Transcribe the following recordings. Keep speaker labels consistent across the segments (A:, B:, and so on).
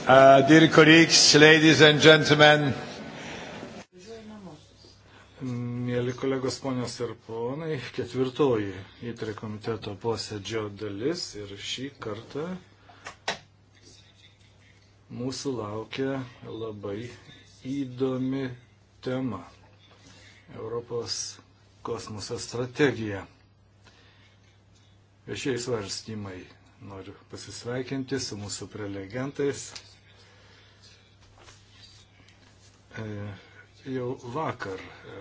A: Uh, dear colleagues, ladies and gentlemen. Mėly kolegos, ponios ir ponai, ketvirtoji įtrė komiteto posėdžio dalis ir šį kartą mūsų laukia labai įdomi tema - Europos kosmoso strategija. Viešiai svarstymai noriu pasisveikinti su mūsų prelegentais, E, jau vakar e,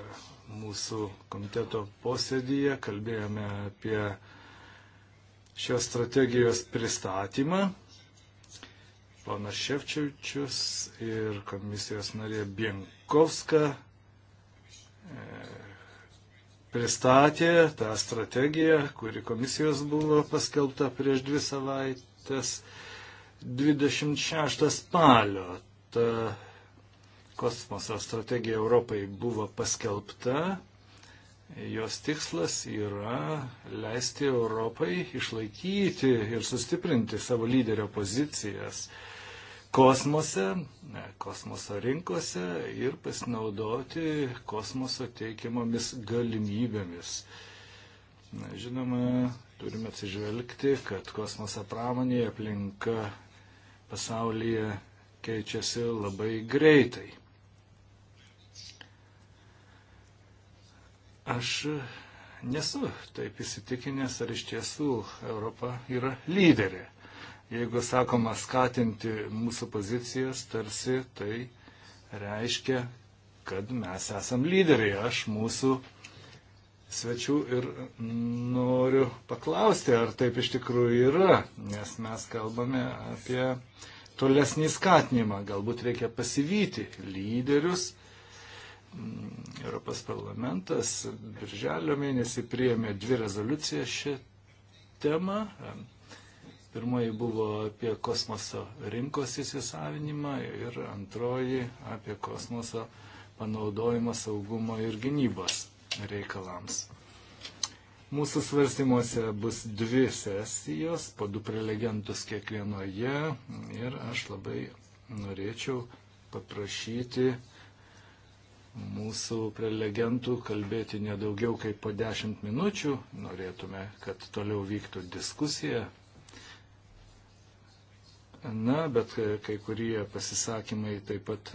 A: mūsų komiteto posėdyje kalbėjome apie šios strategijos pristatymą. Ponas Ševčiavičius ir komisijos narė Bienkovska e, pristatė tą strategiją, kuri komisijos buvo paskelbta prieš dvi savaitės 26 spalio. Ta kosmoso strategija Europai buvo paskelbta. Jos tikslas yra leisti Europai išlaikyti ir sustiprinti savo lyderio pozicijas kosmose, kosmoso rinkose ir pasinaudoti kosmoso teikiamomis galimybėmis. Na, žinoma, turime atsižvelgti, kad kosmoso pramonėje aplinka pasaulyje keičiasi labai greitai. Aš nesu taip įsitikinęs, ar iš tiesų Europa yra lyderė. Jeigu sakoma skatinti mūsų pozicijas, tarsi tai reiškia, kad mes esam lyderiai. Aš mūsų svečių ir noriu paklausti, ar taip iš tikrųjų yra, nes mes kalbame apie tolesnį skatinimą. Galbūt reikia pasivyti lyderius Mm, Europos parlamentas birželio mėnesį priėmė dvi rezoliucijas šią temą. Pirmoji buvo apie kosmoso rinkos įsisavinimą ir antroji apie kosmoso panaudojimą saugumo ir gynybos reikalams. Mūsų svarstymuose bus dvi sesijos, po du prelegentus kiekvienoje ir aš labai norėčiau paprašyti mūsų prelegentų kalbėti nedaugiau kaip po 10 minučių. Norėtume, kad toliau vyktų diskusija. Na, bet kai kurie pasisakymai taip pat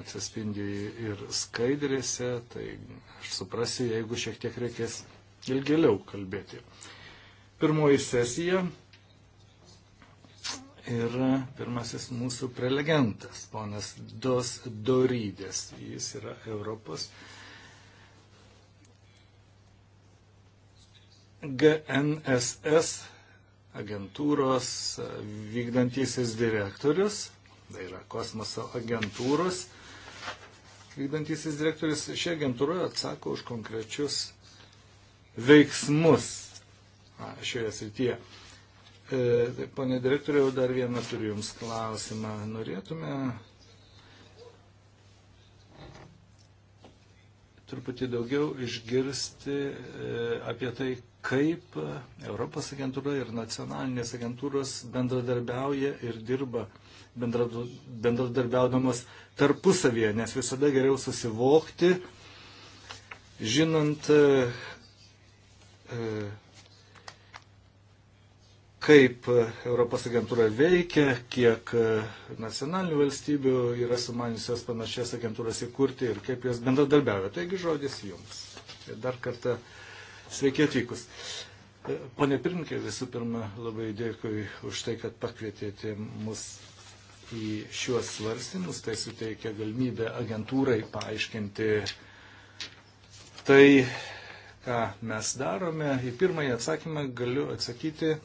A: atsispindi ir skaidrėse, tai aš suprasiu, jeigu šiek tiek reikės ilgėliau kalbėti. Pirmoji sesija yra pirmasis mūsų prelegentas, ponas Dos Dorydės. Jis yra Europos GNSS agentūros vykdantysis direktorius, tai yra kosmoso agentūros vykdantysis direktorius. Ši agentūra atsako už konkrečius veiksmus šioje srityje. E, pone direktoriau, dar vieną turiu Jums klausimą. Norėtume truputį daugiau išgirsti e, apie tai, kaip Europos agentūra ir nacionalinės agentūros bendradarbiauja ir dirba bendradarbiaudamos tarpusavėje, nes visada geriau susivokti, žinant, e, kaip e, Europos agentūra veikia, kiek e, nacionalinių valstybių yra sumaniusios panašias agentūras įkurti ir kaip jos bendradarbiavė. Taigi žodis jums. Ir dar kartą sveiki atvykus. E, Pone pirmininkė, visų pirma, labai dėkui už tai, kad pakvietėte mus į šiuos svarstymus. Tai suteikia galimybę agentūrai paaiškinti tai, ką mes darome. Į pirmąjį atsakymą galiu atsakyti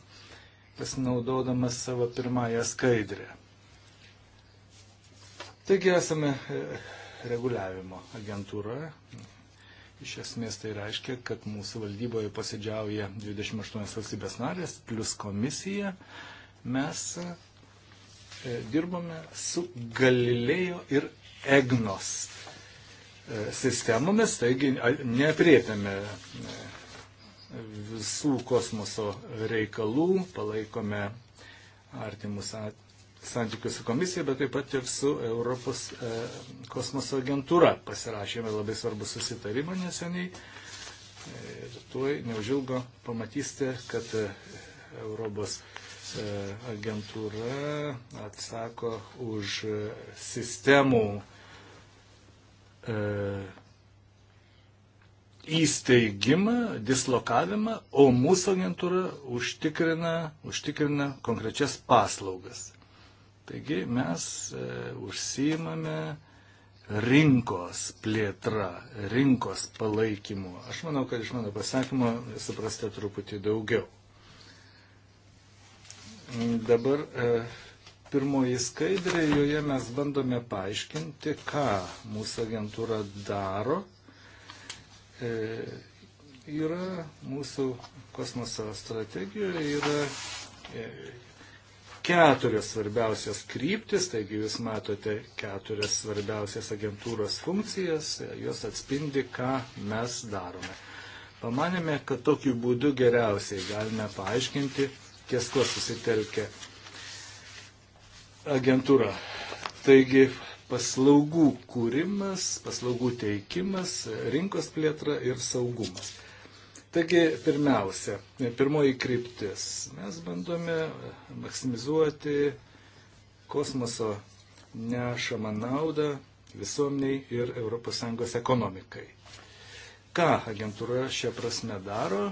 A: pasinaudodamas savo pirmąją skaidrę. Taigi esame e, reguliavimo agentūra. Iš esmės tai reiškia, kad mūsų valdyboje posėdžiauja 28 valstybės narės plus komisija. Mes e, dirbame su Galilėjo ir EGNOS e, sistemomis, taigi nepriepiame visų kosmoso reikalų, palaikome artimus santykius su komisija, bet taip pat ir su Europos e, kosmoso agentūra. Pasirašėme labai svarbų susitarimą neseniai ir tuoj neužilgo pamatysite, kad e, Europos e, agentūra atsako už e, sistemų e, įsteigimą, dislokavimą, o mūsų agentūra užtikrina, užtikrina konkrečias paslaugas. Taigi mes e, užsiimame rinkos plėtra, rinkos palaikymu. Aš manau, kad iš mano pasakymo suprasta truputį daugiau. Dabar e, pirmoji skaidrė, joje mes bandome paaiškinti, ką mūsų agentūra daro E, yra mūsų kosmoso strategijoje yra e, keturios svarbiausios kryptis, taigi jūs matote keturias svarbiausias agentūros funkcijas, e, jos atspindi, ką mes darome. Pamanėme, kad tokiu būdu geriausiai galime paaiškinti, ties kuo susitelkia agentūra. Taigi paslaugų kūrimas, paslaugų teikimas, rinkos plėtra ir saugumas. Taigi, pirmiausia, pirmoji kryptis. Mes bandome maksimizuoti kosmoso nešamą naudą visuomeniai ir ES ekonomikai. Ką agentūra šią prasme daro?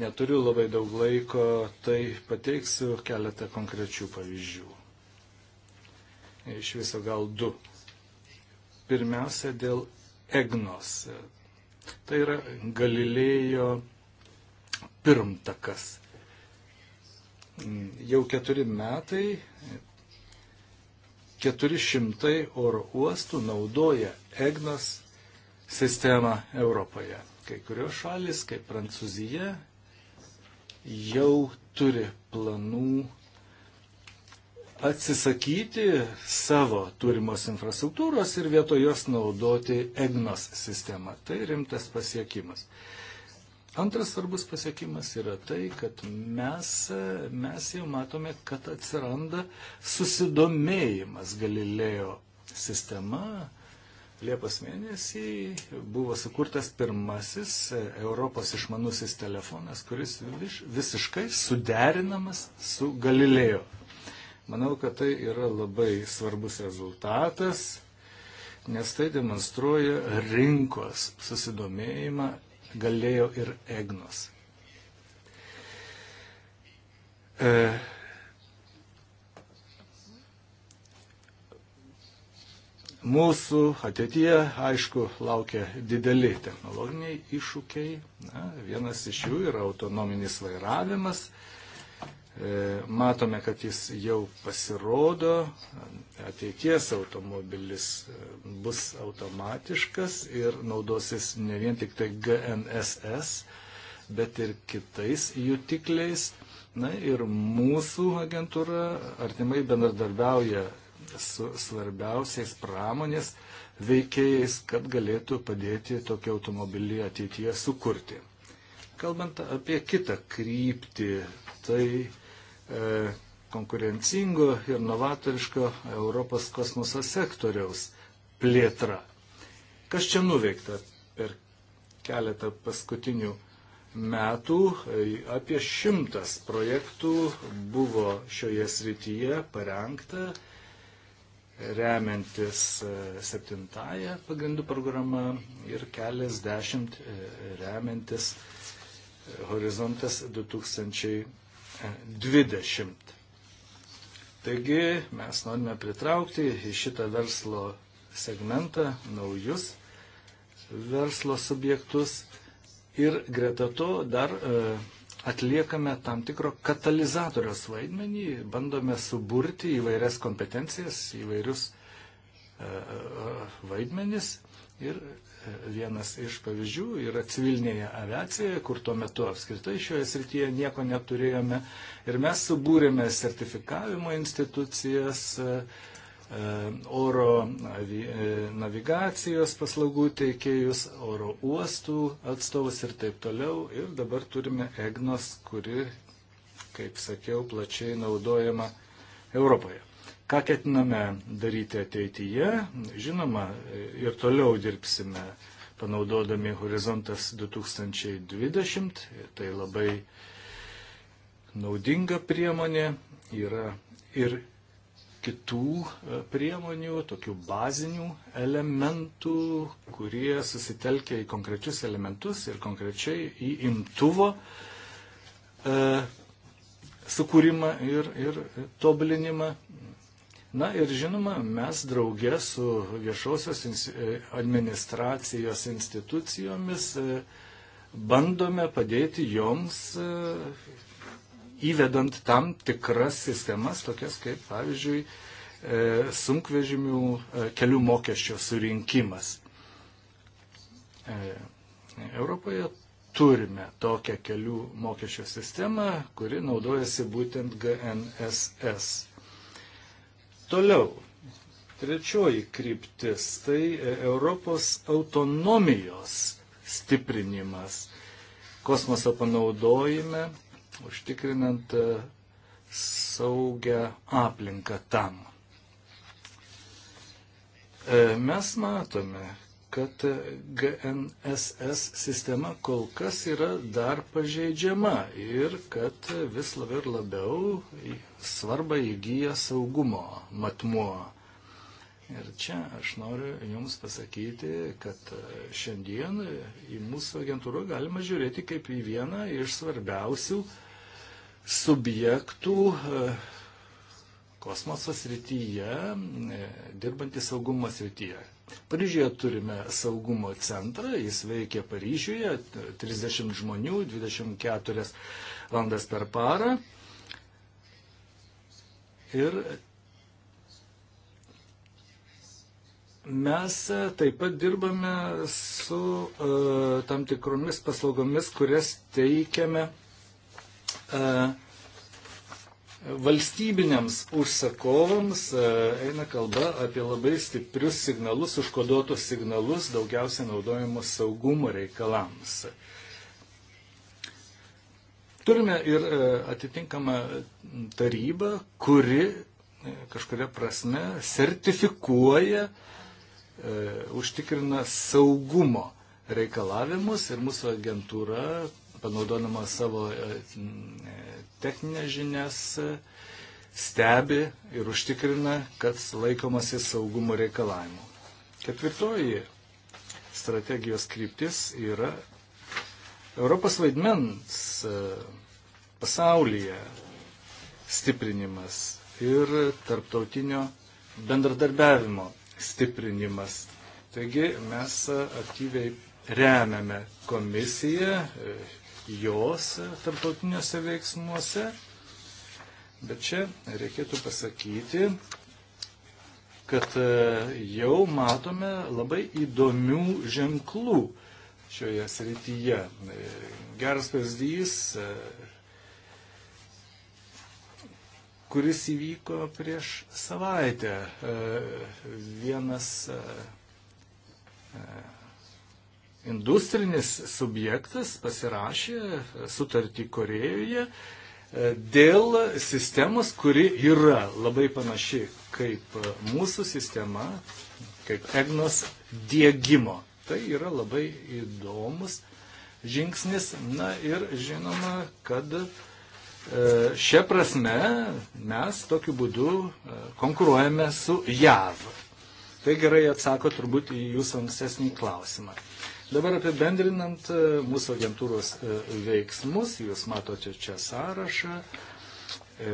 A: Neturiu labai daug laiko, tai pateiksiu keletą konkrečių pavyzdžių iš viso gal du. Pirmiausia, dėl Egnos. Tai yra Galilėjo pirmtakas. Jau keturi metai 400 oro uostų naudoja Egnos sistemą Europoje. Kai kurios šalis, kaip Prancūzija, jau turi planų atsisakyti savo turimos infrastruktūros ir vietoj jos naudoti EGNOS sistemą. Tai rimtas pasiekimas. Antras svarbus pasiekimas yra tai, kad mes, mes jau matome, kad atsiranda susidomėjimas Galilėjo sistema. Liepos mėnesį buvo sukurtas pirmasis Europos išmanusis telefonas, kuris vis, visiškai suderinamas su Galilėjo Manau, kad tai yra labai svarbus rezultatas, nes tai demonstruoja rinkos susidomėjimą galėjo ir Egnos. E, Mūsų ateityje, aišku, laukia dideli technologiniai iššūkiai. Na, vienas iš jų yra autonominis vairavimas. E, E, matome, kad jis jau pasirodo, ateities automobilis e, bus automatiškas ir naudosis ne vien tik tai GNSS, bet ir kitais jutikliais. Na ir mūsų agentūra artimai bendradarbiauja su svarbiausiais pramonės veikėjais, kad galėtų padėti tokį automobilį ateityje sukurti. Kalbant apie kitą kryptį, tai E, konkurencingo ir novatoriško Europos kosmoso sektoriaus plėtra. Kas čia nuveikta per keletą paskutinių metų? E, apie šimtas projektų buvo šioje srityje parengta, remiantis e, septintąją pagrindų programą ir keliasdešimt remiantis horizontas 2000. 20. Taigi mes norime pritraukti į šitą verslo segmentą naujus verslo subjektus ir greta to dar e, atliekame tam tikro katalizatoriaus vaidmenį, bandome suburti įvairias kompetencijas, įvairius e, e vaidmenis ir Vienas iš pavyzdžių yra civilinėje aviacijoje, kur tuo metu apskritai šioje srityje nieko neturėjome. Ir mes subūrėme sertifikavimo institucijas, e, e, oro e, navigacijos paslaugų teikėjus, oro uostų atstovus ir taip toliau. Ir dabar turime EGNOS, kuri, kaip sakiau, plačiai naudojama Europoje. Ką ketiname daryti ateityje? Žinoma, ir toliau dirbsime panaudodami Horizontas 2020. Tai labai naudinga priemonė. Yra ir kitų e, priemonių, tokių bazinių elementų, kurie susitelkia į konkrečius elementus ir konkrečiai į imtuvo e, sukūrimą ir, ir tobulinimą. Na ir žinoma, mes draugė su viešosios e, administracijos institucijomis e, bandome padėti joms e, įvedant tam tikras sistemas, tokias kaip, pavyzdžiui, sunkvežimių kelių mokesčio surinkimas. Europoje turime tokią kelių mokesčio sistemą, kuri naudojasi būtent GNSS Toliau, trečioji kryptis - tai Europos autonomijos stiprinimas kosmoso panaudojime, užtikrinant e, saugią aplinką tam. E, mes matome, kad GNSS sistema kol kas yra dar pažeidžiama ir kad vis labiau ir labiau svarbą įgyja saugumo matmuo. Ir čia aš noriu Jums pasakyti, kad šiandien į mūsų agentūrą galima žiūrėti kaip į vieną iš svarbiausių subjektų e, kosmoso srityje, e, dirbantį saugumo srityje. Paryžiuje turime saugumo centrą, jis veikia Paryžiuje, 30 žmonių, 24 valandas per parą. Ir mes taip pat dirbame su uh, tam tikromis paslaugomis, kurias teikiame uh, valstybiniams užsakovams e, eina kalba apie labai stiprius signalus, užkoduotus signalus, daugiausiai naudojimus saugumo reikalams. Turime ir e, atitinkamą tarybą, kuri e, kažkuria prasme sertifikuoja, užtikrina saugumo reikalavimus ir mūsų agentūra, panaudodama savo techninės žinias, stebi ir užtikrina, kad laikomasi saugumo reikalavimų. Ketvirtoji strategijos kryptis yra Europos vaidmens e, pasaulyje stiprinimas ir tarptautinio bendradarbiavimo stiprinimas. Taigi mes e, aktyviai remiame komisiją, e, jos tarptautiniuose veiksmuose. Bet čia reikėtų pasakyti, kad e, jau matome labai įdomių ženklų šioje srityje. E, geras pavyzdys, e, kuris įvyko prieš savaitę. Vienas industrinis subjektas pasirašė sutartį Korejoje e, dėl sistemos, kuri yra labai panaši kaip mūsų sistema, kaip EGNOS dėgymo. Tai yra labai įdomus žingsnis. Na ir žinoma, kad e, šią prasme mes tokiu būdu e, konkuruojame su JAV. Tai gerai atsako turbūt į jūsų ankstesnį klausimą. Dabar apibendrinant e, mūsų agentūros e, veiksmus, jūs matote čia sąrašą. E,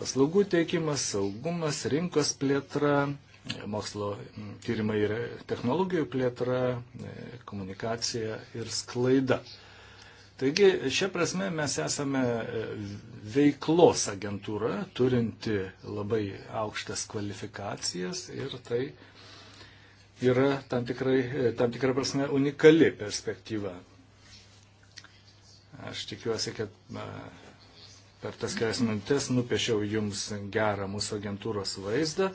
A: paslaugų teikimas, saugumas, rinkos plėtra, mokslo tyrimai ir technologijų plėtra, komunikacija ir sklaida. Taigi, šia prasme mes esame veiklos agentūra, turinti labai aukštas kvalifikacijas ir tai yra tam, tikrai, e, tam tikra prasme unikali perspektyva. Aš tikiuosi, kad per tas kelias minutės nupiešiau jums gerą mūsų agentūros vaizdą.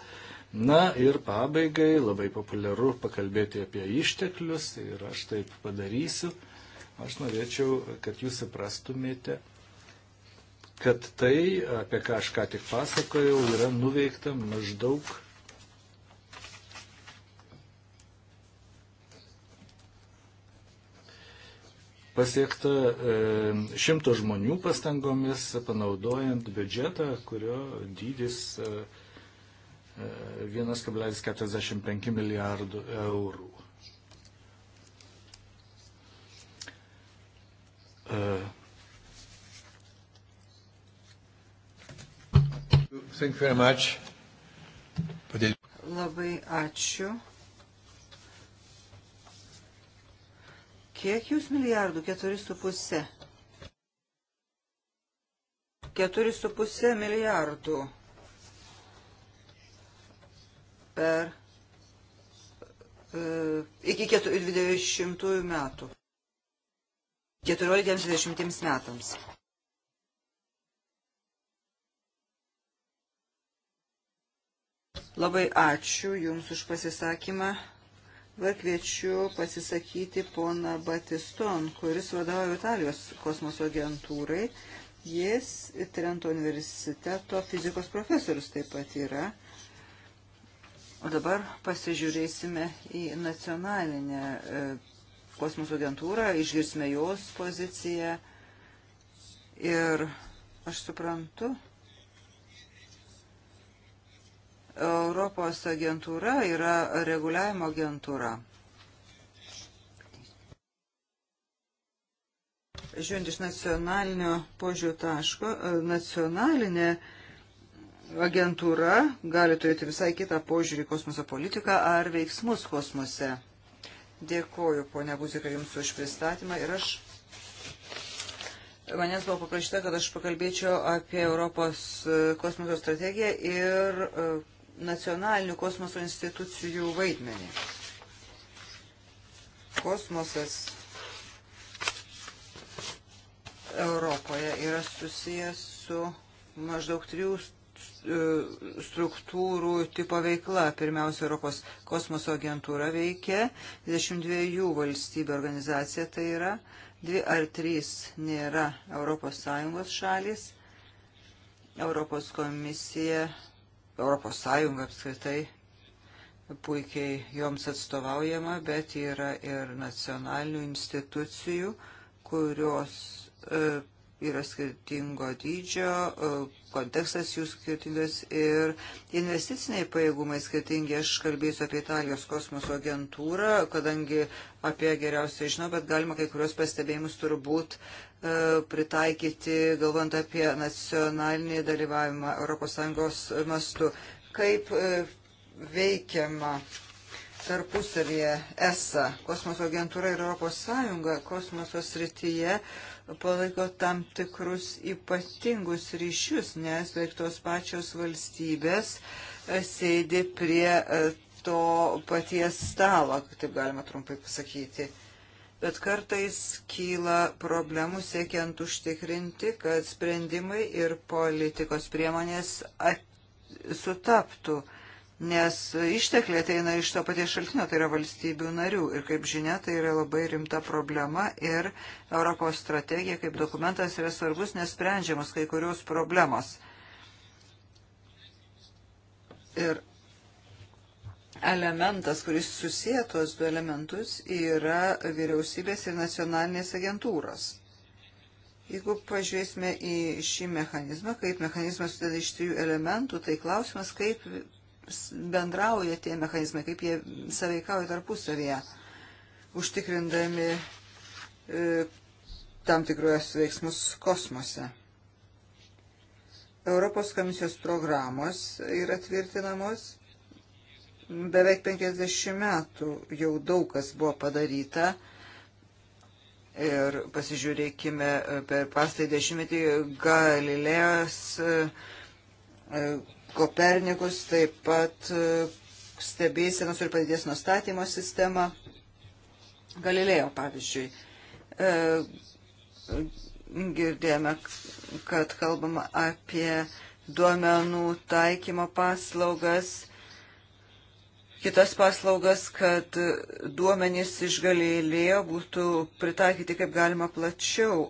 A: Na ir pabaigai labai populiaru pakalbėti apie išteklius ir aš taip padarysiu. Aš norėčiau, kad jūs suprastumėte, kad tai, apie ką aš ką tik pasakojau, yra nuveikta maždaug pasiekta e, šimto žmonių pastangomis, panaudojant biudžetą, kurio dydis 1,45 e, e, milijardų eurų.
B: Labai ačiū. Kiek jūs milijardų? 4,5. 4,5 milijardų per e, iki 20 metų. 14-20 metams. Labai ačiū Jums už pasisakymą. Dabar kviečiu pasisakyti poną Batiston, kuris vadovauja Italijos kosmoso agentūrai. Jis Trento universiteto fizikos profesorius taip pat yra. O dabar pasižiūrėsime į nacionalinę e, kosmoso agentūrą, išgirsime jos poziciją. Ir aš suprantu, Europos agentūra yra reguliavimo agentūra. Žiūrint iš nacionalinio požiūrių taško, e, nacionalinė agentūra gali turėti visai kitą požiūrį kosmoso politiką ar veiksmus kosmose. Dėkoju, ponia Buzika, Jums už pristatymą ir aš Manęs buvo paprašyta, kad aš pakalbėčiau apie Europos e, kosmoso strategiją ir e, nacionalinių kosmoso institucijų vaidmenį. Kosmosas Europoje yra susijęs su maždaug trijų e, struktūrų tipo veikla. Pirmiausia, Europos kosmoso agentūra veikia, 22 valstybių organizacija tai yra, dvi ar trys nėra ES šalis, Europos komisija Europos Sąjunga apskritai puikiai joms atstovaujama, bet yra ir nacionalinių institucijų, kurios e, yra skirtingo dydžio, e, kontekstas jų skirtingas ir investiciniai pajėgumai skirtingi. Aš kalbėsiu apie Italijos kosmoso agentūrą, kadangi apie geriausiai žinau, bet galima kai kurios pastebėjimus turbūt e, pritaikyti, galvant apie nacionalinį dalyvavimą ES mastu. Kaip e, veikiama tarpusavėje ESA, kosmoso agentūra ir ES kosmoso srityje palaiko tam tikrus ypatingus ryšius, nes beveik tos pačios valstybės e, sėdi prie e, to paties stalo, taip galima trumpai pasakyti. Bet kartais kyla problemų siekiant užtikrinti, kad sprendimai ir politikos priemonės at... sutaptų nes ištekliai ateina iš to paties šaltinio, tai yra valstybių narių. Ir kaip žinia, tai yra labai rimta problema ir Europos strategija kaip dokumentas yra svarbus, nes sprendžiamas kai kurios problemos. Ir elementas, kuris susijėtos du elementus, yra vyriausybės ir nacionalinės agentūros. Jeigu pažiūrėsime į šį mechanizmą, kaip mechanizmas sudeda iš trijų elementų, tai klausimas, kaip bendrauja tie mechanizmai, kaip jie saveikauja tarpusavėje, užtikrindami e, tam tikrus veiksmus kosmose. Europos komisijos programos yra tvirtinamos. Beveik 50 metų jau daug kas buvo padaryta. Ir pasižiūrėkime, e, per pastai dešimtmetį Galilėjas e, e, Kopernikus, taip pat e, stebėsienos ir padėties nustatymo sistemą. Galilėjo, pavyzdžiui, e, girdėjome, kad kalbama apie duomenų taikymo paslaugas, kitas paslaugas, kad duomenys iš Galilėjo būtų pritaikyti kaip galima plačiau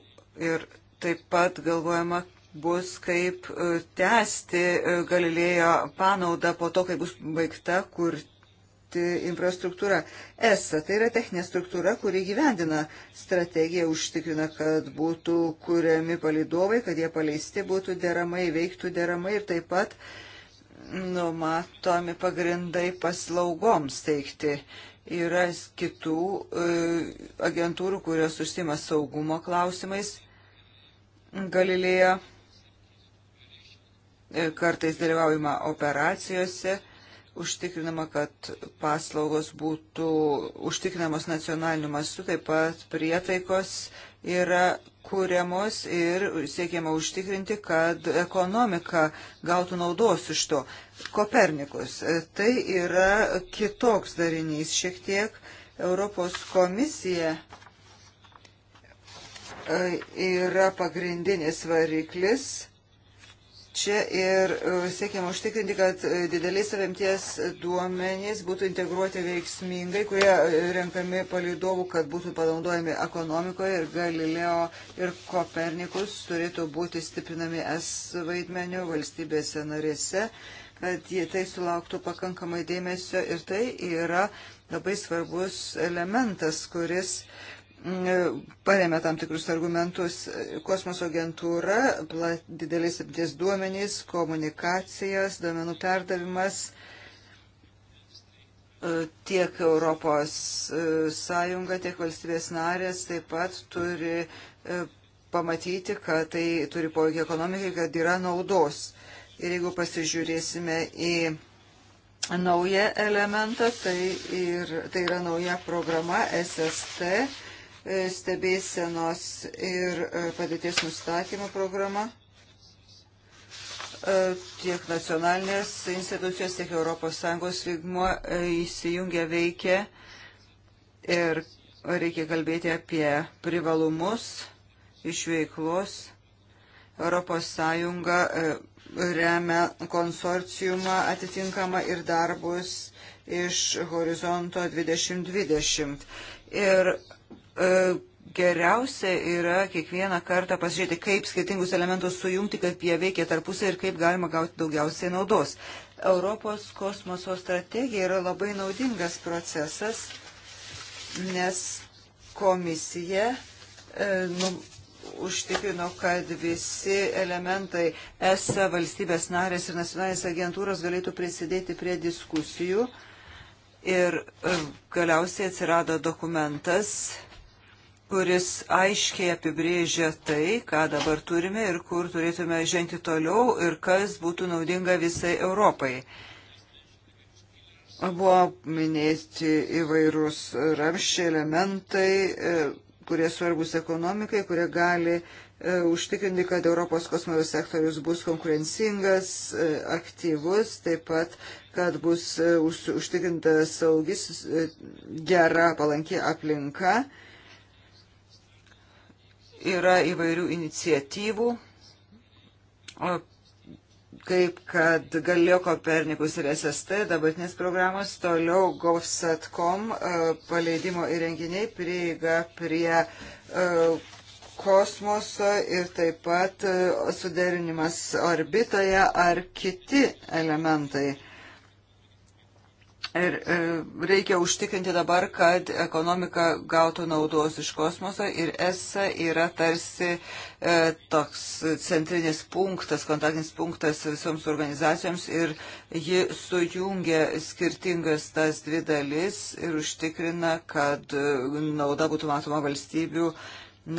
B: ir taip pat galvojama, bus kaip e, tęsti e, Galilėjo panaudą po to, kai bus baigta kurti infrastruktūra. ESA tai yra techninė struktūra, kuri gyvendina strategiją, užtikrina, kad būtų kuriami palidovai, kad jie paleisti būtų deramai, veiktų deramai ir taip pat numatomi pagrindai paslaugoms teikti. Yra kitų e, agentūrų, kurios užsima saugumo klausimais Galilėjo E, kartais dalyvaujama operacijose, užtikrinama, kad paslaugos būtų užtikrinamos nacionaliniu mastu, taip pat prietaikos yra kūriamos ir siekiama užtikrinti, kad ekonomika gautų naudos iš to. Kopernikus. E, tai yra kitoks darinys šiek tiek. Europos komisija e, yra pagrindinis variklis čia ir e, siekiama užtikrinti, kad e, dideliais savimties duomenys būtų integruoti veiksmingai, kurie e, renkami palidovų, kad būtų panaudojami ekonomikoje ir Galileo ir Kopernikus turėtų būti stiprinami S vaidmenio valstybėse narėse, kad jie tai sulauktų pakankamai dėmesio ir tai yra labai svarbus elementas, kuris paremė tam tikrus argumentus. Kosmoso agentūra, dideliais apties duomenys, komunikacijas, duomenų perdavimas e, tiek Europos e, Sąjunga, tiek valstybės narės taip pat turi e, pamatyti, kad tai turi poveikį ekonomikai, kad yra naudos. Ir jeigu pasižiūrėsime į naują elementą, tai, ir, tai yra nauja programa SST E, stebėsenos ir e, padėties nustatymo programa e, tiek nacionalinės institucijos, tiek ES lygmuo įsijungia veikia ir reikia kalbėti apie privalumus iš veiklos. ES remia konsorciumą atitinkamą ir darbus iš horizonto 2020. Ir E, geriausia yra kiekvieną kartą pasižiūrėti, kaip skirtingus elementus sujungti, kaip jie veikia tarpusai ir kaip galima gauti daugiausiai naudos. Europos kosmoso strategija yra labai naudingas procesas, nes komisija e, nu, užtikrino, kad visi elementai ESA valstybės narės ir nacionalinės agentūros galėtų prisidėti prie diskusijų. Ir e, galiausiai atsirado dokumentas kuris aiškiai apibrėžia tai, ką dabar turime ir kur turėtume žengti toliau ir kas būtų naudinga visai Europai. Buvo minėti įvairūs ramščiai elementai, e, kurie svarbus ekonomikai, kurie gali e, užtikrinti, kad Europos kosmoso sektorius bus konkurencingas, e, aktyvus, taip pat, kad bus užtikrinta saugis, gera, palanki aplinka. Yra įvairių iniciatyvų, kaip kad Galileo Kopernikus ir SST dabartinės programos, toliau govsat.com e, paleidimo įrenginiai prieiga prie e, kosmoso ir taip pat e, suderinimas orbitoje ar kiti elementai. Ir e, reikia užtikrinti dabar, kad ekonomika gautų naudos iš kosmoso ir ESA yra tarsi e, toks centrinis punktas, kontaktinis punktas visoms organizacijoms ir ji sujungia skirtingas tas dvi dalis ir užtikrina, kad e, nauda būtų matoma valstybių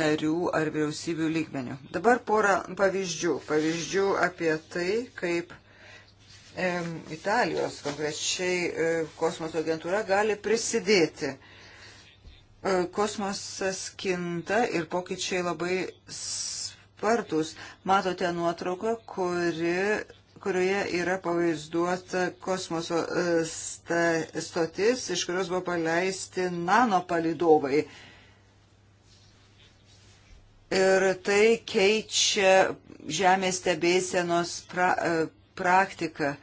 B: narių ar vyriausybių lygmenių. Dabar porą pavyzdžių. Pavyzdžių apie tai, kaip Italijos konkrečiai e, kosmoso agentūra gali prisidėti. E, kosmosas kinta ir pokyčiai labai spartus. Matote nuotrauką, kuri, kurioje yra pavaizduota kosmoso e, stotis, iš kurios buvo paleisti nano palidovai. Ir tai keičia Žemės stebėsenos pra, praktiką.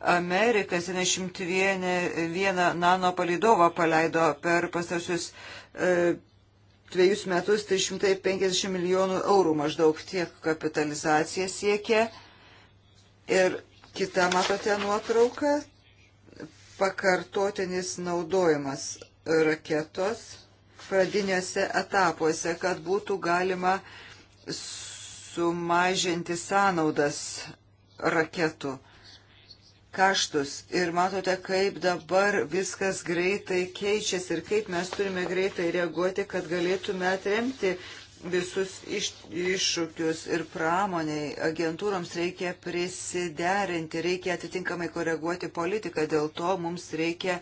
B: Amerika 71 nano palidovą paleido per pastarsius e, dviejus metus 350 milijonų eurų maždaug tiek kapitalizacija siekia. Ir kita, matote, nuotrauka, pakartotinis naudojimas raketos pradiniuose etapuose, kad būtų galima sumažinti sąnaudas raketų kaštus. Ir matote, kaip dabar viskas greitai keičiasi ir kaip mes turime greitai reaguoti, kad galėtume atremti visus iš, iššūkius ir pramoniai. Agentūroms reikia prisiderinti, reikia atitinkamai koreguoti politiką, dėl to mums reikia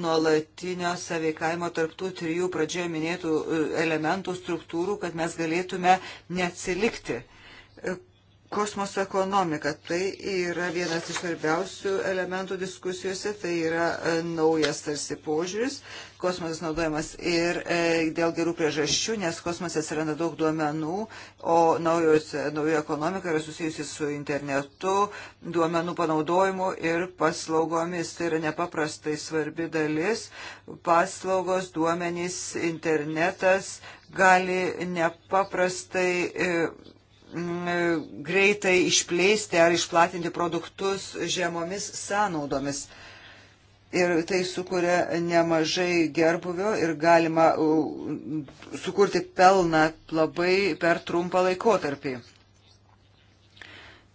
B: nuolatinio saveikaimo tarptų trijų pradžioje minėtų e, elementų struktūrų, kad mes galėtume neatsilikti Kosmoso ekonomika tai yra vienas iš svarbiausių elementų diskusijose, tai yra e, naujas tarsi požiūris. Kosmosas naudojamas ir e, dėl gerų priežasčių, nes kosmose atsiranda daug duomenų, o naujos, e, nauja ekonomika yra susijusi su internetu, duomenų panaudojimu ir paslaugomis. Tai yra nepaprastai svarbi dalis. Paslaugos, duomenys, internetas gali nepaprastai. E, greitai išplėsti ar išplatinti produktus žemomis sąnaudomis. Ir tai sukuria nemažai gerbuvio ir galima sukurti pelną labai per trumpą laikotarpį.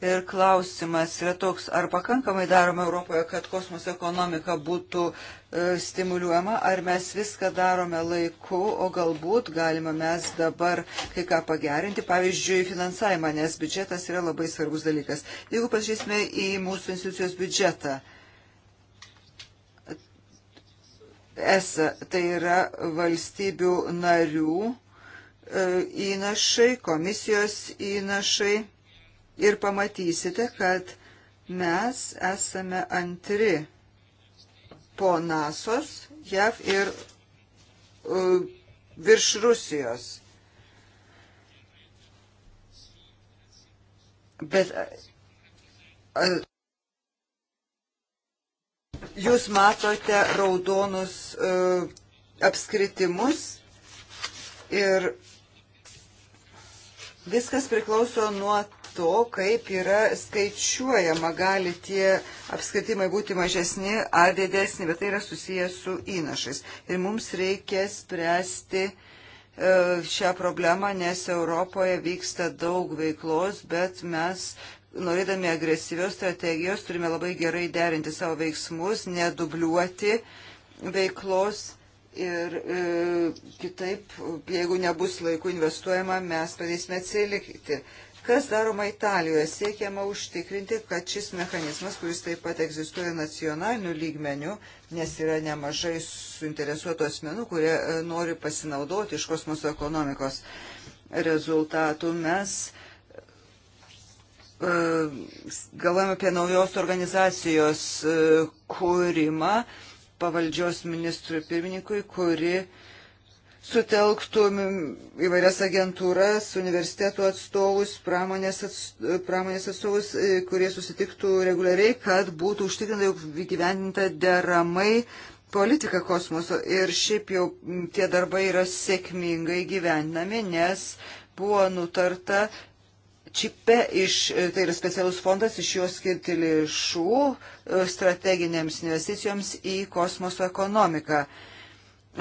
B: Ir klausimas yra toks, ar pakankamai daroma Europoje, kad kosmoso ekonomika būtų e, stimuliuojama, ar mes viską darome laiku, o galbūt galima mes dabar kai ką pagerinti, pavyzdžiui, finansavimą, nes biudžetas yra labai svarbus dalykas. Jeigu pažiūrėsime į mūsų institucijos biudžetą, ESA, tai yra valstybių narių e, įnašai, komisijos įnašai ir pamatysite, kad mes esame antri po NASOS, JAV ir uh, virš Rusijos. Bet uh, jūs matote raudonus uh, apskritimus ir viskas priklauso nuo to, kaip yra skaičiuojama, gali tie apskaitimai būti mažesni ar didesni, bet tai yra susijęs su įnašais. Ir mums reikia spręsti e, šią problemą, nes Europoje vyksta daug veiklos, bet mes norėdami agresyvios strategijos turime labai gerai derinti savo veiksmus, nedubliuoti veiklos ir e, kitaip, jeigu nebus laiku investuojama, mes pradėsime atsilikti. Kas daroma Italijoje? Siekiama užtikrinti, kad šis mechanizmas, kuris taip pat egzistuoja nacionaliniu lygmeniu, nes yra nemažai suinteresuotų asmenų, kurie e, nori pasinaudoti iš kosmoso ekonomikos rezultatų, mes e, galvojame apie naujos organizacijos e, kūrimą pavaldžios ministrui pirmininkui, kuri uh, sutelktum įvairias agentūras, universitetų atstovus, pramonės, atstovus, pramonės atstovus, e, kurie susitiktų reguliariai, kad būtų užtikrinta, jog įgyvendinta deramai politika kosmoso. Ir šiaip jau tie darbai yra sėkmingai gyvendami, nes buvo nutarta čipe iš, e, tai yra specialus fondas, iš jo skirti lėšų e, strateginėms investicijoms į kosmoso ekonomiką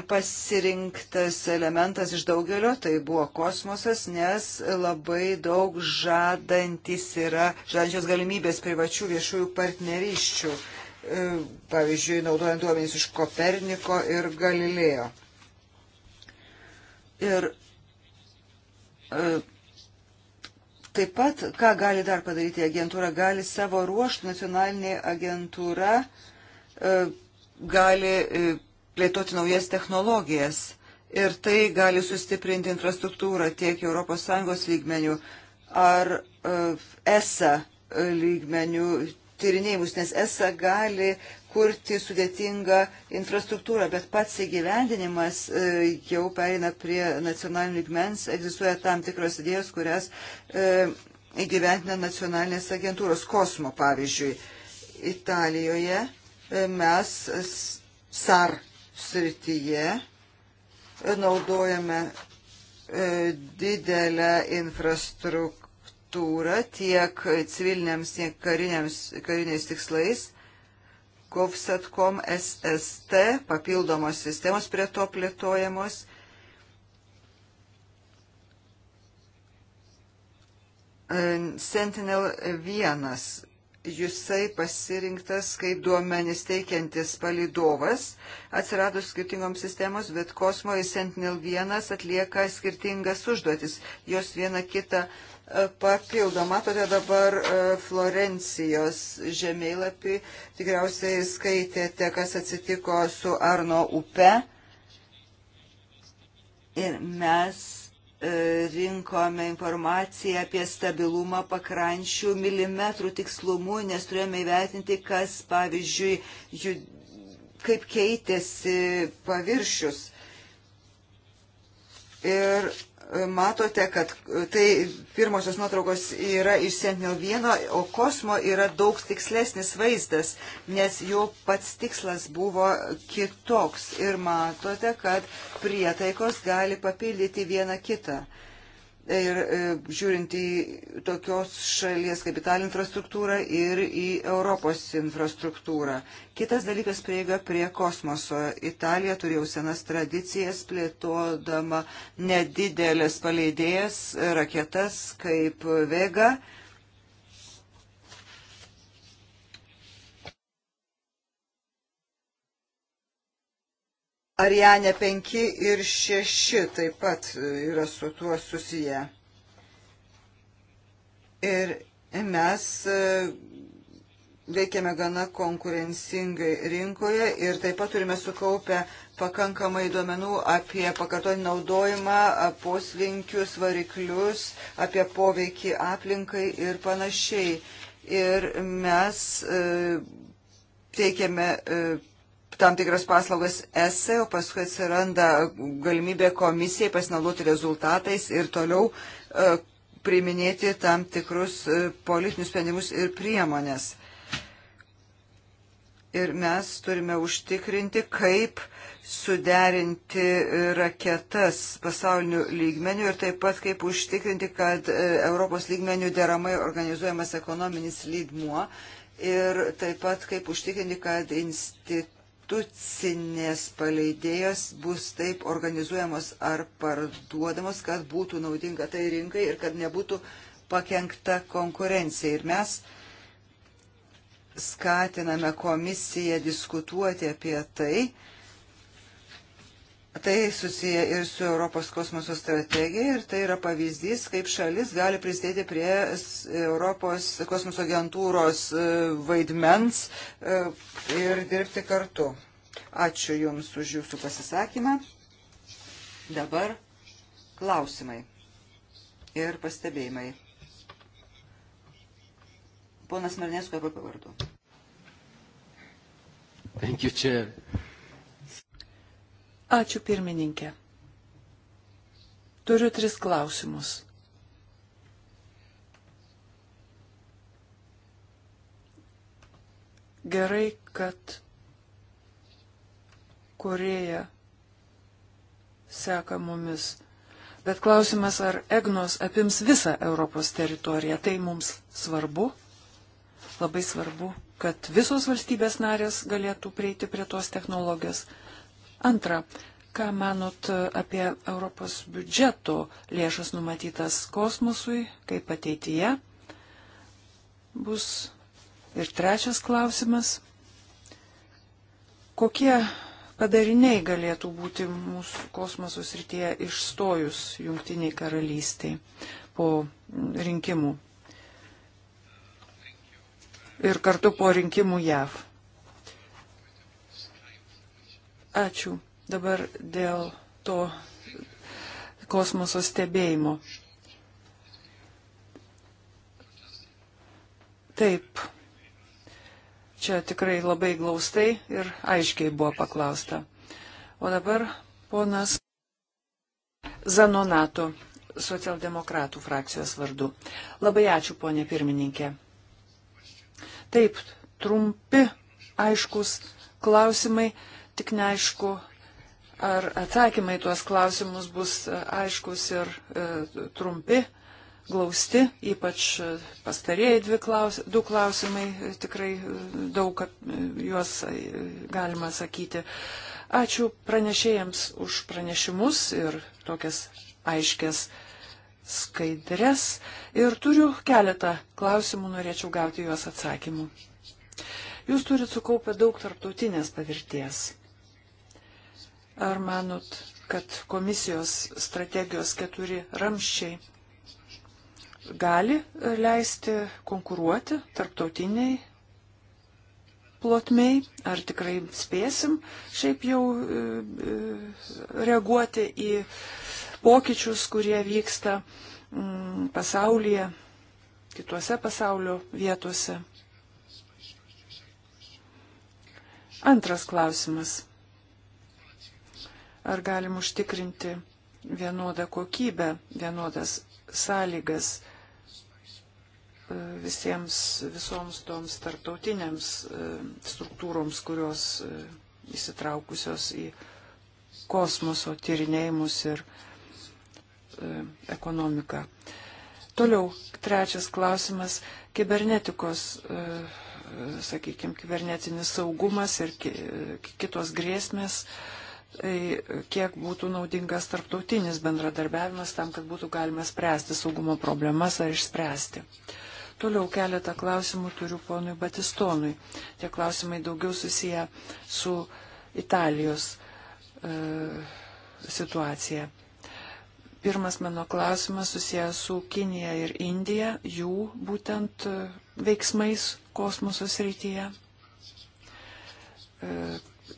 B: pasirinktas elementas iš daugelio, tai buvo kosmosas, nes labai daug žadantis yra, žadančios galimybės privačių viešųjų partnerysčių, e, pavyzdžiui, naudojant duomenys iš Koperniko ir Galilėjo. Ir e, Taip pat, ką gali dar padaryti agentūra, gali savo ruoštų nacionalinė agentūra, e, gali plėtoti naujas technologijas. Ir tai gali sustiprinti infrastruktūrą tiek ES lygmenių ar e, ESA e, lygmenių tyrinėjimus, nes ESA gali kurti sudėtingą infrastruktūrą, bet pats įgyvendinimas e, jau pereina prie nacionalinių lygmens, egzistuoja tam tikros idėjos, kurias įgyvendina nacionalinės agentūros kosmo, pavyzdžiui. Italijoje mes SAR srityje e, naudojame e, didelę infrastruktūrą tiek civiliniams, tiek kariniams, kariniais tikslais. Govsatcom SST papildomos sistemos prie to plėtojamos. E, Sentinel 1 jisai pasirinktas kaip duomenis teikiantis palidovas, atsiradus skirtingoms sistemos, bet kosmoje Sentinel-1 atlieka skirtingas užduotis, jos viena kita e, papildo. Matote dabar e, Florencijos žemėlapį, tikriausiai skaitėte, kas atsitiko su Arno upe. Ir mes E, rinkome informaciją apie stabilumą pakrančių milimetrų tikslumu, nes turėjome įvertinti, kas, pavyzdžiui, jų, kaip keitėsi paviršius. Ir matote, kad tai pirmosios nuotraukos yra iš Sentinel 1, o kosmo yra daug tikslesnis vaizdas, nes jo pats tikslas buvo kitoks. Ir matote, kad prietaikos gali papildyti vieną kitą ir e, žiūrint į tokios šalies kapitalinį infrastruktūrą ir į Europos infrastruktūrą. Kitas dalykas prieiga prie kosmoso. Italija turėjo senas tradicijas plėtodama nedidelės paleidėjas raketas kaip Vega. E, Ariane 5 ir 6 taip pat yra su tuo susiję. Ir mes e, veikiame gana konkurencingai rinkoje ir taip pat turime sukaupę pakankamai duomenų apie pakartotinį naudojimą, poslinkius, variklius, apie poveikį aplinkai ir panašiai. Ir mes e, teikiame e, tam tikras paslaugas ESE, o paskui atsiranda galimybė komisijai pasinaudoti rezultatais ir toliau e, priiminėti tam tikrus e, politinius sprendimus ir priemonės. Ir mes turime užtikrinti, kaip suderinti raketas pasaulinių lygmenių ir taip pat kaip užtikrinti, kad e, Europos lygmenių deramai organizuojamas ekonominis lygmuo ir taip pat kaip užtikrinti, kad institucijos institucinės paleidėjas bus taip organizuojamos ar parduodamos, kad būtų naudinga tai rinkai ir kad nebūtų pakengta konkurencija. Ir mes skatiname komisiją diskutuoti apie tai, Tai susiję ir su Europos kosmoso strategija ir tai yra pavyzdys, kaip šalis gali prisidėti prie Europos kosmoso agentūros e, vaidmens e, ir dirbti kartu. Ačiū Jums už Jūsų pasisakymą. Dabar klausimai ir pastebėjimai. Ponas Marnesko, arba pavardu.
A: Thank you, Chair.
C: Ačiū pirmininkė. Turiu tris klausimus. Gerai, kad Koreja seka mumis. Bet klausimas, ar Egnos apims visą Europos teritoriją, tai mums svarbu. Labai svarbu, kad visos valstybės narės galėtų prieiti prie tos technologijos. Antra, ką manot apie Europos biudžeto lėšas numatytas kosmosui, kaip ateityje bus. Ir trečias klausimas, kokie padariniai galėtų būti mūsų kosmoso srityje išstojus jungtiniai karalystiai po rinkimų ir kartu po rinkimų JAV. Ačiū. Dabar dėl to kosmoso stebėjimo. Taip. Čia tikrai labai glaustai ir aiškiai buvo paklausta. O dabar ponas Zanonato, socialdemokratų frakcijos vardu. Labai ačiū, ponė pirmininkė. Taip, trumpi, aiškus klausimai tik neaišku, ar atsakymai tuos klausimus bus e, aiškus ir e, trumpi, glausti, ypač e, pastarėjai dvi klaus, du klausimai, e, tikrai daug juos galima sakyti. Ačiū pranešėjams už pranešimus ir tokias aiškės skaidres. Ir turiu keletą klausimų, norėčiau gauti juos atsakymų. Jūs turite sukaupę daug tarptautinės pavirties. Ar manot, kad komisijos strategijos keturi ramščiai gali leisti konkuruoti tarptautiniai plotmiai, ar tikrai spėsim šiaip jau e, e, reaguoti į pokyčius, kurie vyksta mm, pasaulyje, kituose pasaulio vietose. Antras klausimas ar galim užtikrinti vienodą kokybę, vienodas sąlygas e, visiems, visoms toms tarptautiniams e, struktūroms, kurios e, įsitraukusios į kosmoso tyrinėjimus ir ekonomiką. Toliau, trečias klausimas - kibernetikos, sakykime, kibernetinis saugumas ir kitos grėsmės. E, Tai kiek būtų naudingas tarptautinis bendradarbiavimas tam, kad būtų galima spręsti saugumo problemas ar išspręsti. Toliau keletą klausimų turiu ponui Batistonui. Tie klausimai daugiau susiję su Italijos e, situacija. Pirmas mano klausimas susijęs su Kinija ir Indija, jų būtent e, veiksmais kosmoso srityje e,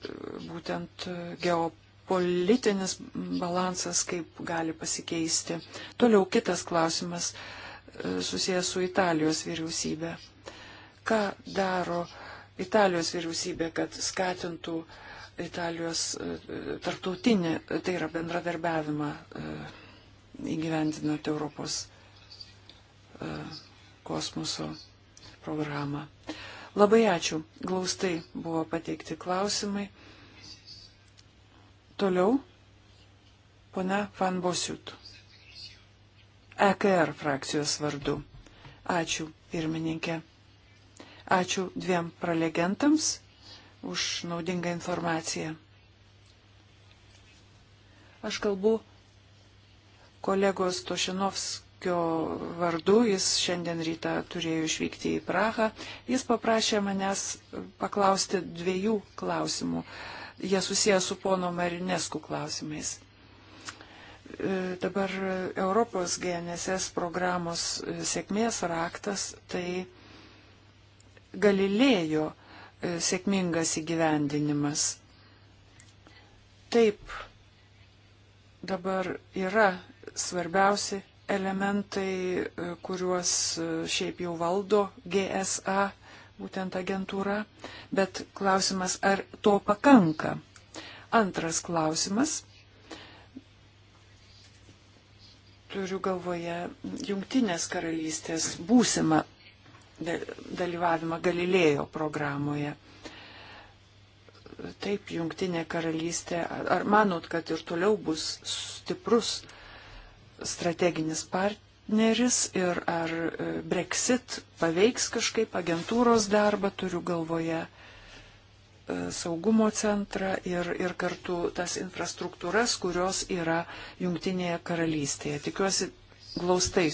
C: būtent geopolitinis balansas kaip gali pasikeisti. Toliau kitas klausimas e, susijęs su Italijos vyriausybė. Ką daro Italijos vyriausybė, kad skatintų Italijos e, tartautinį, tai yra bendradarbiavimą e, įgyvendinant Europos kosmoso programą. Uh, Labai ačiū. Glaustai buvo pateikti klausimai. Toliau, pona Van Bosiut. EKR frakcijos vardu. Ačiū, pirmininkė. Ačiū dviem prelegentams už naudingą informaciją. Aš kalbu kolegos Tošinovskis Kio vardu, jis šiandien rytą turėjo išvykti į Prahą, jis paprašė manęs paklausti dviejų klausimų. Jie susiję su pono Marinesku klausimais. E, dabar Europos GNSS programos e, sėkmės raktas tai Galilėjo e, sėkmingas įgyvendinimas. Taip, dabar yra svarbiausi elementai, e, kuriuos e, šiaip jau valdo GSA, būtent agentūra, bet klausimas, ar to pakanka. Antras klausimas. Turiu galvoje Jungtinės karalystės būsimą dalyvavimą Galilėjo programoje taip jungtinė karalystė, ar manot, kad ir toliau bus stiprus strateginis partneris ir ar e, Brexit paveiks kažkaip agentūros darbą, turiu galvoje e, saugumo centrą ir, ir kartu tas infrastruktūras, kurios yra jungtinėje karalystėje. Tikiuosi, glaustai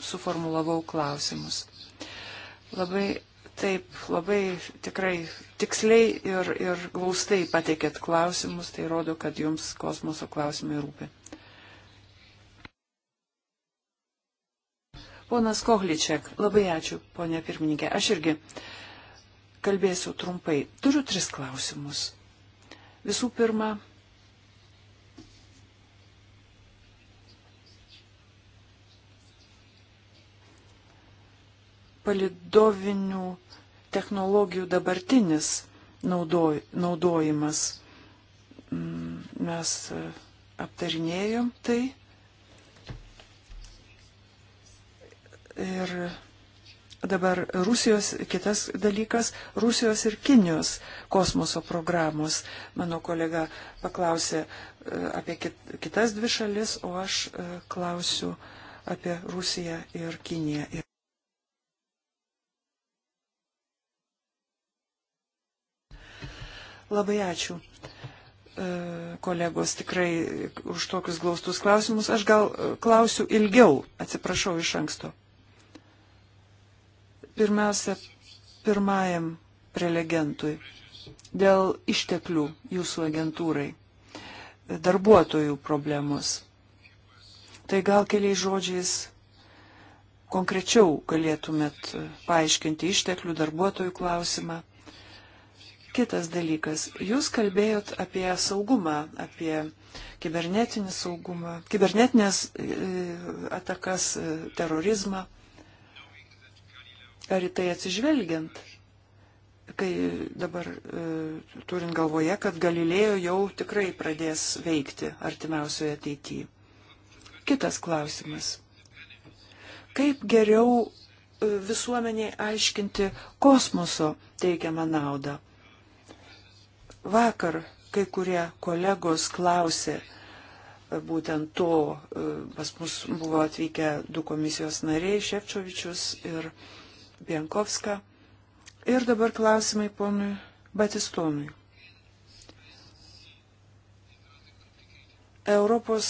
C: suformulavau klausimus. Labai taip, labai tikrai tiksliai ir, ir glaustai pateikėt klausimus, tai rodo, kad jums kosmoso klausimai rūpi. Ponas Kohličiak, labai ačiū, ponė pirmininkė. Aš irgi kalbėsiu trumpai. Turiu tris klausimus. Visų pirma, palidovinių technologijų dabartinis naudoj, naudojimas. Mm, mes e, aptarinėjom tai Ir dabar Rusijos, kitas dalykas, Rusijos ir Kinijos kosmoso programos. Mano kolega paklausė e, apie kitas dvi šalis, o aš e, klausiu apie Rusiją ir Kiniją. Labai ačiū e, kolegos tikrai už tokius glaustus klausimus. Aš gal klausiu ilgiau, atsiprašau iš anksto. Pirmiausia, pirmajam prelegentui dėl išteklių jūsų agentūrai, darbuotojų problemos. Tai gal keliais žodžiais konkrečiau galėtumėt paaiškinti išteklių darbuotojų klausimą. Kitas dalykas, jūs kalbėjot apie saugumą, apie kibernetinį saugumą, kibernetinės e, atakas, e, terorizmą ar į tai atsižvelgiant, kai dabar e, turint galvoje, kad Galilėjo jau tikrai pradės veikti artimiausioje ateityje. Kitas klausimas. Kaip geriau e, visuomeniai aiškinti kosmoso teikiamą naudą? Vakar kai kurie kolegos klausė e, būtent to, e, pas mus buvo atvykę du komisijos nariai, Šepčiovičius ir uh, Bienkovska. Ir dabar klausimai ponui Batistonui. Europos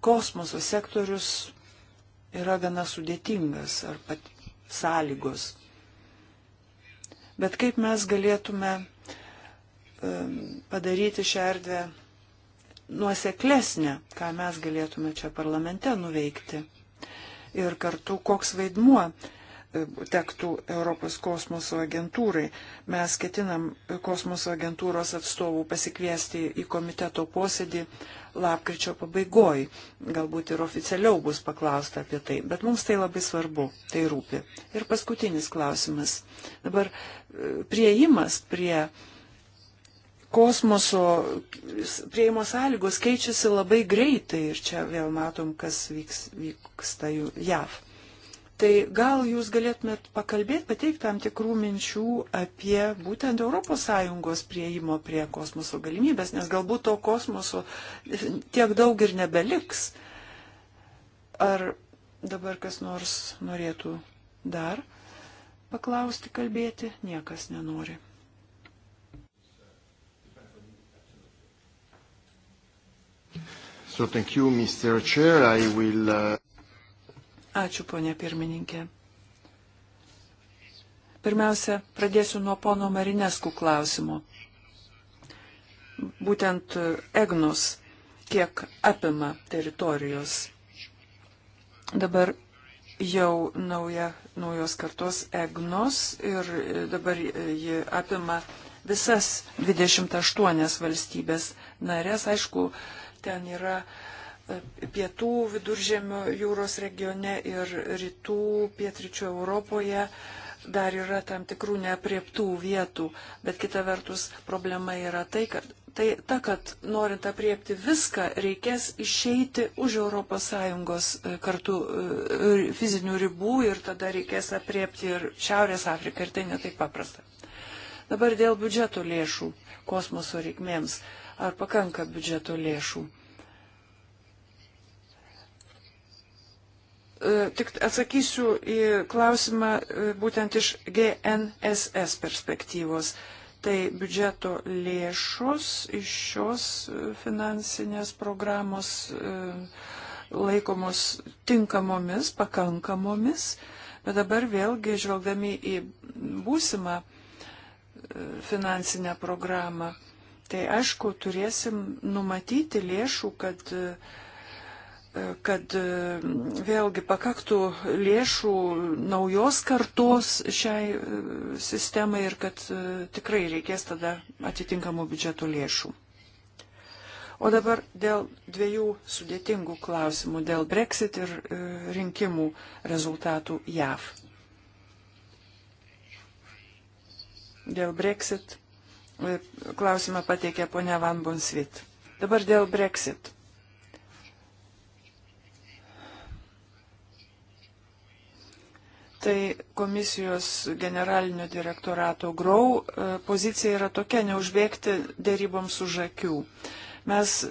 C: kosmoso sektorius yra gana sudėtingas ar pat sąlygos. Bet kaip mes galėtume um, padaryti šią erdvę nuoseklesnę, ką mes galėtume čia parlamente nuveikti. Ir kartu, koks vaidmuo tektų Europos kosmoso agentūrai. Mes ketinam kosmoso agentūros atstovų pasikviesti į komiteto posėdį lapkričio pabaigoj. Galbūt ir oficialiau bus paklausta apie tai, bet mums tai labai svarbu, tai rūpi. Ir paskutinis klausimas. Dabar e, prieimas prie kosmoso prieimo sąlygos keičiasi labai greitai ir čia vėl matom, kas vyks, vyksta JAV. Tai gal jūs galėtumėt pakalbėti, pateikti tam tikrų minčių apie būtent ES prieimo prie kosmoso galimybės, nes galbūt to kosmoso tiek daug ir nebeliks. Ar dabar kas nors norėtų dar paklausti, kalbėti? Niekas nenori. So thank you, Mr. Chair. I will. Uh... Ačiū, ponė pirmininkė. Pirmiausia, pradėsiu nuo pono Marineskų klausimo. Būtent Egnus, kiek apima teritorijos. Dabar jau nauja, naujos kartos Egnos ir dabar ji apima visas 28 valstybės narės. Aišku, ten yra uh, pietų viduržėmio jūros regione ir rytų pietričių Europoje dar yra tam tikrų neapriektų vietų, bet kita vertus problema yra tai, kad, tai, ta, kad norint apriepti viską, reikės išeiti už ES e, kartu e, fizinių ribų ir tada reikės apriepti ir Šiaurės Afriką ir tai netaip paprasta. Dabar dėl biudžeto lėšų kosmoso reikmėms. Ar pakanka biudžeto lėšų? E, tik atsakysiu į klausimą e, būtent iš GNSS perspektyvos. Tai biudžeto lėšos iš šios e, finansinės programos laikomos tinkamomis, pakankamomis, bet dabar vėlgi žvelgdami į būsimą finansinę programą, tai aišku, turėsim numatyti lėšų, kad uh, kad e, vėlgi pakaktų lėšų naujos kartos šiai e, sistemai ir kad e, tikrai reikės tada atitinkamų biudžeto lėšų. O dabar dėl dviejų sudėtingų klausimų, dėl Brexit ir rinkimų rezultatų JAV. Dėl Brexit klausimą pateikė ponia Van Bonsvit. Dabar dėl Brexit tai komisijos generalinio direktorato Grau e, pozicija yra tokia - neužbėgti dėryboms už akių. Mes e,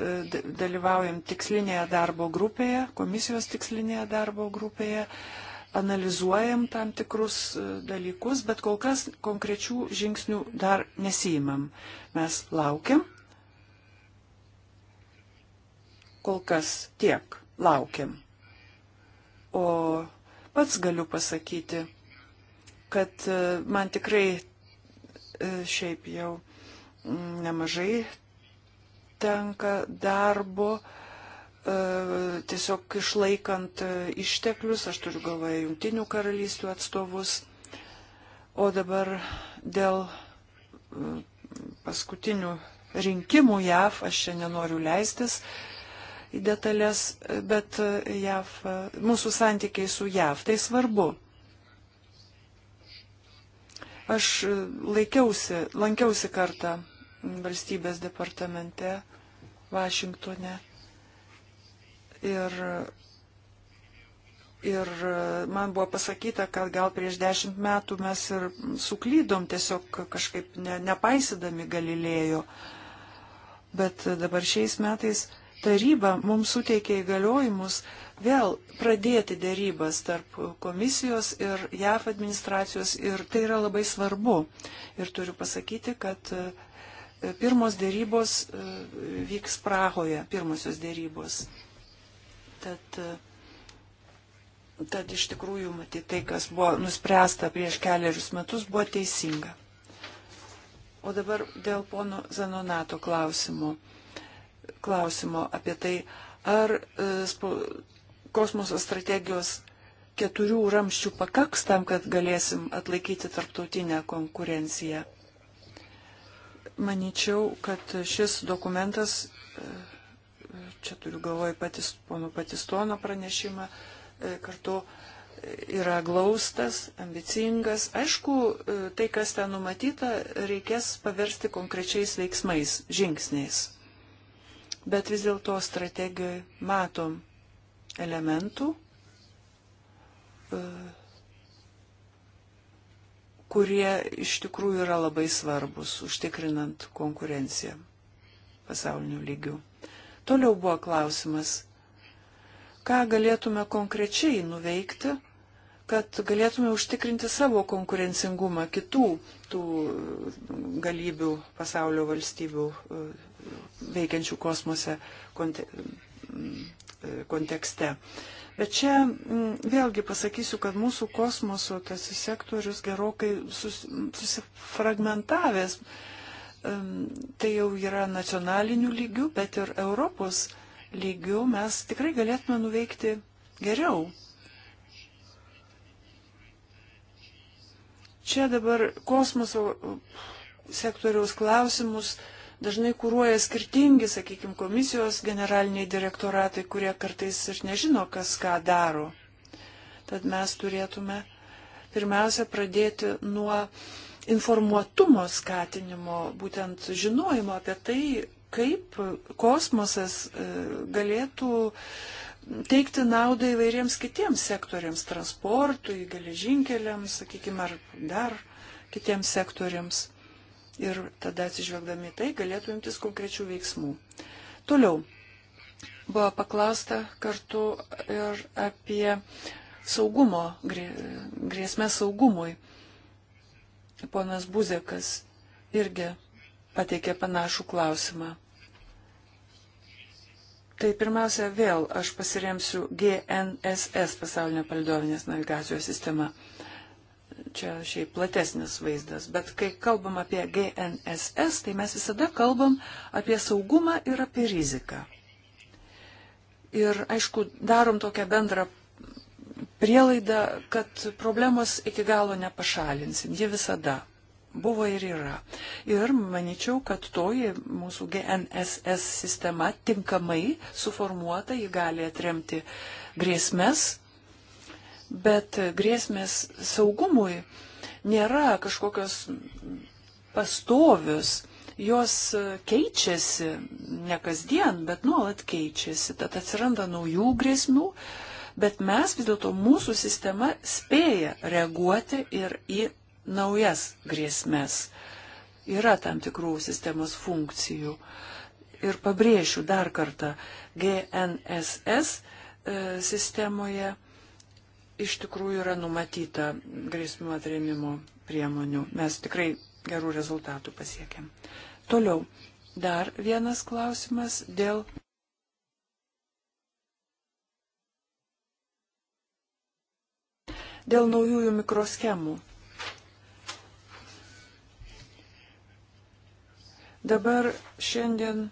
C: dalyvaujam tikslinėje darbo grupėje, komisijos tikslinėje darbo grupėje, analizuojam tam tikrus e, dalykus, bet kol kas konkrečių žingsnių dar nesijimam. Mes laukiam. Kol kas tiek laukiam. O pats galiu pasakyti, kad e, man tikrai e, šiaip jau mm, nemažai tenka darbo, e, tiesiog išlaikant išteklius, aš turiu galvoje jungtinių karalystių atstovus. O dabar dėl mm, paskutinių rinkimų JAV aš čia nenoriu leistis, į detalės, bet JAV, mūsų santykiai su JAV tai svarbu. Aš laikiausi, lankiausi kartą valstybės departamente Vašingtone ir, ir man buvo pasakyta, kad gal prieš dešimt metų mes ir suklydom tiesiog kažkaip ne, nepaisydami Galilėjo, bet dabar šiais metais uh, taryba mums suteikė įgaliojimus vėl pradėti dėrybas tarp komisijos ir JAF administracijos ir tai yra labai svarbu. Ir turiu pasakyti, kad e, pirmos dėrybos e, vyks Prahoje, pirmosios dėrybos. Tad, e, tad iš tikrųjų, matyti, tai, kas buvo nuspręsta prieš keliarius metus, buvo teisinga. O dabar dėl pono Zanonato klausimo klausimo apie tai, ar e, kosmoso strategijos keturių ramščių pakaks tam, kad galėsim atlaikyti tarptautinę konkurenciją. Maničiau, kad šis dokumentas, e, čia turiu galvoj patis, pono Patistono pranešimą, e, kartu yra glaustas, ambicingas. Aišku, tai, kas ten numatyta, reikės paversti konkrečiais veiksmais, žingsniais bet vis dėlto strategijoje matom elementų, e, kurie iš tikrųjų yra labai svarbus, užtikrinant konkurenciją pasaulinių lygių. Toliau buvo klausimas, ką galėtume konkrečiai nuveikti, kad galėtume užtikrinti savo konkurencingumą kitų tų galybių pasaulio valstybių e, veikiančių kosmose mm, kontekste. Bet čia mm, vėlgi pasakysiu, kad mūsų kosmoso tas sektorius gerokai sus, susifragmentavęs. Tai jau yra nacionalinių lygių, bet ir Europos lygių mes tikrai galėtume nuveikti geriau. Čia dabar kosmoso sektoriaus klausimus uh, dažnai kūruoja skirtingi, sakykime, komisijos generaliniai direktoratai, kurie kartais ir nežino, kas ką daro. Tad mes turėtume pirmiausia pradėti nuo informuotumo skatinimo, būtent žinojimo apie tai, kaip kosmosas e, galėtų teikti naudą įvairiems kitiems sektoriams - transportui, geležinkeliams, sakykime, ar dar kitiems sektoriams ir tada atsižvelgdami tai galėtų imtis konkrečių veiksmų. Toliau buvo paklausta kartu ir apie saugumo, grėsmę saugumui. Ponas Buzekas irgi pateikė panašų klausimą. Tai pirmiausia, vėl aš pasiremsiu GNSS pasaulinio palidovinės navigacijos sistema čia šiaip platesnis vaizdas, bet kai kalbam apie GNSS, tai mes visada kalbam apie saugumą ir apie riziką. Ir aišku, darom tokią bendrą prielaidą, kad problemos iki galo nepašalinsim, ji visada buvo ir yra. Ir manyčiau, kad toji mūsų GNSS sistema tinkamai suformuota, ji gali atremti grėsmes bet grėsmės saugumui nėra kažkokios pastovius, jos keičiasi, ne kasdien, bet nuolat keičiasi, tad atsiranda naujų grėsmių, bet mes vis dėlto mūsų sistema spėja reaguoti ir į naujas grėsmės. Yra tam tikrų sistemos funkcijų. Ir pabrėšiu dar kartą, GNSS e, sistemoje iš tikrųjų yra numatyta grėsmių atremimo priemonių. Mes tikrai gerų rezultatų pasiekėm. Toliau, dar vienas klausimas dėl. Dėl naujųjų mikroschemų. Dabar šiandien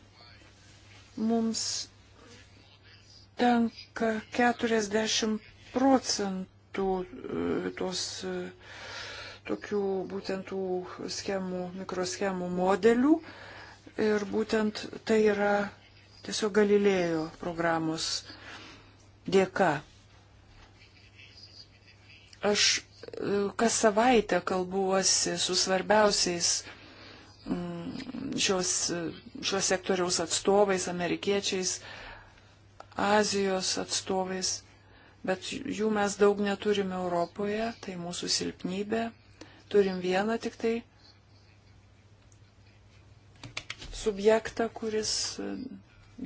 C: mums tenka 40 procentų e, tos e, tokių būtent tų schemų, mikroschemų modelių ir būtent tai yra tiesiog Galilėjo programos dėka. Aš e, kas savaitę kalbuosi su svarbiausiais mm, šios, šios sektoriaus atstovais, amerikiečiais, Azijos atstovais bet jų mes daug neturime Europoje, tai mūsų silpnybė. Turim vieną tik tai subjektą, kuris e,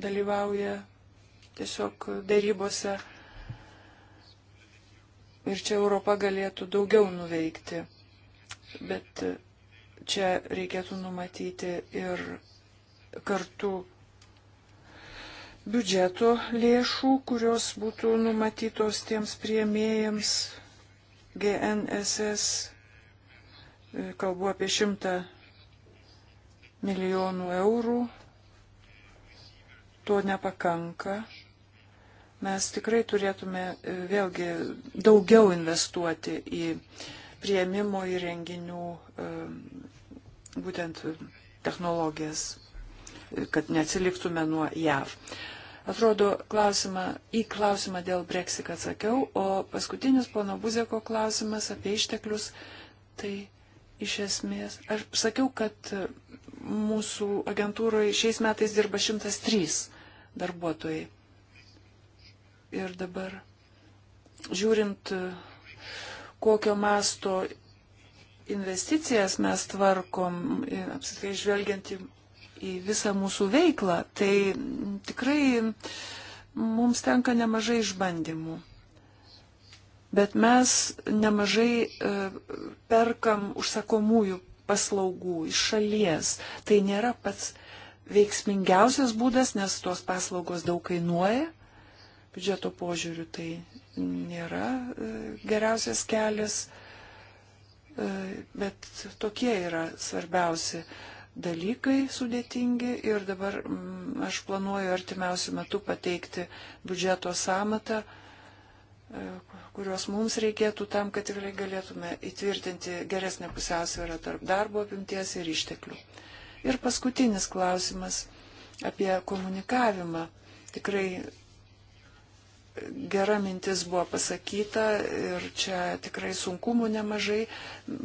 C: dalyvauja tiesiog darybose. Ir čia Europa galėtų daugiau nuveikti. Bet e, čia reikėtų numatyti ir kartu biudžeto lėšų, kurios būtų numatytos tiems priemėjams GNSS. E, kalbu apie 100 milijonų eurų. To nepakanka. Mes tikrai turėtume e, vėlgi daugiau investuoti į prieimimo įrenginių e, būtent technologijas, kad neatsiliktume nuo JAV. Atrodo, klausimą, į klausimą dėl Brexit atsakiau, o paskutinis pono Buzeko klausimas apie išteklius, tai iš esmės, aš sakiau, kad mūsų agentūroje šiais metais dirba 103 darbuotojai. Ir dabar, žiūrint, kokio masto investicijas mes tvarkom, apsitai žvelgiant į į visą mūsų veiklą, tai tikrai mums tenka nemažai išbandymų. Bet mes nemažai e, perkam užsakomųjų paslaugų iš šalies. Tai nėra pats veiksmingiausias būdas, nes tos paslaugos daug kainuoja. Biudžeto požiūriu tai nėra e, geriausias kelias, e, bet tokie yra svarbiausi dalykai sudėtingi ir dabar m, mm, aš planuoju artimiausių metų pateikti biudžeto samatą, e, kuriuos mums reikėtų tam, kad tikrai galėtume įtvirtinti geresnę pusiausvyrą tarp darbo apimties ir išteklių. Ir paskutinis klausimas apie komunikavimą. Tikrai gera mintis buvo pasakyta ir čia tikrai sunkumų nemažai,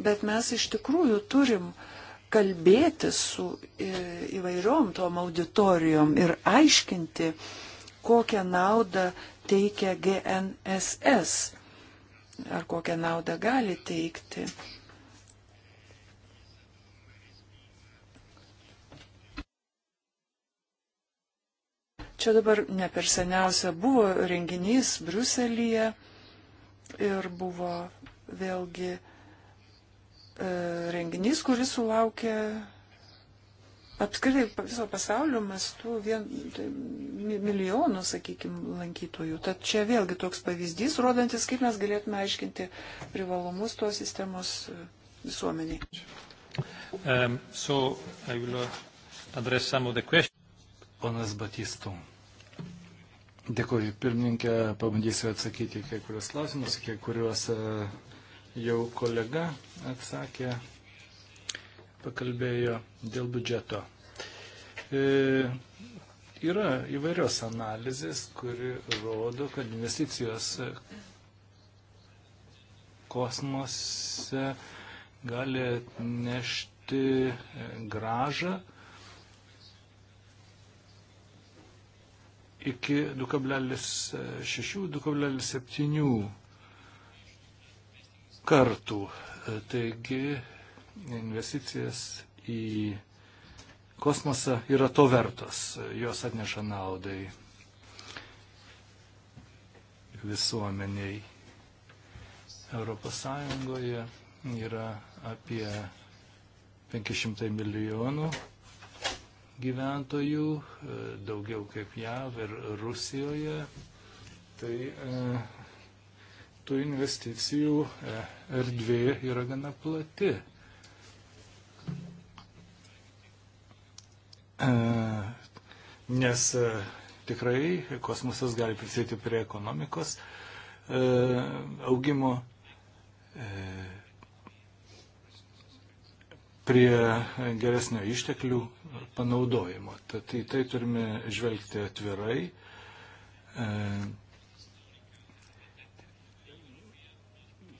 C: bet mes iš tikrųjų turim uh, kalbėti su e, įvairiom tom auditorijom ir aiškinti, kokią naudą teikia GNSS ar kokią naudą gali teikti. Čia dabar ne per seniausia buvo renginys Bruselėje ir buvo vėlgi uh, E, renginys, kuris sulaukė apskritai viso pasaulio mastų vien, tai, milijonų, sakykime, lankytojų. Tad čia vėlgi toks pavyzdys, rodantis, kaip mes galėtume aiškinti privalumus tos sistemos e, visuomeniai.
A: Um, so uh, Ponas Batistų. Dėkuoju, pirmininkė, pabandysiu atsakyti kai kurios klausimus, kai kuriuos uh, jau kolega atsakė, pakalbėjo dėl biudžeto. E, yra įvairios analizės, kuri rodo, kad investicijos kosmose gali nešti e, gražą iki 2,6-2,7 kartų. Taigi investicijas į kosmosą yra to vertos, jos atneša naudai visuomeniai. Europos Sąjungoje yra apie 500 milijonų gyventojų, daugiau kaip JAV ir Rusijoje. Tai e, tų investicijų e, erdvė yra gana plati. E, nes e, tikrai kosmosas gali prisidėti prie ekonomikos augimo, prie geresnio išteklių panaudojimo. Tad į tai turime žvelgti atvirai.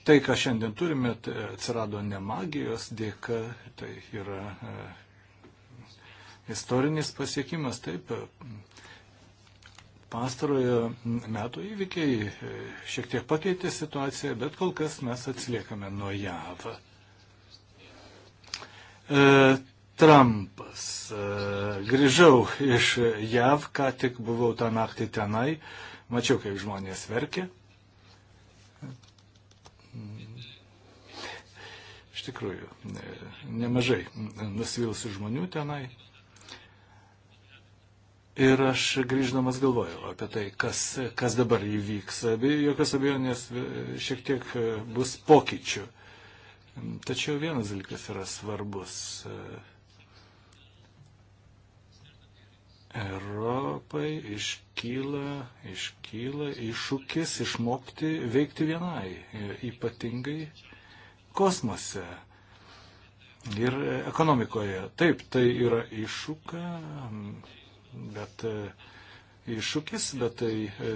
A: Tai, ką šiandien turime, tai atsirado ne magijos dėka, tai yra e, istorinis pasiekimas. Taip, pastarojo metų įvykiai e, šiek tiek pakeitė situaciją, bet kol kas mes atsiliekame nuo JAV. E, Trumpas. E, grįžau iš JAV, ką tik buvau tą naktį tenai, mačiau, kaip žmonės verkė. Iš tikrųjų, nemažai nusivylusių žmonių tenai. Ir aš grįždamas galvojau apie tai, kas, kas dabar įvyks. Abi, jokios abejonės e, šiek tiek e, bus pokyčių. Tačiau vienas dalykas yra svarbus. Europai iškyla, iškyla iššūkis išmokti veikti vienai, ypatingai kosmose ir ekonomikoje. Taip, tai yra iššūka, bet e, iššūkis, bet tai e,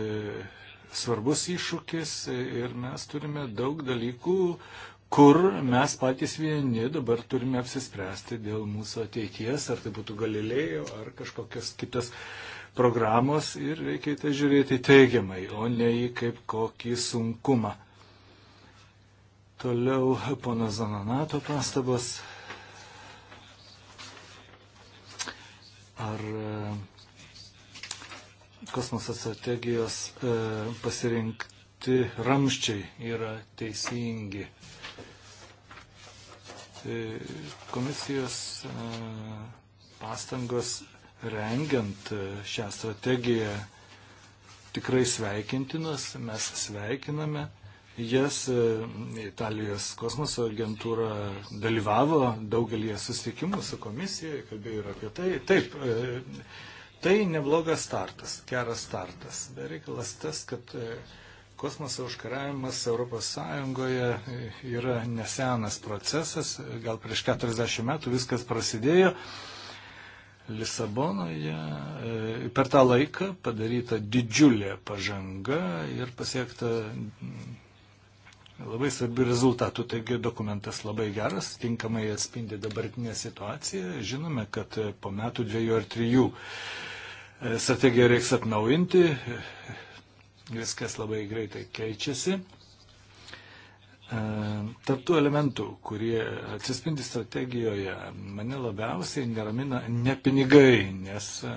A: svarbus iššūkis ir mes turime daug dalykų, kur mes patys vieni dabar turime apsispręsti dėl mūsų ateities, ar tai būtų Galilėjo, ar kažkokios kitas programos ir reikia tai žiūrėti teigiamai, o ne į kaip kokį sunkumą. Toliau pono Zananato pastabos. Ar e, kosmoso strategijos e, pasirinkti ramščiai yra teisingi? E, komisijos pastangos rengiant šią strategiją tikrai sveikintinos, mes sveikiname jas. E, Italijos kosmoso agentūra dalyvavo daugelį susitikimų su komisija, kalbėjo ir apie tai. Taip, e, tai neblogas startas, geras startas. Reikalas tas, kad e, kosmoso užkariavimas ES yra nesenas procesas, gal prieš 40 metų viskas prasidėjo. Lisabonoje per tą laiką padaryta didžiulė pažanga ir pasiekta labai svarbių rezultatų. Taigi dokumentas labai geras, tinkamai atspindi dabartinę situaciją. Žinome, kad po metų dviejų ar trijų e, strategiją reiks atnaujinti. Viskas labai greitai keičiasi. E, Tarptų elementų, kurie atsispindi strategijoje, mane labiausiai neramina ne pinigai, nes e,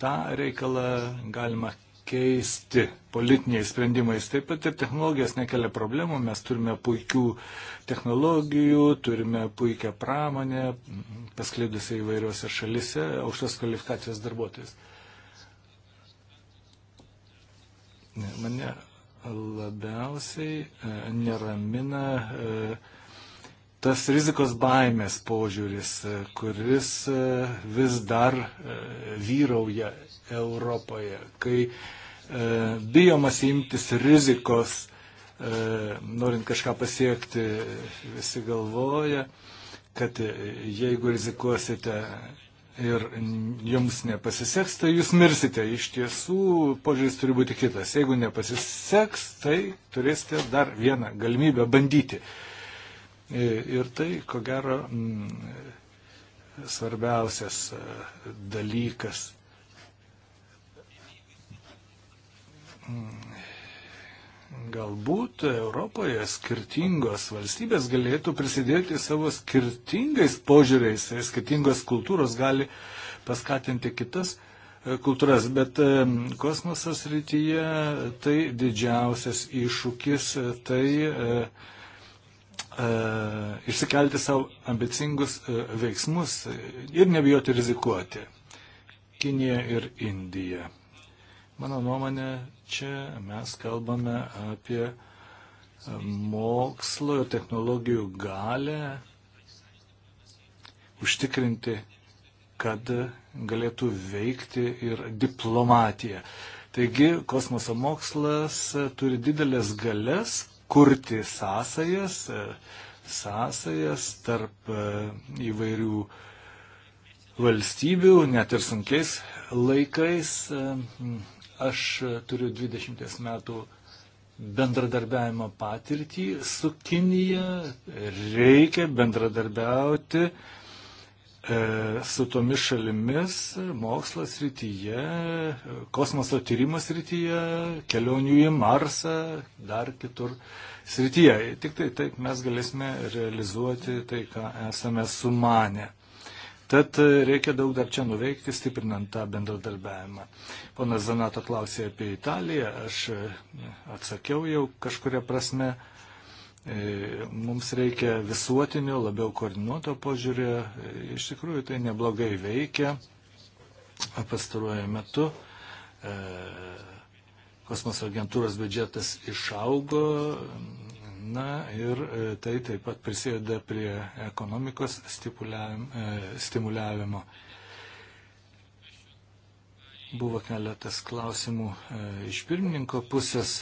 A: tą reikalą galima keisti politiniais sprendimais. Taip pat ir technologijos nekelia problemų, mes turime puikių technologijų, turime puikią pramonę, pasklidusią įvairiuose šalise, aukštos kvalifikacijos darbuotojus. Mane labiausiai e, neramina e, tas rizikos baimės požiūris, e, kuris e, vis dar e, vyrauja Europoje, kai bijomas imtis rizikos, norint kažką pasiekti, visi galvoja, kad jeigu rizikuosite ir jums nepasiseks, tai jūs mirsite. Iš tiesų, požiūris turi būti kitas. Jeigu nepasiseks, tai turėsite dar vieną galimybę bandyti. Uh, E, ir tai, ko gero, mm, svarbiausias e, dalykas. Mm, galbūt Europoje skirtingos valstybės galėtų prisidėti savo skirtingais požiūriais, tai skirtingos kultūros gali paskatinti kitas e, kultūras, bet kosmosas rytyje tai didžiausias iššūkis, tai e, E, išsikelti savo ambicingus e, veiksmus ir nebijoti rizikuoti. Kinija ir Indija. Mano nuomonė, čia mes kalbame apie mokslo ir technologijų galę užtikrinti, kad galėtų veikti ir diplomatija. Taigi kosmoso mokslas turi didelės galės kurti sąsajas, e, sąsajas tarp e, įvairių valstybių, net ir sunkiais laikais. E, aš turiu 20 metų bendradarbiavimo patirtį su Kinija, reikia bendradarbiauti E, su tomis šalimis mokslas rytyje, kosmoso tyrimas rytyje, kelionių į Marsą, dar kitur srityje. Tik tai taip mes galėsime realizuoti tai, ką esame sumanę. Tad e, reikia daug dar čia nuveikti, stiprinant tą bendradarbiavimą. Ponas Zanato klausė apie Italiją, aš e, atsakiau jau kažkuria prasme E, mums reikia visuotinio, labiau koordinuoto požiūrio. E, iš tikrųjų, tai neblogai veikia pastaruoju metu. E, kosmoso agentūros biudžetas išaugo. Na ir tai taip pat prisėda prie ekonomikos stimuliavimo. Buvo keletas klausimų iš pirmininko pusės.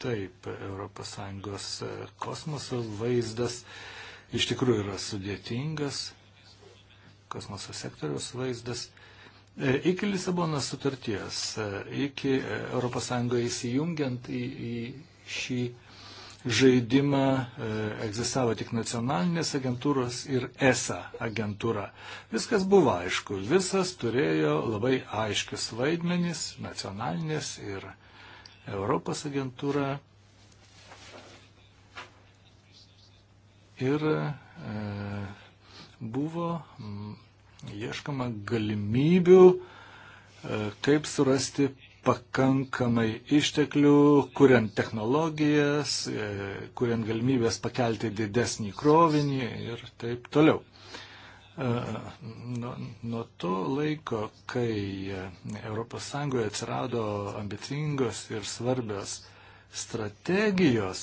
A: Taip, ES e, kosmoso vaizdas iš tikrųjų yra sudėtingas, kosmoso sektoriaus vaizdas. E, iki Lisabonos sutarties, e, iki ES įsijungiant į, į šį žaidimą egzistavo tik nacionalinės agentūros ir ESA agentūra. Viskas buvo aišku, visas turėjo labai aiškius vaidmenys, nacionalinės ir Europos agentūra ir e, buvo ieškama galimybių, e, kaip surasti pakankamai išteklių, kuriant technologijas, e, kuriant galimybės pakelti didesnį krovinį ir taip toliau. Nuo, nuo to laiko, kai ES atsirado ambicingos ir svarbios strategijos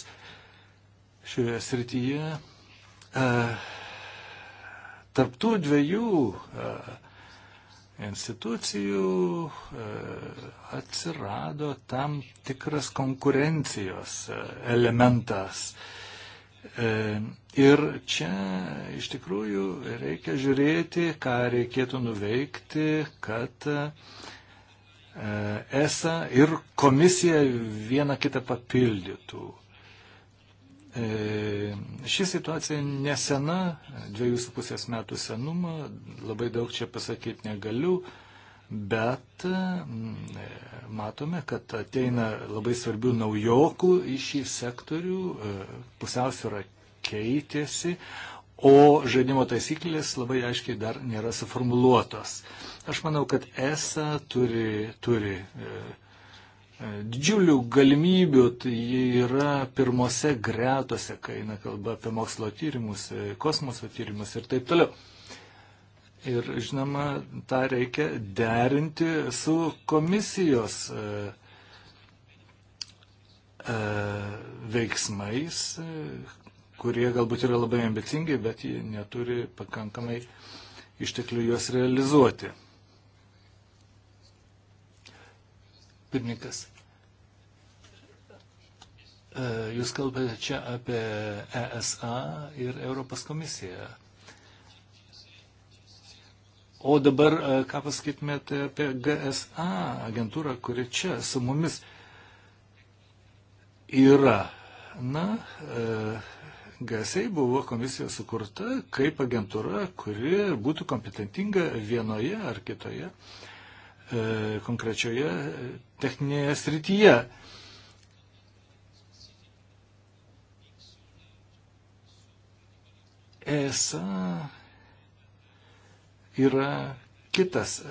A: šioje srityje, tarptų dviejų institucijų atsirado tam tikras konkurencijos elementas. E, ir čia iš tikrųjų reikia žiūrėti, ką reikėtų nuveikti, kad e, ESA ir komisija vieną kitą papildytų. E, ši situacija nesena, dviejų su pusės metų senumo, labai daug čia pasakyti negaliu bet mm, matome, kad ateina labai svarbių naujokų į šį sektorių, e, pusiausvėra keitėsi, o žaidimo taisyklės labai aiškiai dar nėra suformuluotos. Aš manau, kad ESA turi, turi e, e, didžiulių galimybių, tai jie yra pirmose gretose, kai eina kalba apie mokslo tyrimus, kosmoso tyrimus ir taip toliau. Ir žinoma, tą reikia derinti su komisijos e, e, veiksmais, e, kurie galbūt yra labai ambicingi, bet jie neturi pakankamai išteklių juos realizuoti. Pirmininkas. Jūs kalbate čia apie ESA ir Europos komisiją. O dabar, e, ką pasakytumėte apie GSA agentūrą, kuri čia su mumis yra? Na, e, GSA buvo komisija sukurta kaip agentūra, kuri būtų kompetentinga vienoje ar kitoje e, konkrečioje techninėje srityje. ESA yra kitas e,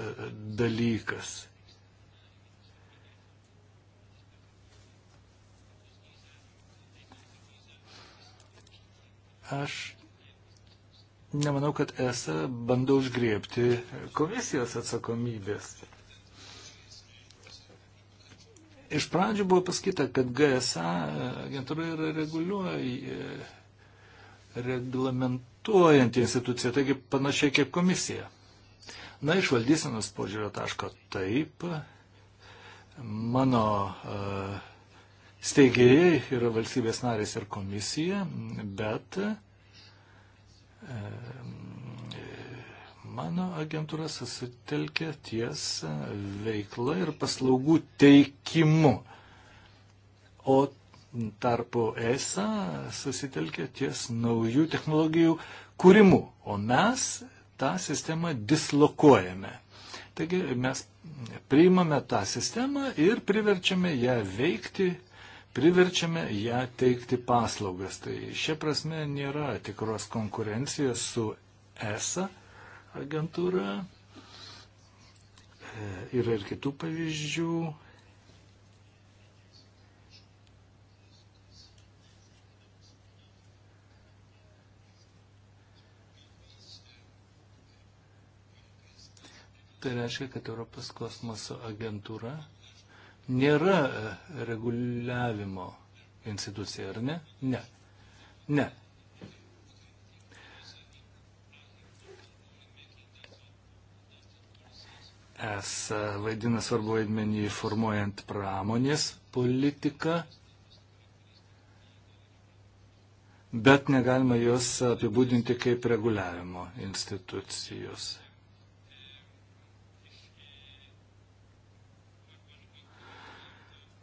A: dalykas. Aš nemanau, kad ESA bando užgriepti komisijos atsakomybės. Iš pradžių buvo pasakyta, kad GSA e, agentūra yra reguliuoja, e, reglamentuojanti institucija, taigi panašiai kaip komisija. Na, iš valdysenos požiūrio taško taip. Mano e, steigėjai yra valstybės narės ir komisija, bet e, mano agentūra susitelkė ties veikla ir paslaugų teikimu. O tarpu ESA susitelkė ties naujų technologijų kūrimu. O mes tą sistemą dislokuojame. Taigi mes priimame tą sistemą ir priverčiame ją veikti, priverčiame ją teikti paslaugas. Tai šia prasme nėra tikros konkurencijos su ESA agentūra. E, yra ir kitų pavyzdžių, Tai reiškia, kad Europos kosmoso agentūra nėra e, reguliavimo institucija, ar ne? Ne. Ne. Es e, vaidina svarbu vaidmenį formuojant pramonės politiką, bet negalima jos apibūdinti kaip reguliavimo institucijos.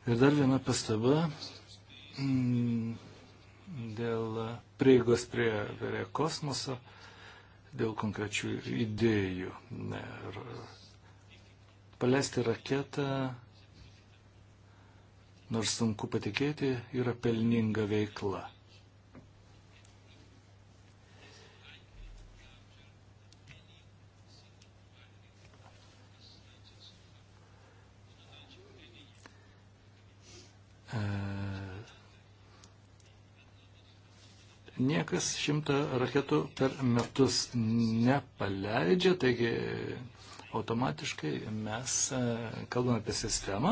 A: Ir dar viena pastaba mm, dėl prieigos prie, prie kosmoso, dėl konkrečių idėjų. Ir paleisti raketą, nors sunku patikėti, yra pelninga veikla. E, niekas šimtą raketų per metus nepaleidžia, taigi automatiškai mes e, kalbame apie sistemą.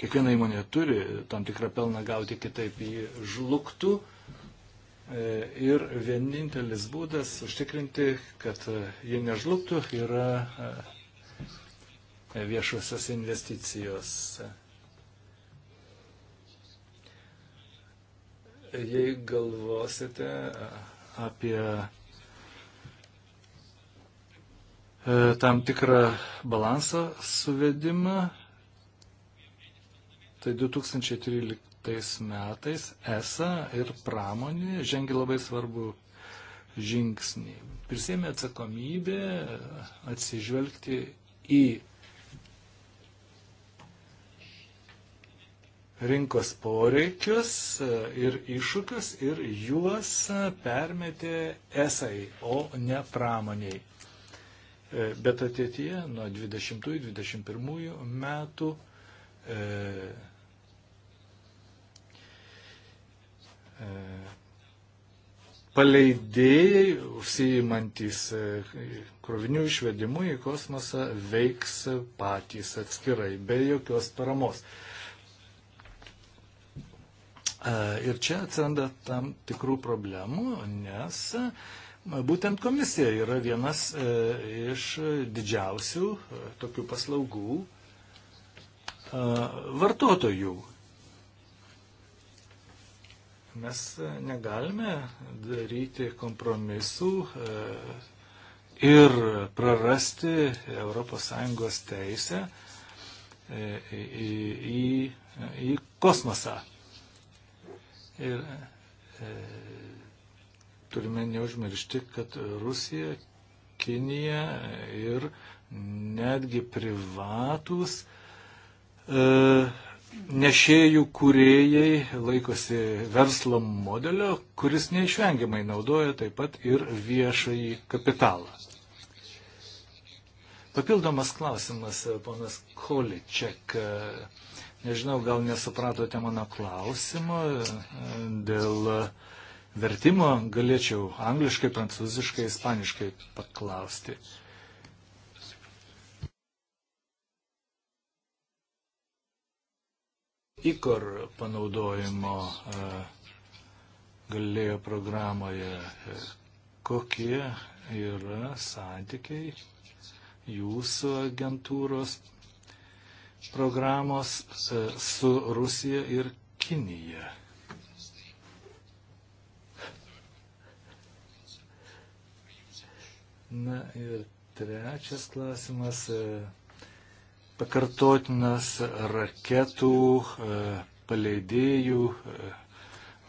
A: Kiekviena įmonė turi tam tikrą pelną gauti, kitaip jį žlugtų. E, ir vienintelis būdas užtikrinti, kad jie nežlugtų, yra viešuosios investicijos. jei galvosite apie e, tam tikrą balansą suvedimą, tai 2013 metais ESA ir pramonė žengė labai svarbu žingsnį. Prisėmė atsakomybę atsižvelgti į rinkos poreikius e, ir iššūkius ir juos e, permetė esai, o ne pramoniai. E, bet ateityje nuo 20-21 metų e, e, paleidėjai, užsijimantis krovinių išvedimu į kosmosą, veiks patys atskirai, be jokios paramos. E, Ir čia atsiranda tam tikrų problemų, nes būtent komisija yra vienas e, iš didžiausių e, tokių paslaugų vartotojų. Mes e, negalime daryti kompromisų ir prarasti ES teisę į, į, į kosmosą. Ir e, e, turime neužmiršti, kad Rusija, Kinija ir netgi privatus e, nešėjų kūrėjai laikosi verslo modelio, kuris neišvengiamai naudoja taip pat ir viešąjį kapitalą. Papildomas klausimas, ponas Količek. E, Nežinau, gal nesupratote mano klausimo dėl vertimo galėčiau angliškai, prancūziškai, ispaniškai paklausti. Ikor panaudojimo e, galėjo programoje, e, kokie yra santykiai jūsų agentūros programos e, su Rusija ir Kinija. Na ir trečias klausimas. E, pakartotinas raketų e, paleidėjų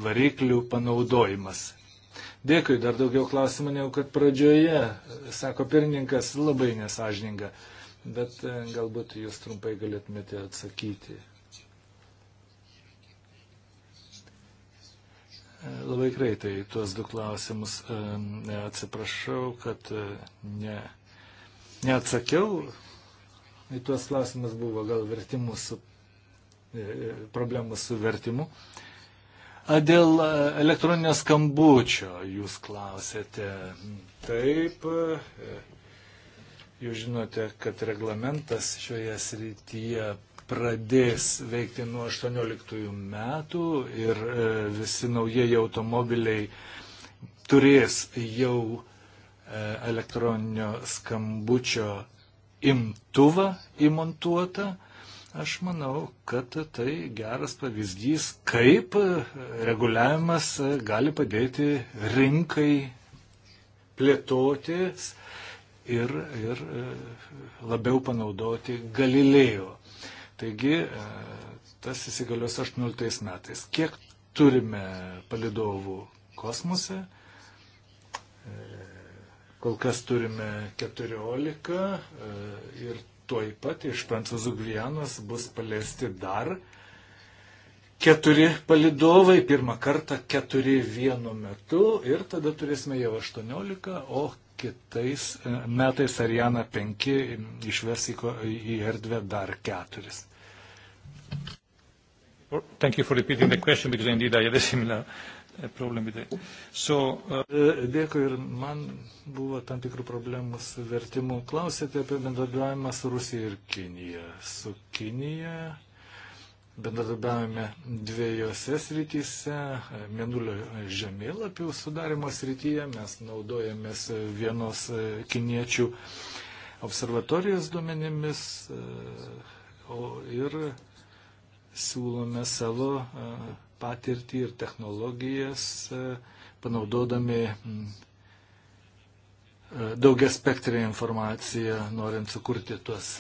A: variklių panaudojimas. Dėkui, dar daugiau klausimų negu kad pradžioje, sako pirmininkas, labai nesažininga bet e, galbūt jūs trumpai galėtumėte atsakyti. E, labai greitai tuos du klausimus e, atsiprašau, kad ne, neatsakiau. Į tuos klausimus buvo gal vertimų su, problemų su vertimu. A, dėl elektroninio skambučio jūs klausėte. Taip. E, Jūs žinote, kad reglamentas šioje srityje pradės veikti nuo 18 metų ir e, visi naujieji automobiliai turės jau e, elektroninio skambučio imtuvą įmontuotą. Aš manau, kad tai geras pavyzdys, kaip e, reguliavimas gali padėti rinkai plėtotis ir, ir e, labiau panaudoti Galilėjo. Taigi e, tas įsigalios 18 metais. Kiek turime palidovų kosmose? E, kol kas turime 14 ir tuoj pat iš Prancūzų Gvianos bus paliesti dar keturi palidovai, pirmą kartą keturi vienu metu ir tada turėsime jau 18, o kitais e, metais Ariana 5 išves į, į erdvę dar keturis. Oh, thank you for repeating the question because indeed I had a similar uh, problem with it. So, uh... E, dėkui ir man buvo tam tikrų problemų su vertimu. Klausėte apie bendradarbiavimą su Rusija ir Kinija. Su Kinija bendradarbiavime dviejose srityse, mėnulio žemėlapių sudarimo srityje, mes naudojamės vienos kiniečių observatorijos duomenimis ir siūlome savo patirtį ir technologijas, panaudodami mm, daugia spektrę informaciją, norint sukurti tuos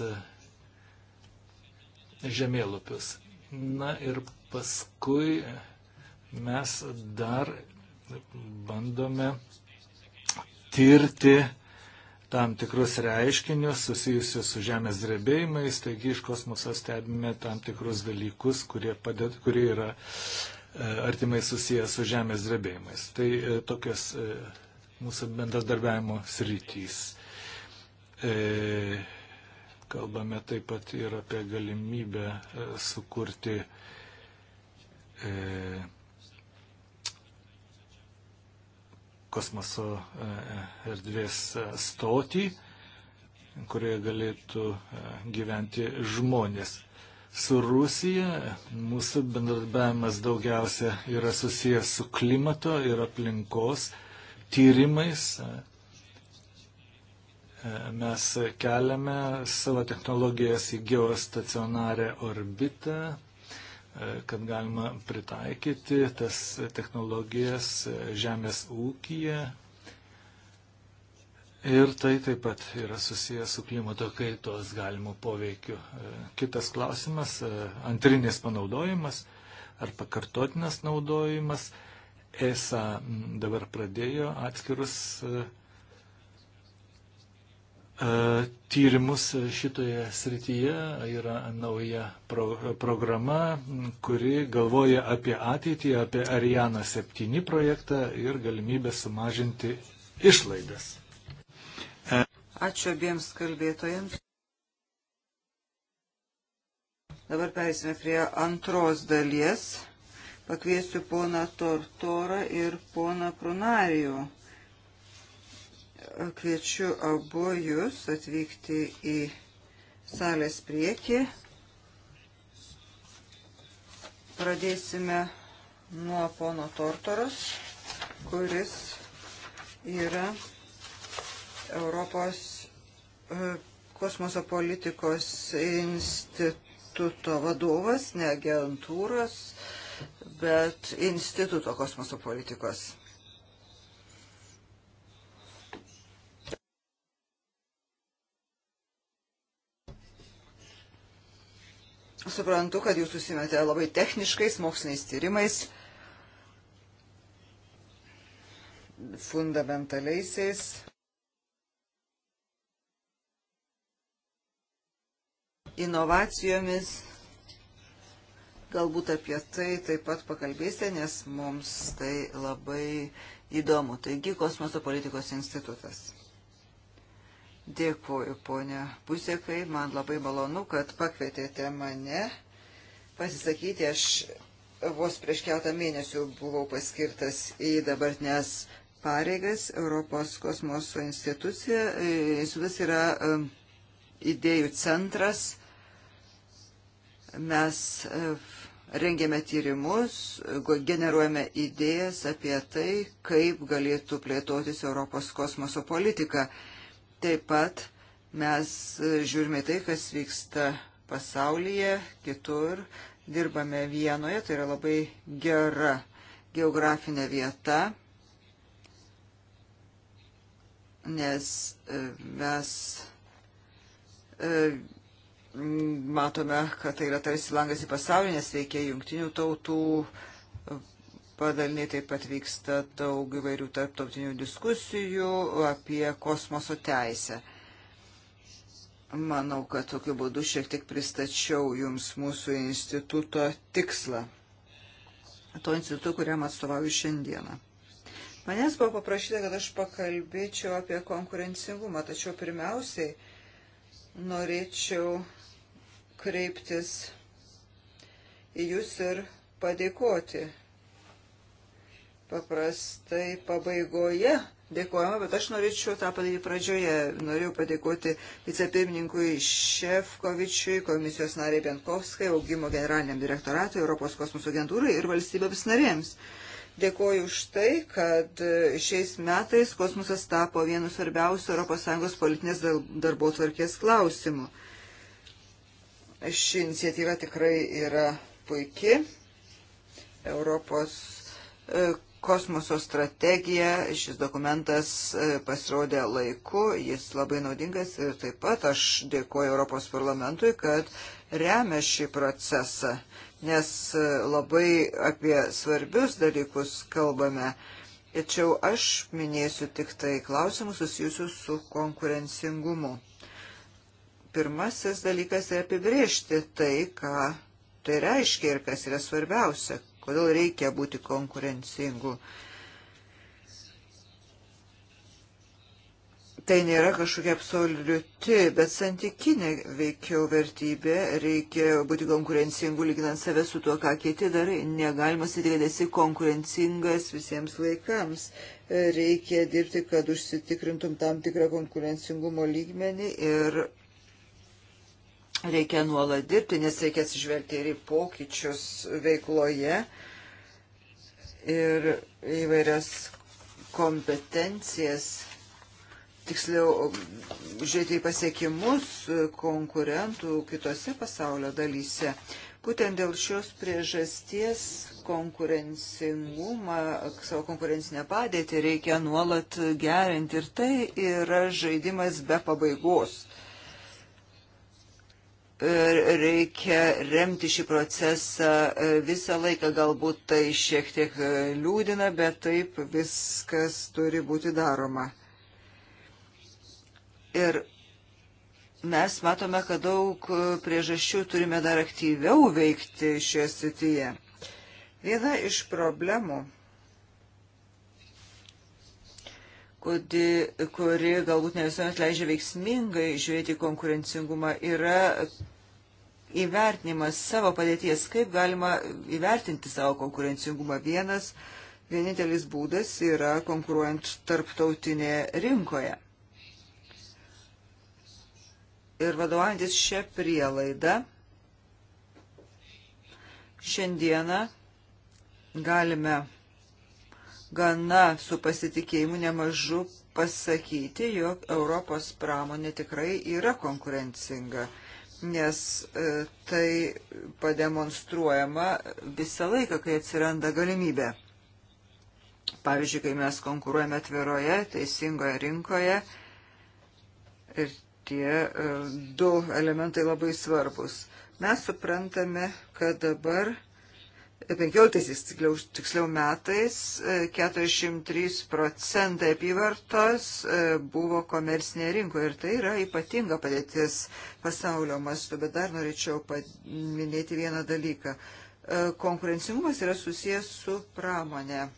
A: žemėlapius. Na ir paskui mes dar bandome tirti tam tikrus reiškinius susijusius su žemės drebėjimais, taigi iš kosmoso stebime tam tikrus dalykus, kurie, padėt, kurie yra e, artimai susijęs su žemės drebėjimais. Tai e, tokios e, mūsų bendradarbiavimo sritys. E, Kalbame taip pat ir apie galimybę e, sukurti e, kosmoso e, erdvės e, stotį, kurioje galėtų gyventi žmonės. Su Rusija mūsų bendradarbiavimas daugiausia yra susijęs su klimato ir aplinkos tyrimais. E, Mes keliame savo technologijas į geostacionarę orbitą, e, kad galima pritaikyti tas technologijas e, žemės ūkyje. Ir tai taip pat yra susijęs su klimato kaitos galimu poveikiu. E, kitas klausimas - antrinės panaudojimas ar pakartotinas naudojimas. ESA dabar pradėjo atskirus uh, E, tyrimus šitoje srityje. Yra nauja pro, programa, kuri galvoja apie ateitį, apie Arianą 7 projektą ir galimybę sumažinti išlaidas. E.
B: Ačiū abiems kalbėtojams. Dabar perėsime prie antros dalies. Pakviesiu poną Tortorą ir poną Prunarijų Kviečiu abu jūs atvykti į salės priekį. Pradėsime nuo pono Tortoros, kuris yra Europos e, kosmoso politikos instituto vadovas, ne agentūros, bet instituto kosmoso politikos. Suprantu, kad jūs susimėte labai techniškais moksliniais tyrimais, fundamentaliaisiais. Inovacijomis galbūt apie tai taip pat pakalbėsite, nes mums tai labai įdomu. Taigi, Kosmoso politikos institutas. Dėkuoju, ponia Puzekai, man labai malonu, kad pakvietėte mane pasisakyti. Aš vos prieš keletą mėnesių buvau paskirtas į dabartinės pareigas. Europos kosmoso institucija, institutas yra idėjų centras. Mes e, rengiame tyrimus, generuojame idėjas apie tai, kaip galėtų plėtotis Europos kosmoso politika. Taip pat mes e, žiūrime tai, kas vyksta pasaulyje, kitur, dirbame vienoje, tai yra labai gera geografinė vieta, nes e, mes e, matome, kad tai yra tarsi langas į pasaulį, nes veikia jungtinių tautų padaliniai taip pat vyksta daug įvairių tarptautinių diskusijų apie kosmoso teisę. Manau, kad tokiu būdu šiek tiek pristačiau Jums mūsų instituto tikslą. To instituto, kuriam atstovauju šiandieną. Manęs buvo paprašyta, kad aš pakalbėčiau apie konkurencingumą, tačiau pirmiausiai norėčiau kreiptis į Jūs ir padėkoti paprastai pabaigoje dėkojama, bet aš norėčiau tą padaryti pradžioje. Norėjau padėkoti vicepirmininkui Šefkovičiui, komisijos nariai Benkovskai, augimo generaliniam direktoratui, Europos kosmoso agentūrai ir valstybėms narėms. Dėkoju už tai, kad šiais metais kosmosas tapo vienu svarbiausių ES politinės darbo tvarkės klausimų. Ši iniciatyva tikrai yra puiki. Europos e, kosmoso strategija. Šis dokumentas e, pasirodė laiku, jis labai naudingas ir taip pat aš dėkuoju Europos parlamentui, kad remia šį procesą, nes e, labai apie svarbius dalykus kalbame. Tačiau aš minėsiu tik tai klausimus susijusius su konkurencingumu. Pirmasis dalykas yra apibriežti tai, ką tai reiškia ir kas yra svarbiausia, kodėl reikia būti konkurencingu. Tai nėra kažkokia absoliuti, bet santykinė veikiau vertybė, reikia būti konkurencingu, lyginant save su tuo, ką kiti darai. Negalima sakyti, kad esi konkurencingas visiems laikams. Reikia dirbti, kad užsitikrintum tam tikrą konkurencingumo lygmenį ir reikia nuolat dirbti, nes reikia atsižvelgti ir į pokyčius veikloje ir įvairias kompetencijas, tiksliau žiūrėti į pasiekimus konkurentų kitose pasaulio dalyse. Būtent dėl šios priežasties konkurencingumą, savo konkurencinę padėtį reikia nuolat gerinti ir tai yra žaidimas be pabaigos reikia remti šį procesą e, visą laiką, galbūt tai šiek tiek e, liūdina, bet taip viskas turi būti daroma. Ir mes matome, kad daug e, priežasčių turime dar aktyviau veikti šioje srityje. Viena iš problemų, kuri, kuri galbūt ne visuomet leidžia veiksmingai žiūrėti konkurencingumą, yra įvertinimas savo padėties, kaip galima įvertinti savo konkurencingumą. Vienas, vienintelis būdas yra konkuruojant tarptautinėje rinkoje. Ir vadovantis šią prielaidą, šiandieną galime gana su pasitikėjimu nemažu pasakyti, jog Europos pramonė tikrai yra konkurencinga nes e, tai pademonstruojama visą laiką, kai atsiranda galimybė. Pavyzdžiui, kai mes konkuruojame atviroje, teisingoje rinkoje ir tie e, du elementai labai svarbus. Mes suprantame, kad dabar 15 tiksliau, tiksliau metais 43 e, procentai apyvartos e, buvo komercinėje rinkoje ir tai yra ypatinga padėtis pasaulio mastu, bet dar norėčiau paminėti vieną dalyką. E, konkurencingumas yra susijęs su pramonė.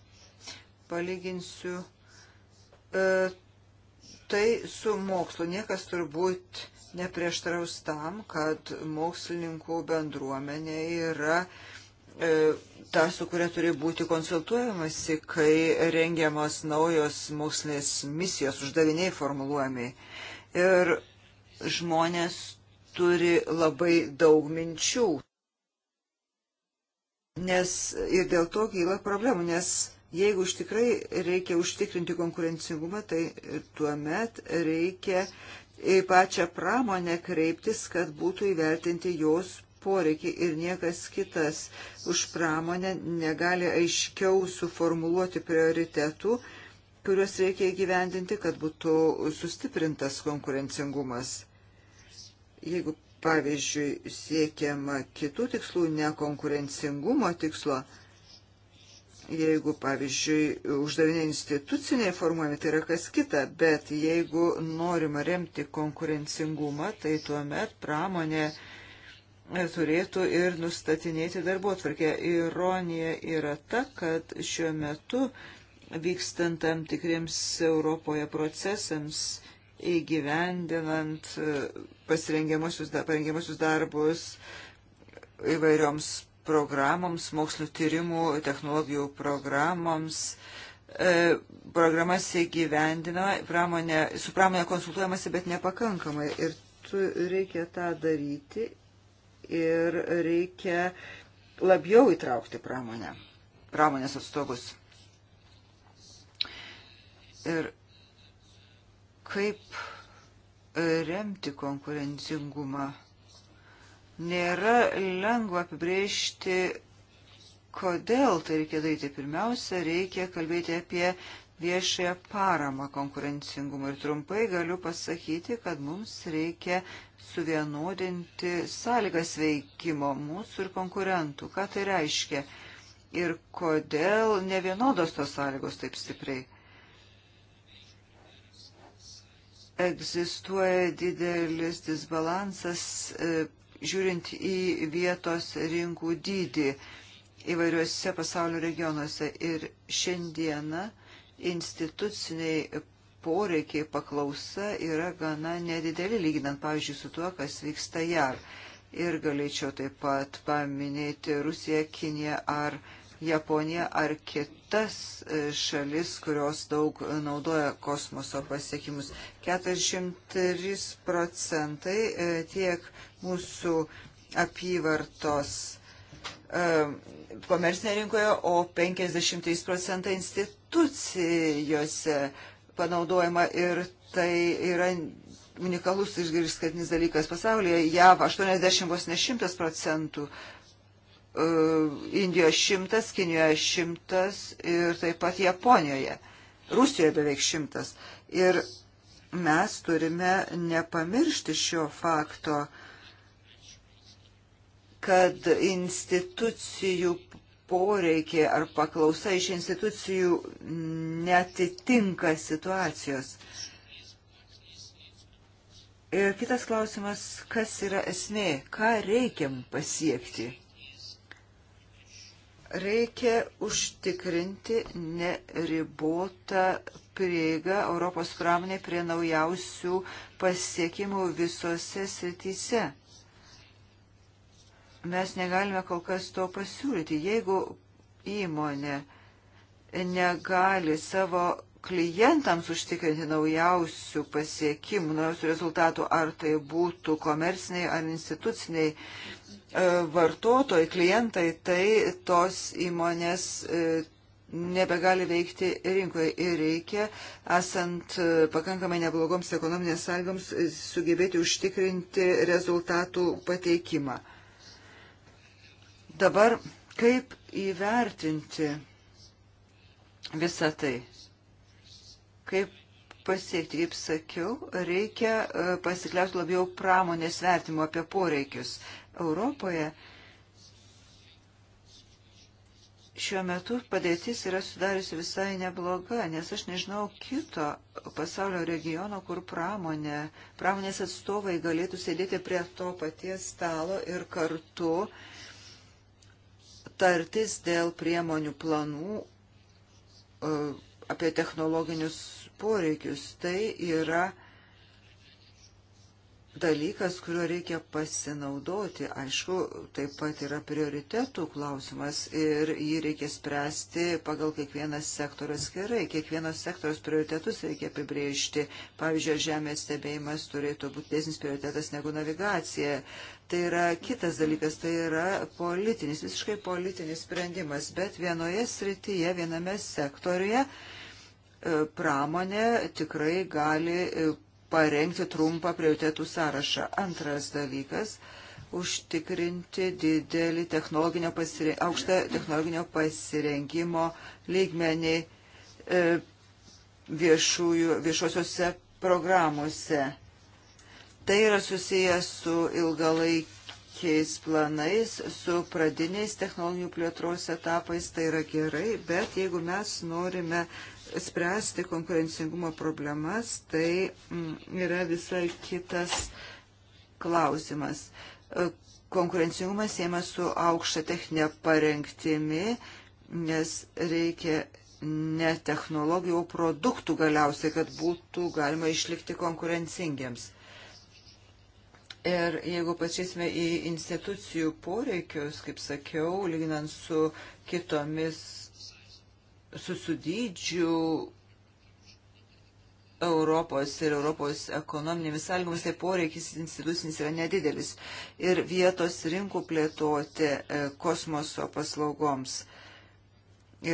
B: Palyginsiu tai su mokslu. Niekas turbūt neprieštaraus tam, kad mokslininkų bendruomenė yra uh, E, ta, su kuria turi būti konsultuojamasi, kai rengiamos naujos mokslinės misijos, uždaviniai formuluojami. Ir žmonės turi labai daug minčių. Nes ir dėl to kyla problemų, nes jeigu iš tikrai reikia užtikrinti konkurencingumą, tai tuomet reikia į pačią pramonę kreiptis, kad būtų įvertinti jos poreikį ir niekas kitas už pramonę negali aiškiau suformuluoti prioritetų, kuriuos reikia įgyvendinti, kad būtų sustiprintas konkurencingumas. Jeigu, pavyzdžiui, siekiama kitų tikslų, ne konkurencingumo tikslo, jeigu, pavyzdžiui, uždaviniai instituciniai formuojami, tai yra kas kita, bet jeigu norima remti konkurencingumą, tai tuomet pramonė turėtų ir nustatinėti darbo atvarkę. Ironija yra ta, kad šiuo metu vykstant tam tikriems Europoje procesams, įgyvendinant e, pasirengiamusius darbus įvairioms programoms, mokslių tyrimų, technologijų programoms, e, programas įgyvendinama, pramonė, su pramonė konsultuojamasi, bet nepakankamai. Ir tu reikia tą daryti ir reikia labiau įtraukti pramonę, pramonės atstovus. Ir kaip remti konkurencingumą. Nėra lengva apibrėžti, kodėl tai reikia daryti. Pirmiausia, reikia kalbėti apie viešąją paramą konkurencingumui. Ir trumpai galiu pasakyti, kad mums reikia suvienodinti sąlygas veikimo mūsų ir konkurentų. Ką tai reiškia? Ir kodėl ne vienodos tos sąlygos taip stipriai? Egzistuoja didelis disbalansas e, žiūrint į vietos rinkų dydį įvairiuose pasaulio regionuose. Ir šiandieną instituciniai poreikiai paklausa yra gana nedideli, lyginant, pavyzdžiui, su tuo, kas vyksta JAV. Ir galėčiau taip pat paminėti Rusiją, Kiniją ar Japoniją ar kitas e, šalis, kurios daug naudoja kosmoso pasiekimus. 43 procentai e, tiek mūsų apyvartos e, komercinėje rinkoje, o 53 procentai institucijose panaudojama ir tai yra unikalus išgirskatinis dalykas pasaulyje. JAV 80 vos ne 100 procentų, e, Indijoje 100, Kinijoje 100 ir taip pat Japonijoje, Rusijoje beveik 100. Ir mes turime nepamiršti šio fakto kad institucijų poreikiai ar paklausa iš institucijų netitinka situacijos. Ir kitas klausimas, kas yra esmė, ką reikiam pasiekti? Reikia užtikrinti neribotą prieigą Europos pramonė prie naujausių pasiekimų visose srityse mes negalime kol kas to pasiūlyti. Jeigu įmonė negali savo klientams užtikrinti naujausių pasiekimų, naujausių rezultatų, ar tai būtų komerciniai ar instituciniai e, vartotojai, klientai, tai tos įmonės e, nebegali veikti rinkoje ir reikia, esant e, pakankamai neblogoms ekonominės sąlygoms, sugebėti užtikrinti rezultatų pateikimą. Dabar kaip įvertinti visą tai? Kaip pasiekti, kaip sakiau, reikia e, pasikliauti labiau pramonės vertimo apie poreikius. Europoje šiuo metu padėtis yra sudariusi visai nebloga, nes aš nežinau kito pasaulio regiono, kur pramonė, pramonės atstovai galėtų sėdėti prie to paties stalo ir kartu uh, tartis dėl priemonių planų e, apie technologinius poreikius. Tai yra dalykas, kuriuo reikia pasinaudoti. Aišku, taip pat yra prioritetų klausimas ir jį reikia spręsti pagal kiekvieną sektorių skirai. Kiekvienos sektoriaus prioritetus reikia apibriežti. Pavyzdžiui, žemės stebėjimas turėtų būti dėsnis prioritetas negu navigacija. Tai yra kitas dalykas, tai yra politinis, visiškai politinis sprendimas, bet vienoje srityje, viename sektoriuje e, pramonė tikrai gali e, parengti trumpą prioritėtų sąrašą. Antras dalykas - užtikrinti didelį technologinio pasire... aukštą technologinio pasirengimo lygmenį e, viešųjų, viešosiuose programuose. Tai yra susijęs su ilgalaikiais planais, su pradiniais technologinių plėtros etapais, tai yra gerai, bet jeigu mes norime spręsti konkurencingumo problemas, tai mm, yra visai kitas klausimas. E, konkurencingumas siemas su aukšta techninė parengtimi, nes reikia ne technologijų, o produktų galiausiai, kad būtų galima išlikti konkurencingiams. Ir jeigu pačiasime į institucijų poreikius, kaip sakiau, lyginant su kitomis susidydžių Europos ir Europos ekonominėmis sąlygomis, tai poreikis institucinis yra nedidelis. Ir vietos rinkų plėtoti e, kosmoso paslaugoms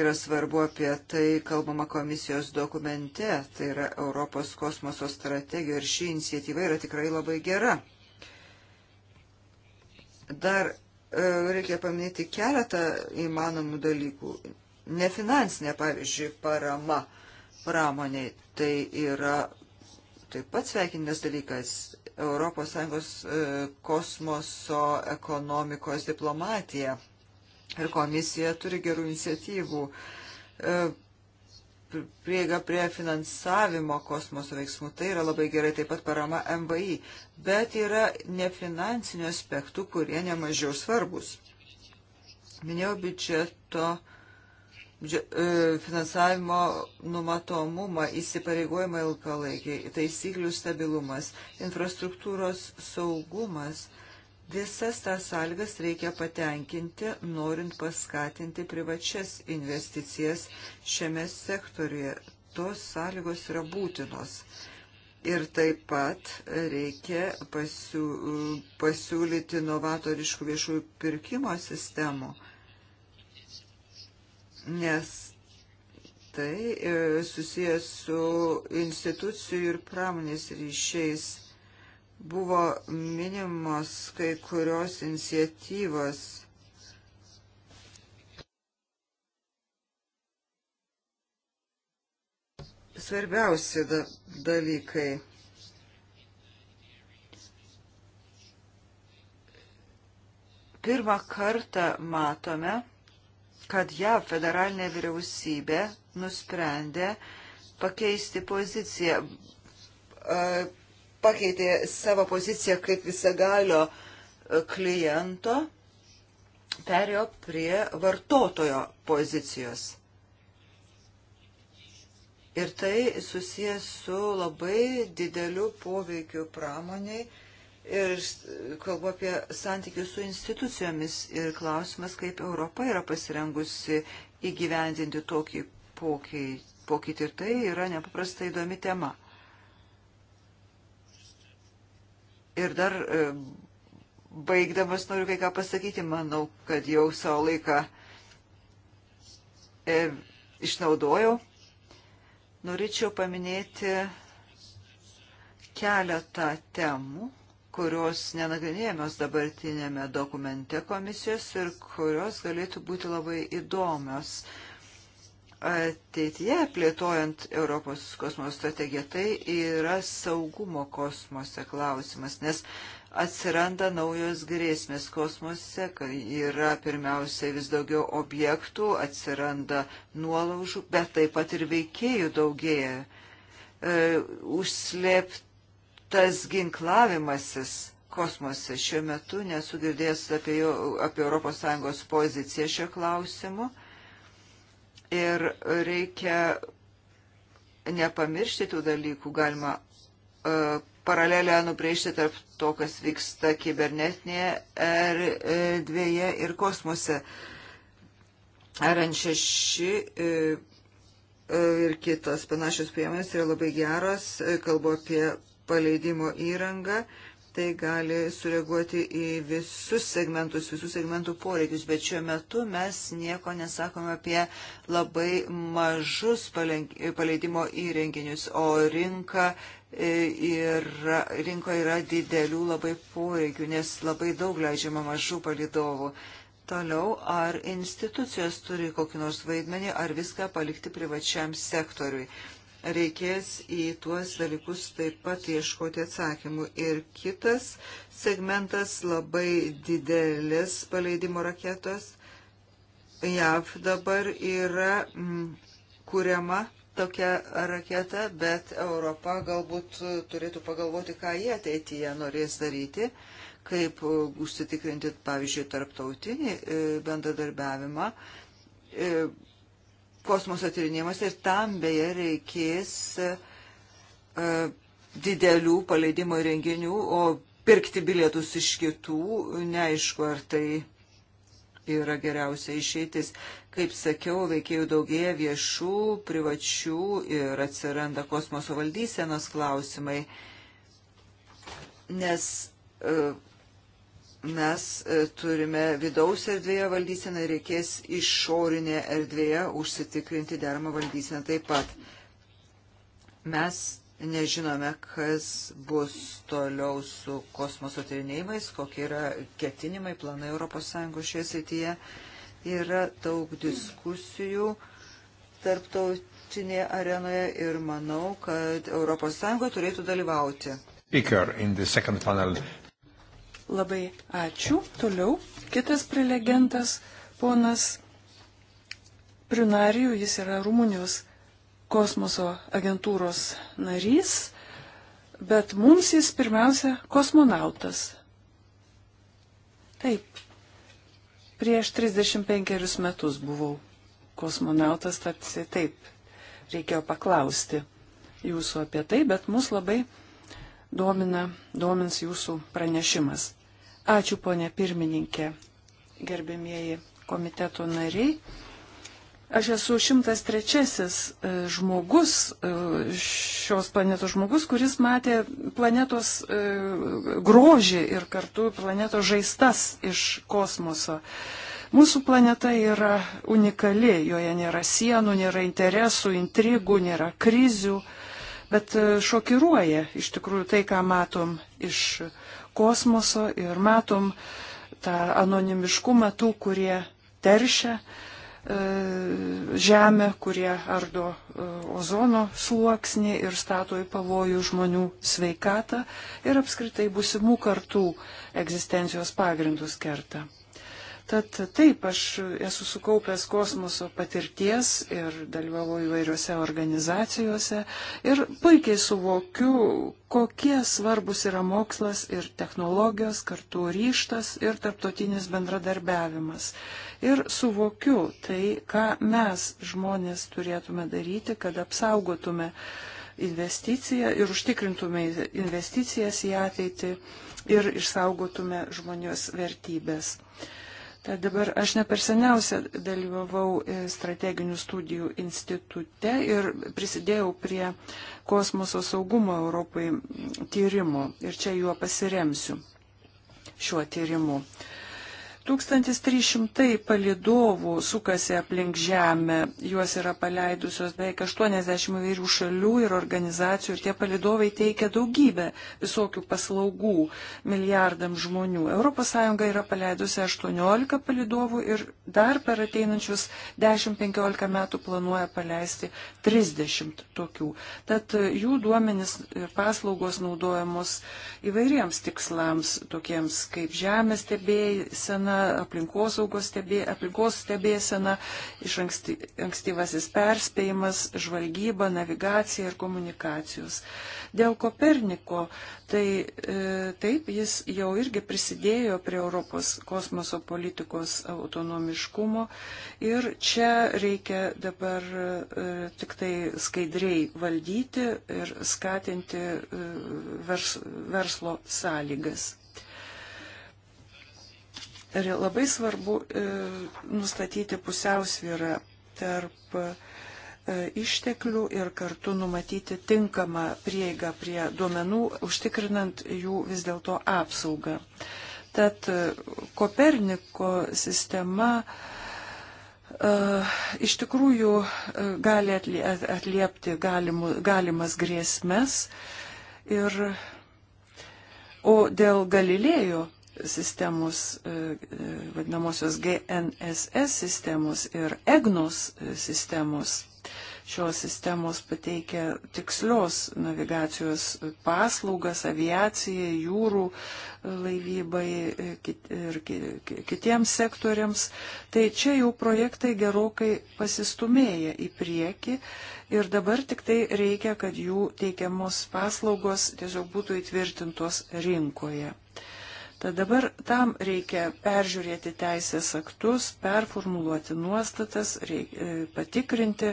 B: yra svarbu apie tai kalbama komisijos dokumente, tai yra Europos kosmoso strategija ir ši iniciatyva yra tikrai labai gera. Dar e, reikia paminėti keletą įmanomų dalykų nefinansinė, pavyzdžiui, parama pramoniai. Tai yra taip pat sveikintas dalykas ES e, kosmoso ekonomikos diplomatija. Ir komisija turi gerų iniciatyvų e, prieiga prie finansavimo kosmoso veiksmų. Tai yra labai gerai, taip pat parama MVI. Bet yra nefinansinių aspektų, kurie nemažiau svarbus. Minėjau biudžeto E, finansavimo numatomumą, įsipareigojimą ilgalaikiai, taisyklių stabilumas, infrastruktūros saugumas. Visas tas sąlygas reikia patenkinti, norint paskatinti privačias investicijas šiame sektoriuje. Tos sąlygos yra būtinos. Ir taip pat reikia pasiū, pasiūlyti novatoriškų viešųjų pirkimo sistemų nes tai e, susijęs su institucijų ir pramonės ryšiais. Buvo minimos kai kurios iniciatyvos. Svarbiausi da dalykai. Pirmą kartą matome, kad JAV federalinė vyriausybė nusprendė pakeisti poziciją, pakeitė savo poziciją kaip visagalio kliento, perėjo prie vartotojo pozicijos. Ir tai susijęs su labai dideliu poveikiu pramoniai Ir kalbu apie santykius su institucijomis ir klausimas, kaip Europa yra pasirengusi įgyvendinti tokį pokytį. Ir tai yra nepaprastai įdomi tema. Ir dar e, baigdamas noriu kai ką pasakyti, manau, kad jau savo laiką e, išnaudojau. Norėčiau paminėti keletą temų kurios nenagrinėjamos dabartinėme dokumente komisijos ir kurios galėtų būti labai įdomios ateityje plėtojant Europos kosmoso strategiją. Tai yra saugumo kosmose klausimas, nes atsiranda naujos grėsmės kosmose, kai yra pirmiausia vis daugiau objektų, atsiranda nuolaužų, bet taip pat ir veikėjų daugėja. E, užslėpti tas ginklavimasis kosmose šiuo metu, nesu girdėjęs apie, jo, apie ES poziciją šio klausimu. Ir reikia nepamiršti tų dalykų, galima uh, paralelę nubrėžti tarp to, kas vyksta kibernetinėje erdvėje ir kosmose. RN6 e, e, ir kitos panašios priemonės yra labai geros, kalbu apie paleidimo įrangą, tai gali sureaguoti į visus segmentus, visų segmentų poreikius, bet šiuo metu mes nieko nesakome apie labai mažus paleidimo įrenginius, o rinka e, yra, rinko yra didelių labai poreikių, nes labai daug leidžiama mažų palidovų. Toliau, ar institucijos turi kokį nors vaidmenį, ar viską palikti privačiam sektoriui reikės į tuos dalykus taip pat ieškoti atsakymų. Ir kitas segmentas labai didelis paleidimo raketos. JAV dabar yra m, mm, kuriama tokia raketa, bet Europa galbūt turėtų pagalvoti, ką jie ateityje norės daryti, kaip užsitikrinti, pavyzdžiui, tarptautinį e, bendradarbiavimą e, kosmoso tyrinėjimuose ir tam beje reikės e, didelių paleidimo renginių, o pirkti bilietus iš kitų, neaišku, ar tai yra geriausia išeitis. Kaip sakiau, veikėjų daugėja viešų, privačių ir atsiranda kosmoso valdysenos klausimai, nes e, mes e, turime vidaus erdvėje valdyseną ir reikės išorinėje erdvėje užsitikrinti deramą valdyseną taip pat. Mes nežinome, kas bus toliau su kosmoso tyrinėjimais, kokie yra ketinimai, planai ES šioje srityje. Yra daug diskusijų tarptautinėje arenoje ir manau, kad ES turėtų dalyvauti.
A: Speaker in the second panel
C: Labai ačiū. Toliau kitas prelegentas, ponas Prinarijų, jis yra Rumunijos kosmoso agentūros narys, bet mums jis pirmiausia kosmonautas. Taip, prieš 35 metus buvau kosmonautas, tad taip, reikėjo paklausti jūsų apie tai, bet mus labai domina, domins jūsų pranešimas. Ačiū, ponė pirmininkė, gerbėmieji komiteto nariai. Aš esu 103 e, žmogus, e, šios planetos žmogus, kuris matė planetos e, grožį ir kartu planetos žaistas iš kosmoso. Mūsų planeta yra unikali, joje nėra sienų, nėra interesų, intrigų, nėra krizių, bet šokiruoja iš tikrųjų tai, ką matom iš kosmoso ir matom tą anonimiškumą tų, kurie teršia e, žemę, kurie ardo e, ozono sluoksnį ir stato į pavojų žmonių sveikatą ir apskritai busimų kartų egzistencijos pagrindus kerta. Tad taip, aš esu sukaupęs kosmoso patirties ir dalyvavau įvairiose organizacijose ir puikiai suvokiu, kokie svarbus yra mokslas ir technologijos, kartu ryštas ir tarptautinis bendradarbiavimas. Ir suvokiu tai, ką mes žmonės turėtume daryti, kad apsaugotume investiciją ir užtikrintume investicijas į ateitį ir išsaugotume žmonijos vertybės. Uh, Tad e, dabar aš ne per seniausia dalyvavau e, strateginių studijų institute ir prisidėjau prie kosmoso saugumo Europai tyrimo ir čia juo pasiremsiu šiuo tyrimu. Uh, 1300 palidovų sukasi aplink Žemę, juos yra paleidusios beveik 80 vairių šalių ir organizacijų ir tie palidovai teikia daugybę visokių paslaugų milijardam žmonių. ES yra paleidusi 18 palidovų ir dar per ateinančius 10-15 metų planuoja paleisti 30 tokių. Tad jų duomenys ir paslaugos naudojamos įvairiems tikslams, tokiems kaip žemės stebėjai, sena stebėsena, aplinkosaugos stebė, aplinkos stebėsena, iš anksti, ankstyvasis perspėjimas, žvalgyba, navigacija ir komunikacijos. Dėl Koperniko, tai e, taip, jis jau irgi prisidėjo prie Europos kosmoso politikos autonomiškumo ir čia reikia dabar e, tik tai skaidriai valdyti ir skatinti e, vers, verslo sąlygas. Ir labai svarbu e, nustatyti pusiausvyrą tarp e, išteklių ir kartu numatyti tinkamą prieigą prie duomenų, užtikrinant jų vis dėlto apsaugą. Tad e, Koperniko sistema iš tikrųjų gali atliepti galimu, galimas grėsmes. Ir, o dėl Galilėjo sistemos, e, e, vadinamosios GNSS sistemos ir EGNOS e, sistemos. Šios sistemos pateikia tikslios navigacijos paslaugas aviacijai, jūrų laivybai ir kitiems sektoriams. Tai čia jau projektai gerokai pasistumėja į priekį ir dabar tik tai reikia, kad jų teikiamos paslaugos tiesiog būtų įtvirtintos rinkoje. Uh, Tad dabar tam reikia peržiūrėti teisės aktus, performuluoti nuostatas, reik, e, patikrinti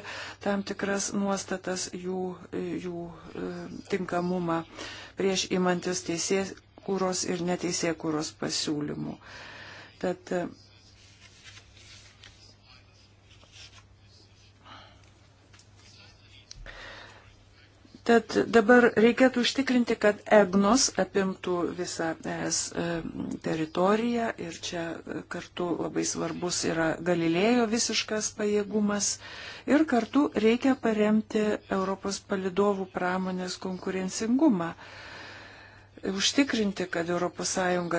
C: tam tikras nuostatas, jų, e, jų e, tinkamumą prieš įmantis teisės kūros ir neteisė kūros pasiūlymų. Tad Tad dabar reikėtų užtikrinti, kad EGNOS apimtų visą ES e, teritoriją ir čia e, kartu labai svarbus yra Galilėjo visiškas pajėgumas ir kartu reikia paremti Europos palidovų pramonės konkurencingumą užtikrinti, kad ES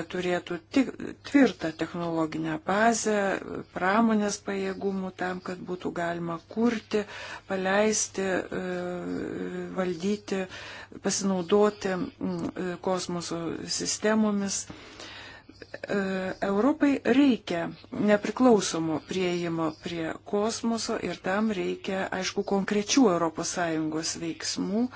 C: turėtų tik, tvirtą technologinę bazę, pramonės pajėgumų tam, kad būtų galima kurti, paleisti, e, valdyti, pasinaudoti e, kosmoso sistemomis. E, Europai reikia nepriklausomo prieimo prie kosmoso ir tam reikia, aišku, konkrečių ES veiksmų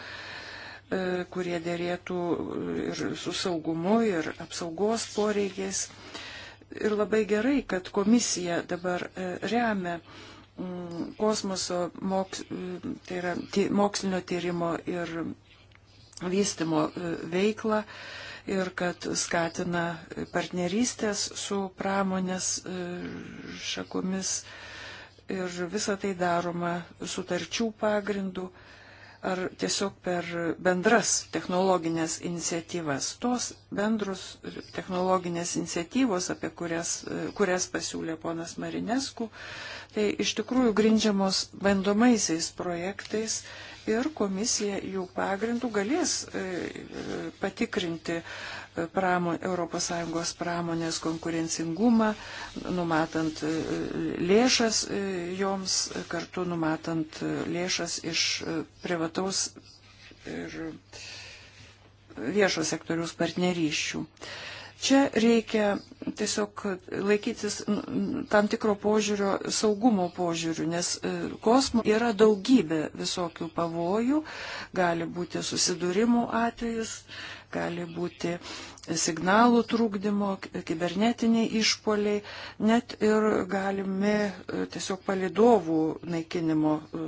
C: E, kurie dėrėtų e, ir su saugumu, ir apsaugos poreikiais. Ir labai gerai, kad komisija dabar e, remia mm, kosmoso moks, tai yra, mokslinio tyrimo ir vystimo veiklą ir kad skatina partnerystės su pramonės šakomis ir visa tai daroma sutarčių pagrindų ar tiesiog per bendras technologinės iniciatyvas. Tos bendrus technologinės iniciatyvos, apie kurias, kurias pasiūlė ponas Marinesku, tai iš tikrųjų grindžiamos bandomaisiais projektais ir komisija jų pagrindų galės e, e, patikrinti, pramon, ES pramonės konkurencingumą, numatant e, lėšas e, joms, kartu numatant e, lėšas iš privataus ir viešo sektoriaus partnerysčių. Čia reikia tiesiog laikytis tam tikro požiūrio, saugumo požiūrių, nes kosmo yra daugybė visokių pavojų, gali būti susidūrimų atvejus, gali būti signalų trūkdymo, kibernetiniai išpoliai, net ir galimi e, tiesiog palidovų naikinimo e,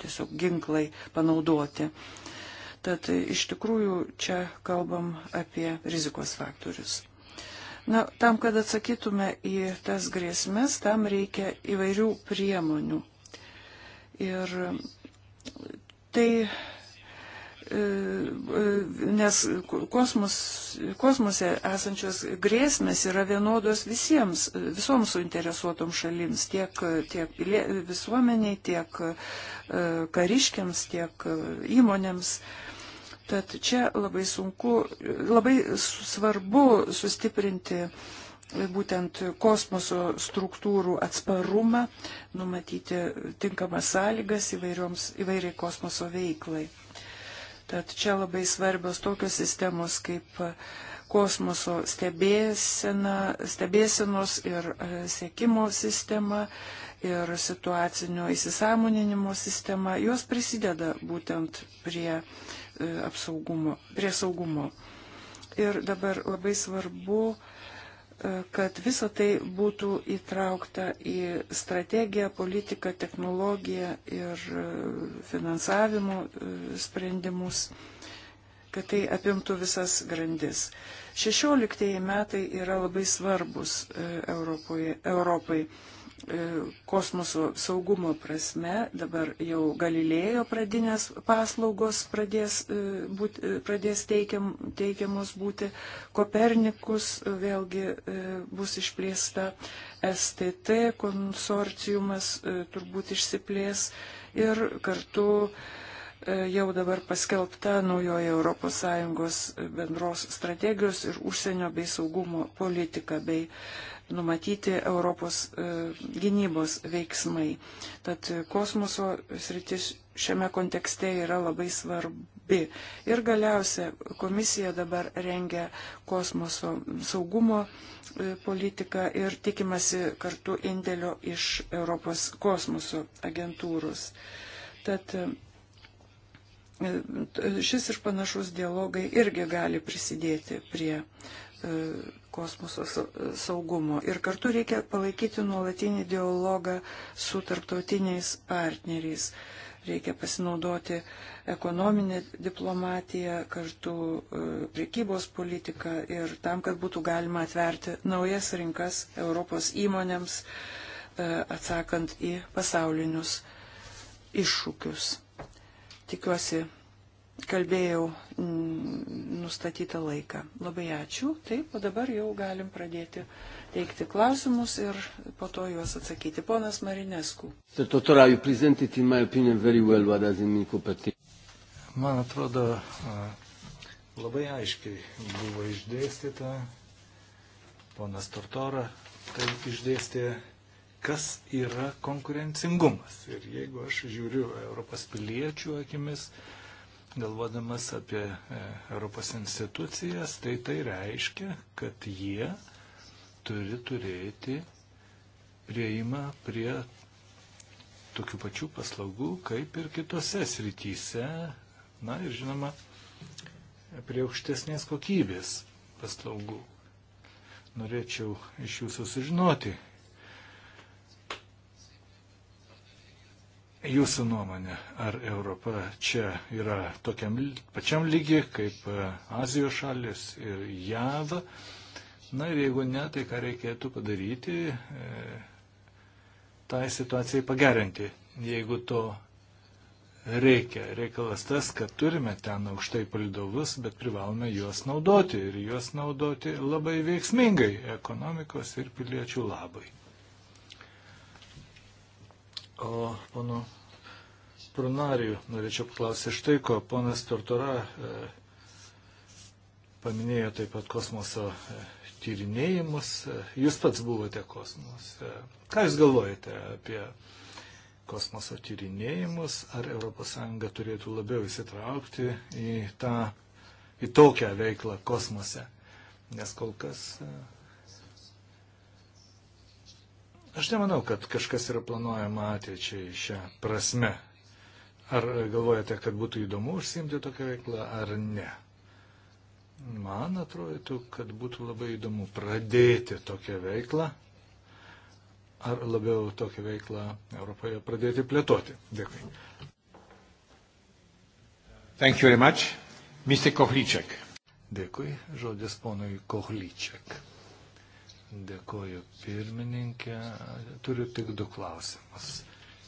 C: tiesiog ginklai panaudoti. Tad e, iš tikrųjų čia kalbam apie rizikos faktorius. Na, tam, kad atsakytume į tas grėsmės, tam reikia įvairių priemonių. Ir tai E, e, nes kosmos, kosmose esančios grėsmės yra vienodos visiems, e, visoms suinteresuotom šalims, tiek, tiek visuomeniai, tiek kariškiams, tiek įmonėms. Tad čia labai sunku, labai svarbu sustiprinti būtent kosmoso struktūrų atsparumą, numatyti tinkamas sąlygas įvairiai kosmoso veiklai. Tad čia labai svarbios tokios sistemos kaip e, kosmoso stebėsena, stebėsenos ir e, sėkimo sistema ir situacinio įsisamoninimo sistema. Jos prisideda būtent prie e, apsaugumo, prie saugumo. Ir dabar labai svarbu kad visa tai būtų įtraukta į strategiją, politiką, technologiją ir e, finansavimo e, sprendimus, kad tai apimtų visas grandis. 16 metai yra labai svarbus e, Europoje, Europai. Europai E, kosmoso saugumo prasme dabar jau Galilėjo pradinės paslaugos pradės, e, būt, e, pradės teikiam, teikiamos būti, Kopernikus vėlgi bus išplėsta, STT konsorciumas turbūt išsiplės ir kartu jau dabar paskelbta naujoje ES bendros strategijos ir užsienio bei saugumo politika bei uh, numatyti Europos e, gynybos veiksmai. Tad kosmoso sritis šiame kontekste yra labai svarbi. Ir galiausia, komisija dabar rengia kosmoso saugumo e, politiką ir tikimasi kartu indėlio iš Europos kosmoso agentūros. Tad e, šis ir panašus dialogai irgi gali prisidėti prie kosmoso saugumo. Ir kartu reikia palaikyti nuolatinį dialogą su tarptautiniais partneriais. Reikia pasinaudoti ekonominę diplomatiją, kartu e, priekybos politiką ir tam, kad būtų galima atverti naujas rinkas Europos įmonėms, e, atsakant į pasaulinius iššūkius. Tikiuosi, kalbėjau mm, nustatytą laiką. Labai ačiū. Taip, o dabar jau galim pradėti teikti klausimus ir po to juos atsakyti. Ponas Marinesku.
A: Man atrodo, labai aiškiai buvo išdėstyta. Ponas Tortora tai išdėstė, kas yra konkurencingumas. Ir jeigu aš žiūriu Europos piliečių akimis, galvodamas apie e, Europos institucijas, tai tai reiškia, kad jie turi turėti prieimą prie tokių pačių paslaugų, kaip ir kitose srityse, na ir žinoma, prie aukštesnės kokybės paslaugų. Norėčiau iš jūsų sužinoti, jūsų nuomonė, ar Europa čia yra tokiam pačiam lygi kaip e, Azijos šalis ir JAV? Na ir jeigu ne, tai ką reikėtų padaryti e, tai situacijai pagerinti, jeigu to reikia. Reikalas tas, kad turime ten aukštai palidovus, bet privalome juos naudoti ir juos naudoti labai veiksmingai ekonomikos ir piliečių labai. O pono Prunarių norėčiau paklausti štai ko. Ponas Tortora e, paminėjo taip pat kosmoso e, tyrinėjimus. E, jūs pats buvote kosmose. Ką Jūs galvojate apie kosmoso tyrinėjimus? Ar ES turėtų labiau įsitraukti į, tą, į tokią veiklą kosmose? Nes kol kas e, Aš nemanau, kad kažkas yra planuojama ateičiai šią prasme. Ar galvojate, kad būtų įdomu užsiimti tokią veiklą, ar ne? Man atrodytų, kad būtų labai įdomu pradėti tokią veiklą, ar labiau tokią veiklą Europoje pradėti plėtoti. Dėkui. Thank you very much. Mr. Kohliček. Dėkui. Žodis ponui Kohliček. Dėkoju pirmininkė. Turiu tik du klausimus.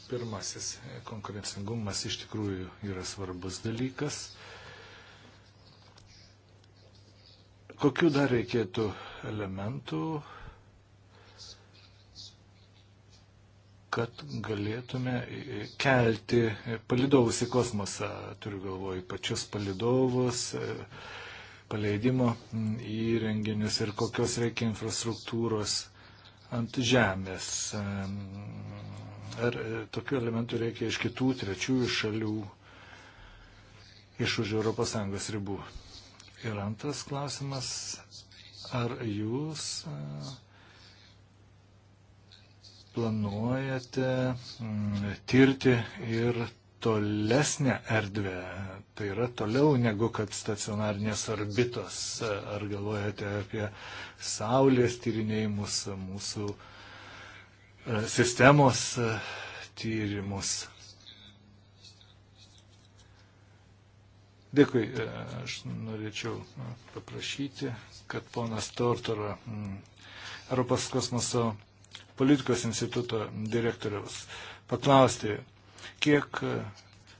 A: Pirmasis, konkurencingumas iš tikrųjų yra svarbus dalykas. Kokiu dar reikėtų elementų, kad galėtume kelti palidovus į kosmosą, turiu galvoj, pačius palidovus, e, paleidimo mm, įrenginius ir kokios reikia infrastruktūros ant žemės. Ar e, tokių elementų reikia iš kitų trečiųjų šalių, iš už ES ribų? Ir antras klausimas, ar jūs e, planuojate mm, tirti ir tolesnę erdvę, tai yra toliau negu kad stacionarnės orbitos. Ar galvojate apie Saulės tyrinėjimus, mūsų e, sistemos e, tyrimus? Dėkui, e, aš norėčiau paprašyti, kad ponas Tortora, Europos kosmoso politikos instituto direktoriaus, paklausti, Kiek,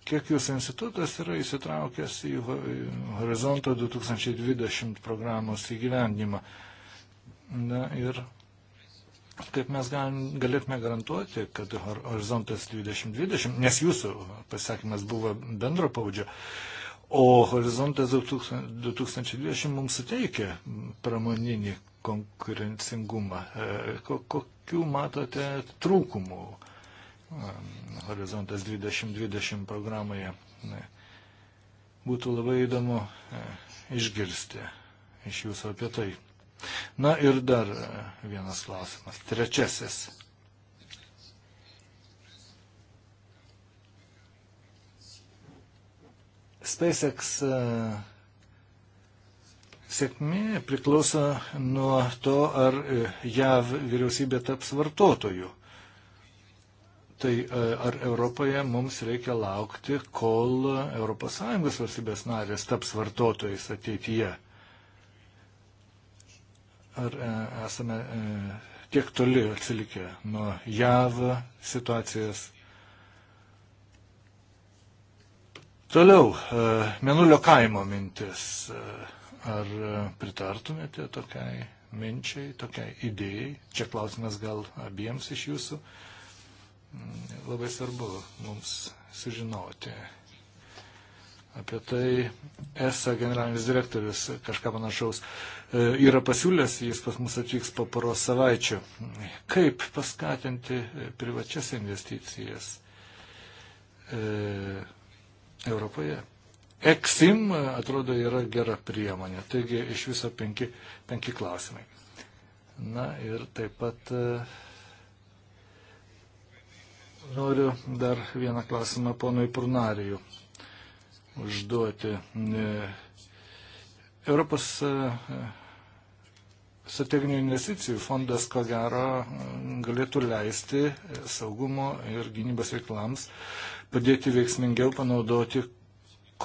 A: kiek jūsų institutas yra įsitraukęs į Horizonto 2020 programos įgyvendimą? Na ir kaip mes galim, galėtume garantuoti, kad Horizontas 2020, nes jūsų pasakymas buvo bendro paudžio, o Horizontas 2020 mums suteikia pramoninį konkurencingumą. E, kokių matote trūkumų Horizontas 2020 programoje. Būtų labai įdomu e, išgirsti iš jūsų apie tai. Na ir dar e, vienas klausimas. Trečiasis. SpaceX e, sėkmė priklauso nuo to, ar JAV vyriausybė taps vartotojų. Tai e, ar Europoje mums reikia laukti, kol ES valstybės narės taps vartotojais ateityje? Ar e, esame e, tiek toli atsilikę nuo JAV situacijos? Toliau, menulio kaimo mintis. Ar pritartumėte tokiai minčiai, tokiai idėjai? Čia klausimas gal abiems iš jūsų. Uh, Mm, labai svarbu mums sužinoti apie tai ESA generalinis direktorius kažką panašaus e, yra pasiūlęs, jis pas mus atvyks po poros savaičių. Kaip paskatinti privačias investicijas e, Europoje? Eksim, atrodo, yra gera priemonė. Taigi iš viso penki, penki klausimai. Na ir taip pat. E, Noriu dar vieną klausimą ponui Prunarijų užduoti. E, Europos e, strateginių investicijų fondas, ko gero, galėtų leisti saugumo ir gynybos veiklams padėti veiksmingiau panaudoti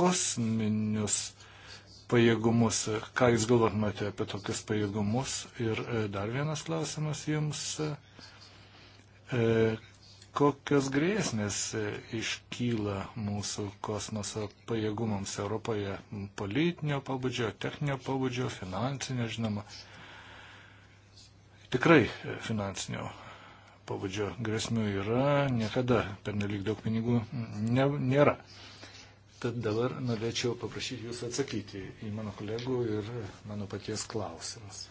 A: kosminius pajėgumus. Ką Jūs galvotumėte apie tokius pajėgumus? Ir e, dar vienas klausimas Jums kokios grėsmės e, iškyla mūsų kosmoso pajėgumams Europoje politinio pabudžio, techninio pabudžio, finansinio, žinoma, tikrai e, finansinio pabudžio grėsmių yra, niekada per nelik daug pinigų ne, nėra. Tad dabar norėčiau paprašyti Jūsų atsakyti į mano kolegų ir mano paties klausimus.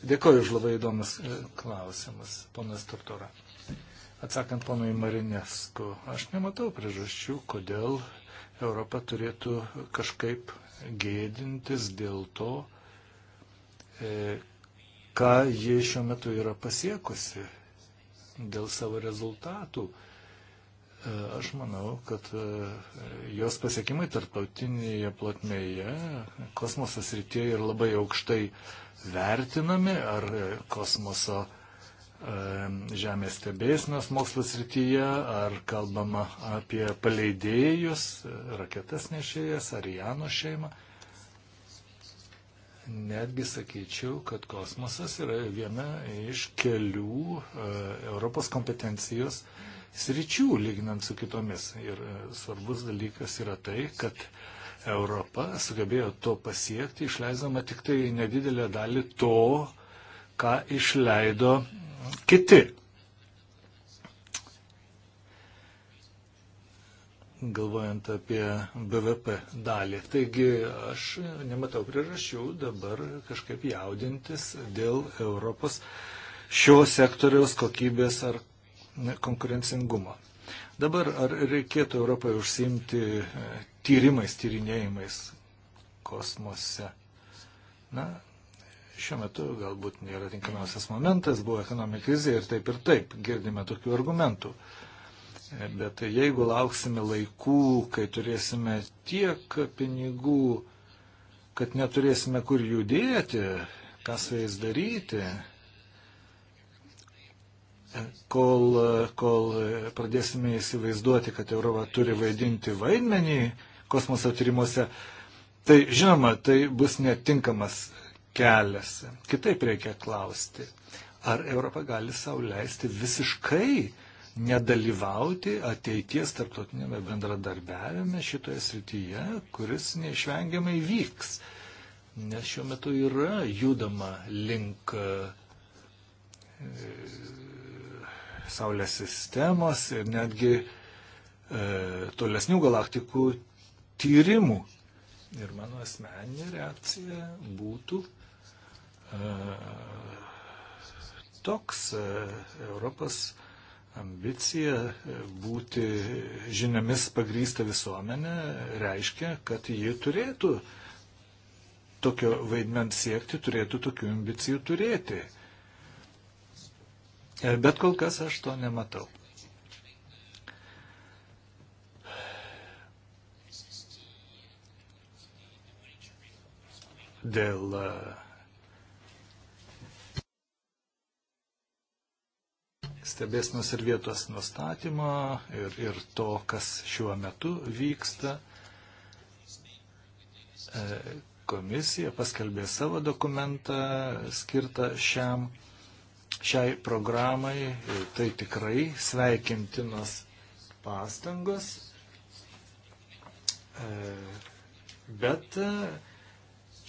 A: Dėkoju už labai įdomus e, klausimus, ponas Tortora. Atsakant ponui Marinesku, aš nematau priežasčių, kodėl Europa turėtų kažkaip gėdintis dėl to, e, ką jie šiuo metu yra pasiekusi dėl savo rezultatų. E, aš manau, kad jos pasiekimai tarptautinėje plotmėje, kosmosos rytėje yra labai aukštai vertinami, ar e, kosmoso e, žemės stebėsinos mokslas rytyje, ar kalbama apie paleidėjus, e, raketas nešėjas, ar Jano šeimą. Netgi sakyčiau, kad kosmosas yra viena iš kelių Europos kompetencijos sričių, lyginant su kitomis. Ir svarbus dalykas yra tai, kad Europa sugebėjo to pasiekti, išleisdama tik tai nedidelę dalį to, ką išleido kiti. galvojant apie BVP dalį. Taigi aš nematau priežasčių dabar kažkaip jaudintis dėl Europos šio sektoriaus kokybės ar konkurencingumo. Dabar ar reikėtų Europoje užsimti tyrimais, tyrinėjimais kosmose. Na, šiuo metu galbūt nėra tinkamiausias momentas, buvo ekonominė krizė ir taip ir taip, girdime tokių argumentų. Bet jeigu lauksime laikų, kai turėsime tiek pinigų, kad neturėsime kur judėti, ką su jais daryti, kol, kol pradėsime įsivaizduoti, kad Europa turi vaidinti vaidmenį kosmoso tyrimuose, tai žinoma, tai bus netinkamas kelias. Kitaip reikia klausti, ar Europa gali savo leisti visiškai nedalyvauti ateities tarptautinėme bendradarbiavime šitoje srityje, kuris neišvengiamai vyks. Nes šiuo metu yra judama link e, Saulės sistemos ir netgi e, tolesnių galaktikų tyrimų. Ir mano asmeninė reakcija būtų e, toks e, Europos ambicija e, būti žiniomis pagrysta visuomenė reiškia, kad ji turėtų tokio vaidmens siekti, turėtų tokių ambicijų turėti. Bet kol kas aš to nematau. dėl e, stebėsnos ir vietos nustatymo ir, ir to, kas šiuo metu vyksta. E, komisija paskelbė savo dokumentą skirtą šiam, šiai programai. E, tai tikrai sveikintinos pastangos. Bet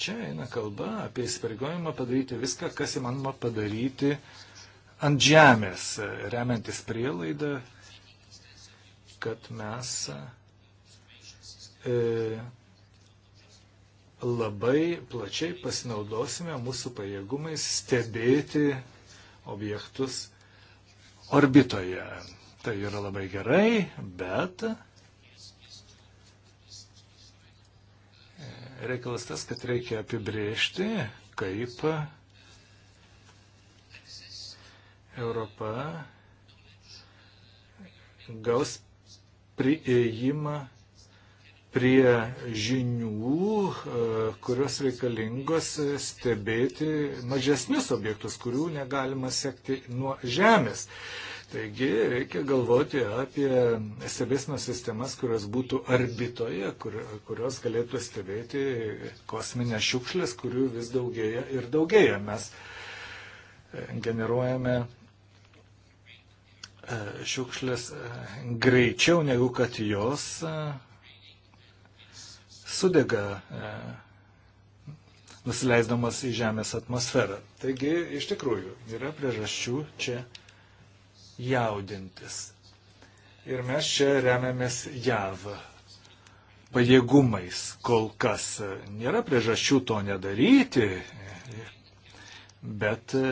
A: Čia eina kalba apie įsipareigojimą padaryti viską, kas įmanoma padaryti ant žemės, remiantis prielaidą, kad mes e, labai plačiai pasinaudosime mūsų pajėgumais stebėti objektus orbitoje. Tai yra labai gerai, bet reikalas tas, kad reikia apibrėžti, kaip Europa gaus prieimą prie žinių, e, kurios reikalingos stebėti mažesnius objektus, kurių negalima sekti nuo žemės. Taigi reikia galvoti apie stebėsinos sistemas, kurios būtų orbitoje, kur, kurios galėtų stebėti kosminės šiukšlės, kurių vis daugėja ir daugėja. Mes e, generuojame e, šiukšlės e, greičiau negu kad jos sudega nusileisdamas į Žemės atmosferą. Taigi, iš tikrųjų, yra priežasčių čia jaudintis. Ir mes čia remiamės JAV pajėgumais kol kas. Nėra priežasčių to nedaryti, bet e,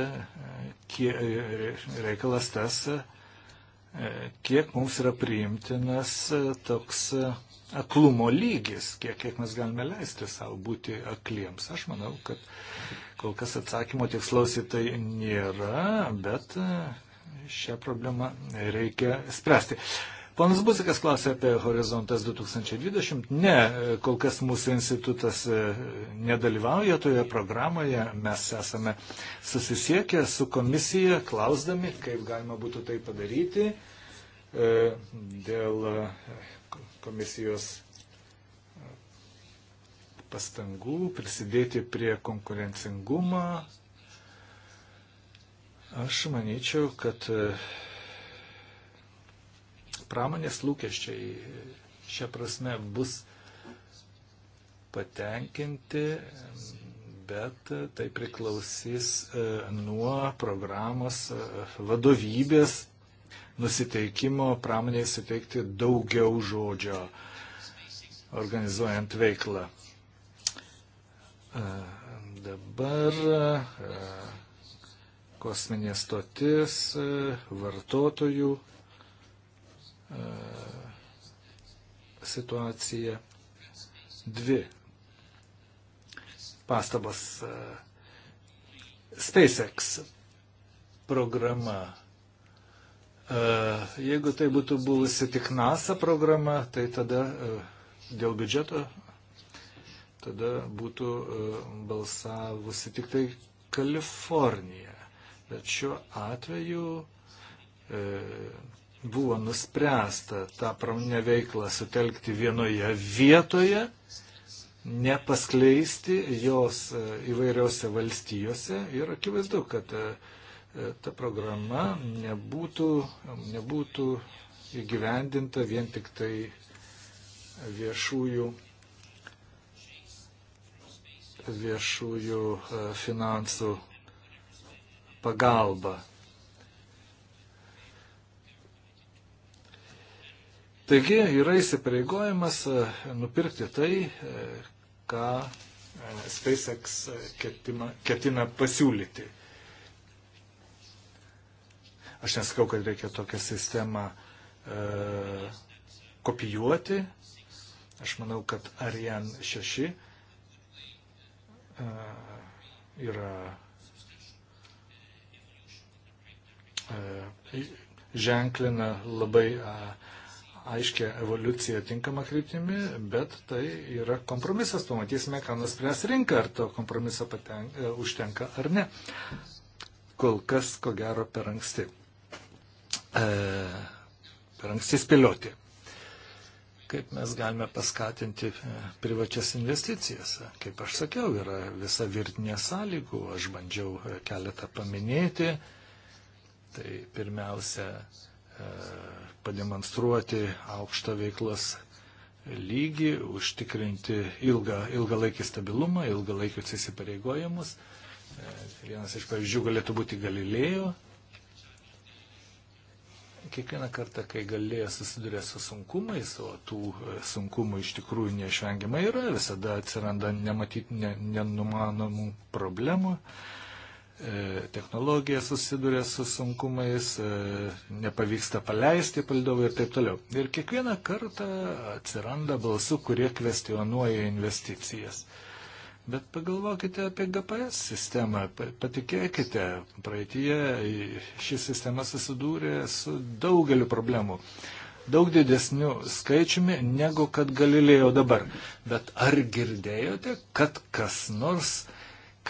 A: kie, e, reikalas tas, e, kiek mums yra priimtinas toks aklumo lygis, kiek, kiek mes galime leisti savo būti akliems. Aš manau, kad kol kas atsakymo tikslaus į tai nėra, bet šią problemą reikia spręsti. Ponas Buzikas klausė apie Horizontas 2020. Ne, kol kas mūsų institutas e, nedalyvauja toje programoje. Mes esame susisiekę su komisija, klausdami, kaip galima būtų tai padaryti e, dėl e, komisijos pastangų prisidėti prie konkurencingumo Aš manyčiau, kad e, pramonės lūkesčiai šią prasme bus patenkinti, bet tai priklausys e, nuo programos e, vadovybės nusiteikimo pramoniai suteikti daugiau žodžio organizuojant veiklą. Dabar kosminė stotis, e, vartotojų e, situacija. Dvi pastabas. E, SpaceX programa. Jeigu tai būtų buvusi tik NASA programa, tai tada dėl biudžeto tada būtų balsavusi tik tai Kalifornija. Bet šiuo atveju e, buvo nuspręsta tą pramoninę veiklą sutelkti vienoje vietoje, nepaskleisti jos e, įvairiose valstijose ir akivaizdu, kad e, e, ta programa nebūtų, nebūtų įgyvendinta vien tik tai viešųjų viešųjų e, finansų pagalba. Taigi yra įsipareigojimas e, nupirkti tai, e, ką e, SpaceX ketina, ketina pasiūlyti. Aš nesakau, kad reikia tokią sistemą e, kopijuoti. Aš manau, kad Ariane 6 e, yra E, ženklina labai e, aiškia evoliucija tinkama kryptimi, bet tai yra kompromisas. Pamatysime, ką nuspręs rinka, ar to kompromiso paten, e, užtenka ar ne. Kol kas, ko gero, per anksti. E, per anksti spėlioti. Kaip mes galime paskatinti privačias investicijas. Kaip aš sakiau, yra visa virtinė sąlygų. Aš bandžiau keletą paminėti. E, Tai pirmiausia, e, pademonstruoti aukštą veiklos lygį, užtikrinti ilgą, ilgalaikį stabilumą, ilgalaikius įsipareigojimus. E, vienas iš pavyzdžių galėtų būti Galilėjo. Kiekvieną kartą, kai galėjo susiduria su sunkumais, o tų e, sunkumų iš tikrųjų neišvengiamai yra, visada atsiranda nematyti, ne, nenumanomų problemų. E, E, technologija susiduria su sunkumais, e, nepavyksta paleisti palidovų ir taip toliau. Ir kiekvieną kartą atsiranda balsų, kurie kvestionuoja investicijas. Bet pagalvokite apie GPS sistemą. Patikėkite, praeitie ši sistema susidūrė su daugeliu problemų. Daug didesnių skaičiumi negu kad Galilėjo dabar. Bet ar girdėjote, kad kas nors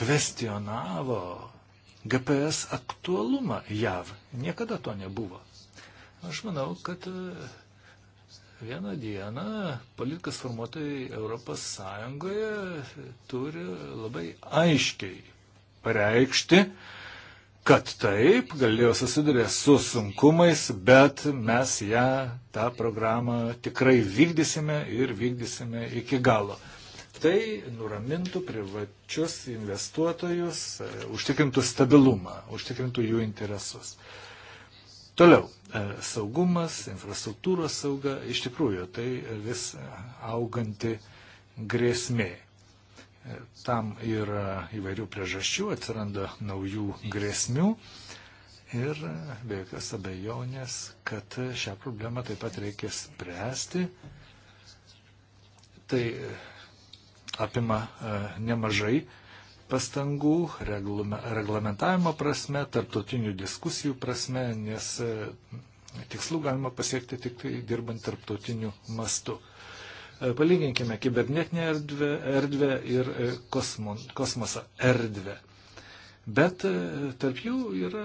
A: kvestionavo GPS aktualumą JAV. Niekada to nebuvo. Aš manau, kad e, vieną dieną politikas formuotojai Europos Sąjungoje turi labai aiškiai pareikšti, kad taip, galėjo susidurė su sunkumais, bet mes ją, tą programą tikrai vykdysime ir vykdysime iki galo. Tai nuramintų privačius investuotojus, e, užtikrintų stabilumą, užtikrintų jų interesus. Toliau, e, saugumas, infrastruktūros sauga, iš tikrųjų tai vis auganti grėsmė. E, tam yra įvairių priežasčių, atsiranda naujų grėsmių ir be jokios abejonės, kad šią problemą taip pat reikia spręsti. Tai apima e, nemažai pastangų reglamentavimo prasme, tarptautinių diskusijų prasme, nes e, tikslų galima pasiekti tik tai dirbant tarptautiniu mastu. E, palyginkime kibernetinę erdvę, erdvę ir kosmon, kosmosą erdvę. Bet tarp jų yra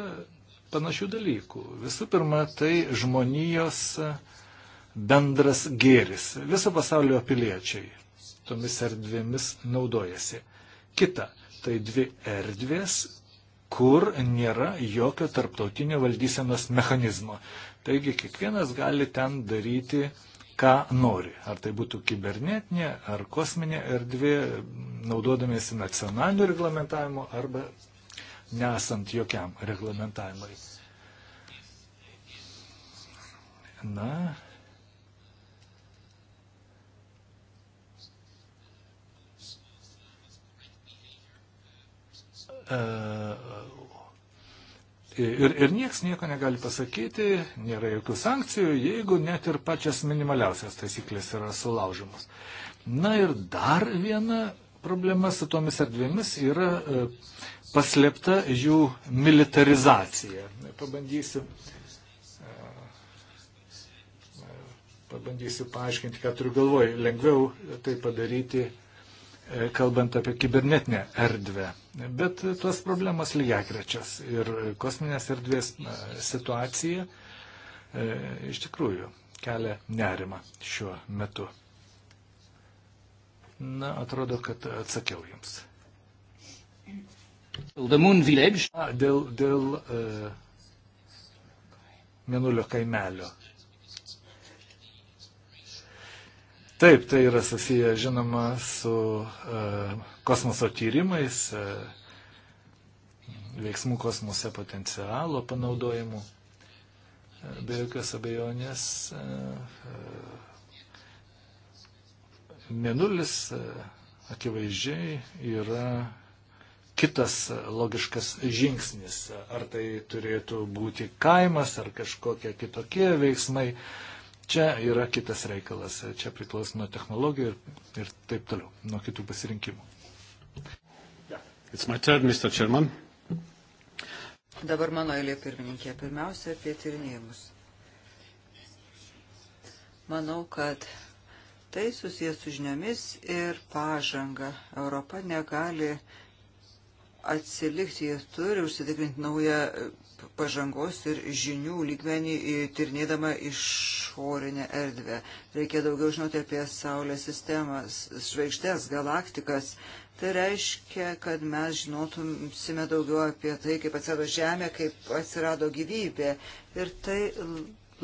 A: panašių dalykų. Visų pirma, tai žmonijos bendras gėris, viso pasaulio piliečiai tomis erdvėmis naudojasi. Kita, tai dvi erdvės, kur nėra jokio tarptautinio valdysenos mechanizmo. Taigi kiekvienas gali ten daryti, ką nori. Ar tai būtų kibernetinė ar kosminė erdvė, naudodamėsi nacionaliniu reglamentavimu arba nesant jokiam reglamentavimui. Na, E, ir, ir nieks nieko negali pasakyti, nėra jokių sankcijų, jeigu net ir pačias minimaliausias taisyklės yra sulaužimas. Na ir dar viena problema su tomis erdvėmis yra e, paslėpta jų militarizacija. Pabandysiu, e, pabandysiu paaiškinti, ką turiu galvoj. Lengviau tai padaryti kalbant apie kibernetinę erdvę. Bet tos problemos lygiakrečias ir kosminės erdvės situacija e, iš tikrųjų kelia nerimą šiuo metu. Na, atrodo, kad atsakiau jums. A, dėl dėl e, Mėnulio kaimelio. Taip, tai yra susiję, žinoma, su uh, kosmoso tyrimais, uh, veiksmų kosmose potencialo panaudojimu. Uh, be jokios abejonės, uh, mėnulis uh, akivaizdžiai yra kitas logiškas žingsnis. Ar tai turėtų būti kaimas, ar kažkokie kitokie veiksmai. Uh, Čia yra kitas reikalas, čia priklauso nuo technologijų ir, ir taip toliau, nuo kitų pasirinkimų. It's my turn, Mr. Chairman.
B: Dabar mano eilė pirmininkė. Pirmiausia, apie tyrinėjimus. Manau, kad tai susijęs su žiniomis ir pažanga. Europa negali atsilikti, jie turi užsitikrinti naują pažangos ir žinių lygmenį tirnėdama išorinę erdvę. Reikia daugiau žinoti apie Saulės sistemas, žvaigždės, galaktikas. Tai reiškia, kad mes žinotumsime daugiau apie tai, kaip atsirado Žemė, kaip atsirado gyvybė. Ir tai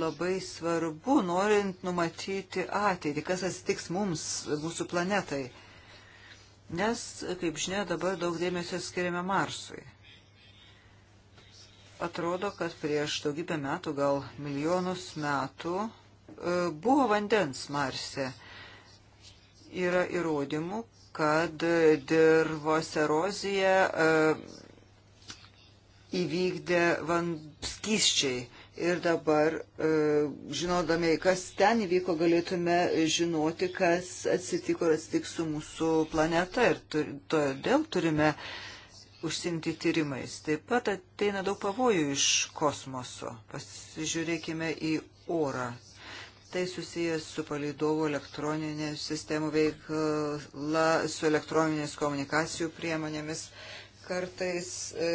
B: labai svarbu, norint numatyti ateitį, kas atsitiks mums, mūsų planetai. Nes, kaip žinia, dabar daug dėmesio skiriame Marsui. Atrodo, kad prieš daugybę metų, gal milijonus metų, e, buvo vandens Marse. Yra įrodymų, kad dirvos erozija e, įvykdė skysčiai. Ir dabar, e, žinodami, kas ten įvyko, galėtume žinoti, kas atsitiko ir atsitiks su mūsų planeta. Ir todėl turime uh, užsimti tyrimais. Taip pat ateina daug pavojų iš kosmoso. Pasižiūrėkime į orą. Tai susijęs su palaidovo elektroninė sistemų veikla, su elektroninės komunikacijų priemonėmis. Kartais e,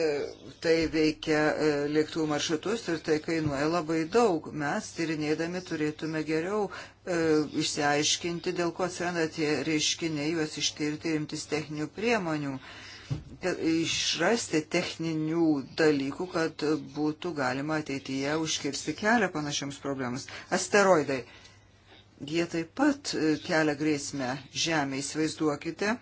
B: tai veikia e, lėktuvų maršrutus ir tai kainuoja labai daug. Mes tyrinėdami turėtume geriau e, išsiaiškinti, dėl ko atsiranda tie reiškiniai, juos ištirti ir imtis techninių priemonių. E, išrasti techninių dalykų, kad būtų galima ateityje užkirsti kelią panašioms problemams. Asteroidai. Jie taip pat e, kelia grėsmę Žemė. Įsivaizduokite,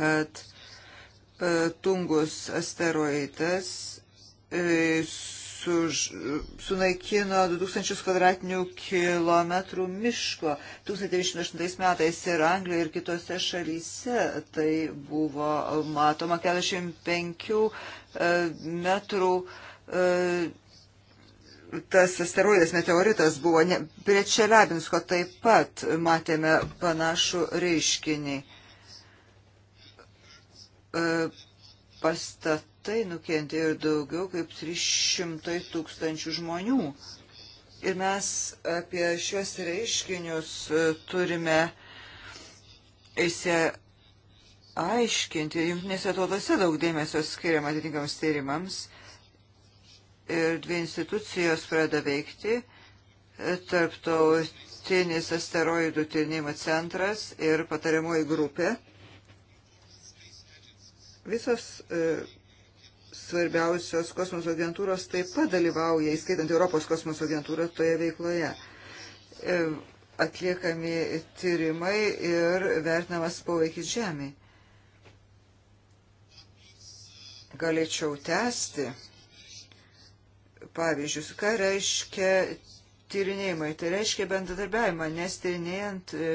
B: kad e, tungus asteroidas e, suž, sunaikino 2000 kvadratinių kilometrų miško 1908 metais ir Anglijoje ir kitose šalyse. Tai buvo matoma 45 e, metrų e, tas asteroidas meteoritas buvo ne, prie Čelebinsko taip pat matėme panašų reiškinį. E, pastat, tai nukentėjo daugiau kaip 300 tūkstančių žmonių. Ir mes apie šios reiškinius e, turime įsiaiškinti. Junktinėse tautose daug dėmesio skiriam atitinkams tyrimams. Ir dvi institucijos pradeda veikti. E, Tarptautinis asteroidų tyrinimo centras ir patariamoji grupė. Visos e, svarbiausios kosmoso agentūros taip pat dalyvauja, įskaitant Europos kosmoso agentūrą, toje veikloje. E, atliekami tyrimai ir vertinamas poveikis žemė. Galėčiau tęsti pavyzdžius, ką reiškia tyrinėjimai. Tai reiškia bendradarbiavimą, nes tyrinėjant e,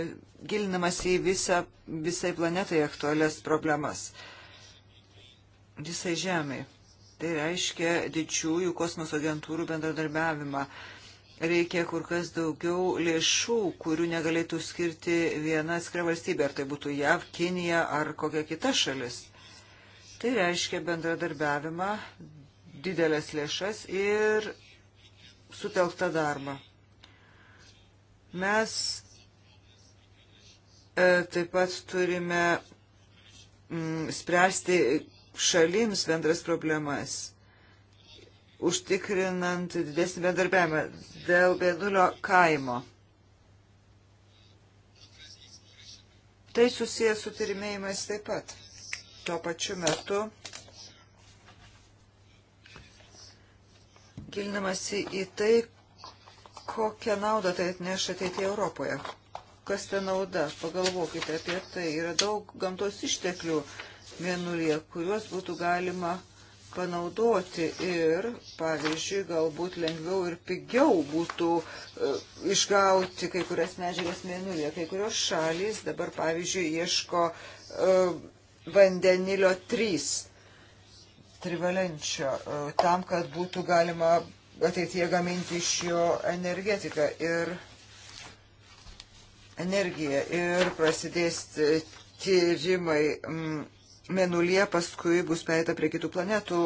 B: gilinamas į visą, visai planetai aktualias problemas. Visai žemai. Tai reiškia didžiųjų kosmoso agentūrų bendradarbiavimą. Reikia kur kas daugiau lėšų, kurių negalėtų skirti viena atskira valstybė, ar tai būtų JAV, Kinija ar kokia kita šalis. Tai reiškia bendradarbiavimą, didelės lėšas ir sutelktą darbą. Mes e, taip pat turime m, mm, spręsti šalims bendras problemas, užtikrinant didesnį bendarbiavimą dėl Bėdulio kaimo. Tai susijęs su tyrimėjimais taip pat. Tuo pačiu metu gilinamasi į tai, kokią naudą tai atneš ateityje Europoje. Kas ta nauda? Pagalvokite apie tai. Yra daug gamtos išteklių vienulyje, kuriuos būtų galima panaudoti ir, pavyzdžiui, galbūt lengviau ir pigiau būtų e, išgauti kai kurias medžiagas mėnulėje. Kai kurios šalys dabar, pavyzdžiui, ieško e, vandenilio 3 trivalenčio e, tam, kad būtų galima ateityje gaminti iš jo energetiką ir energiją. Ir prasidės tyrimai. M, mėnulyje, paskui bus pereita prie kitų planetų.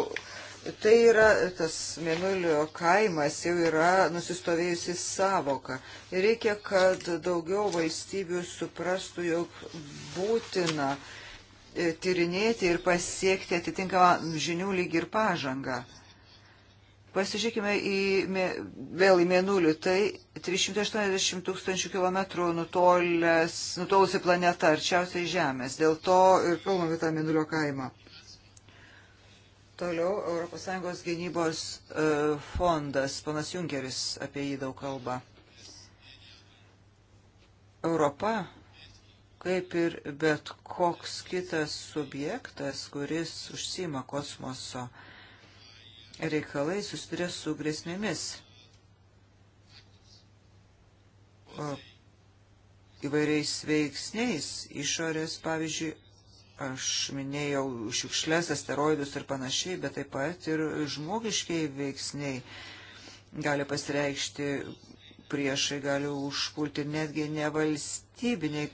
B: Tai yra tas mėnulio kaimas, jau yra nusistovėjusi savoka. Ir reikia, kad daugiau valstybių suprastų, jog būtina e, tyrinėti ir pasiekti atitinkamą žinių lygį ir pažangą. Pasižiūrėkime į, vėl į mėnulį. Tai 380 tūkstančių kilometrų nutolusi planeta, arčiausiai Žemės. Dėl to ir kalbame tą mėnulio kaimą. Toliau ES gynybos e, fondas. Panas Junkeris apie jį daug kalba. Europa, kaip ir bet koks kitas subjektas, kuris užsima kosmoso uh, reikalai susiduria su grėsmėmis įvairiais veiksniais, išorės, pavyzdžiui, aš minėjau šiukšlės, asteroidus ir panašiai, bet taip pat ir žmogiškiai veiksniai gali pasireikšti priešai, gali užpulti netgi nevalstybiniai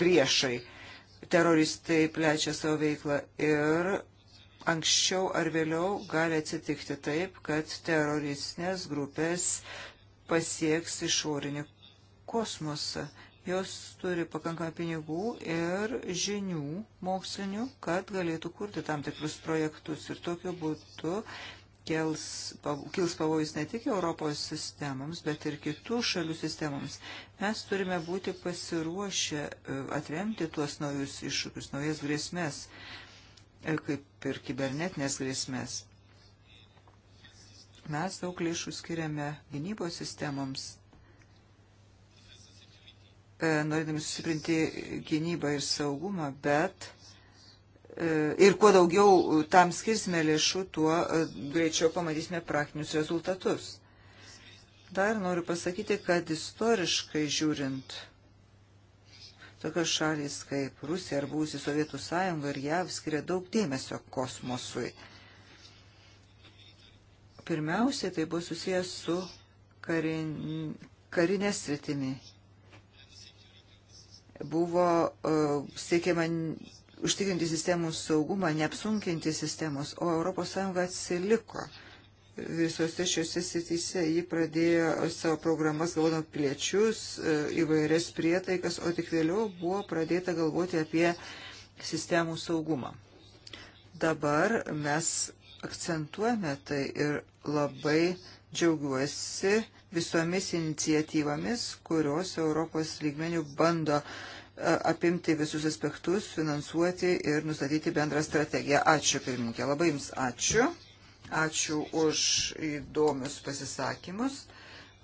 B: priešai. Teroristai plečia savo veiklą ir anksčiau ar vėliau gali atsitikti taip, kad teroristinės grupės pasieks išorinį kosmosą. Jos turi pakankamai pinigų ir žinių mokslinių, kad galėtų kurti tam tikrus projektus ir tokiu būdu kels, kils pavojus ne tik Europos sistemams, bet ir kitų šalių sistemams. Mes turime būti pasiruošę e, atremti tuos naujus iššūkius, naujas grėsmės. E, kaip ir kibernetinės grėsmės. Mes daug lėšų skiriame gynybos sistemoms, e, norėdami susiprinti gynybą ir saugumą, bet e, ir kuo daugiau tam skirsime lėšų, tuo greičiau pamatysime praktinius rezultatus. Dar noriu pasakyti, kad istoriškai žiūrint, Tokios šalis kaip Rusija ar būsi Sovietų sąjunga ir JAV skiria daug dėmesio kosmosui. Pirmiausiai tai buvo susijęs su karin, karinė sritimi. Buvo uh, siekiama užtikrinti sistemų saugumą, neapsunkinti sistemos, o ES atsiliko. Uh, visose šiuose sityse. Ji pradėjo savo programas galvodant piliečius, e, įvairias prietaikas, o tik vėliau buvo pradėta galvoti apie sistemų saugumą. Dabar mes akcentuojame tai ir labai džiaugiuosi visomis iniciatyvomis, kurios Europos lygmenių bando e, apimti visus aspektus, finansuoti ir nustatyti bendrą strategiją. Ačiū, pirmininkė. Labai Jums ačiū. Ačiū už įdomius pasisakymus,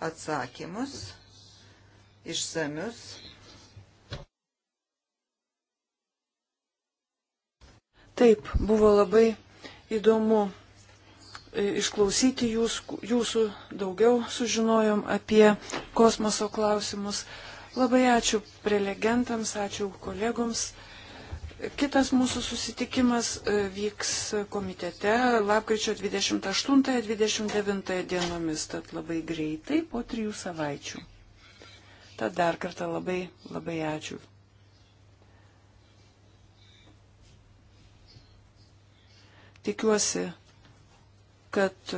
B: atsakymus, išsamius.
C: Taip, buvo labai įdomu e, išklausyti jūs, jūsų, daugiau sužinojom apie kosmoso klausimus. Labai ačiū prelegentams, ačiū kolegoms. Kitas mūsų susitikimas e, vyks komitete lapkričio 28-29 dienomis, tad labai greitai po trijų savaičių. Tad dar kartą labai, labai ačiū. Tikiuosi, kad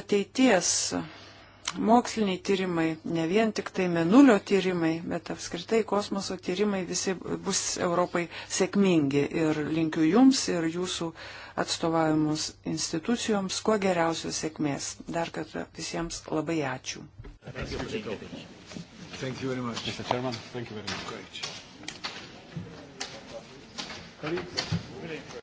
C: ateities moksliniai tyrimai, ne vien tik tai menulio tyrimai, bet apskritai kosmoso tyrimai visi bus Europai sėkmingi. Ir linkiu jums ir jūsų atstovavimus institucijoms kuo geriausios sėkmės. Dar kartą visiems labai ačiū.
A: Thank you.
C: Thank you very much. Mr. Chairman, thank you very much.
A: Great. Ready?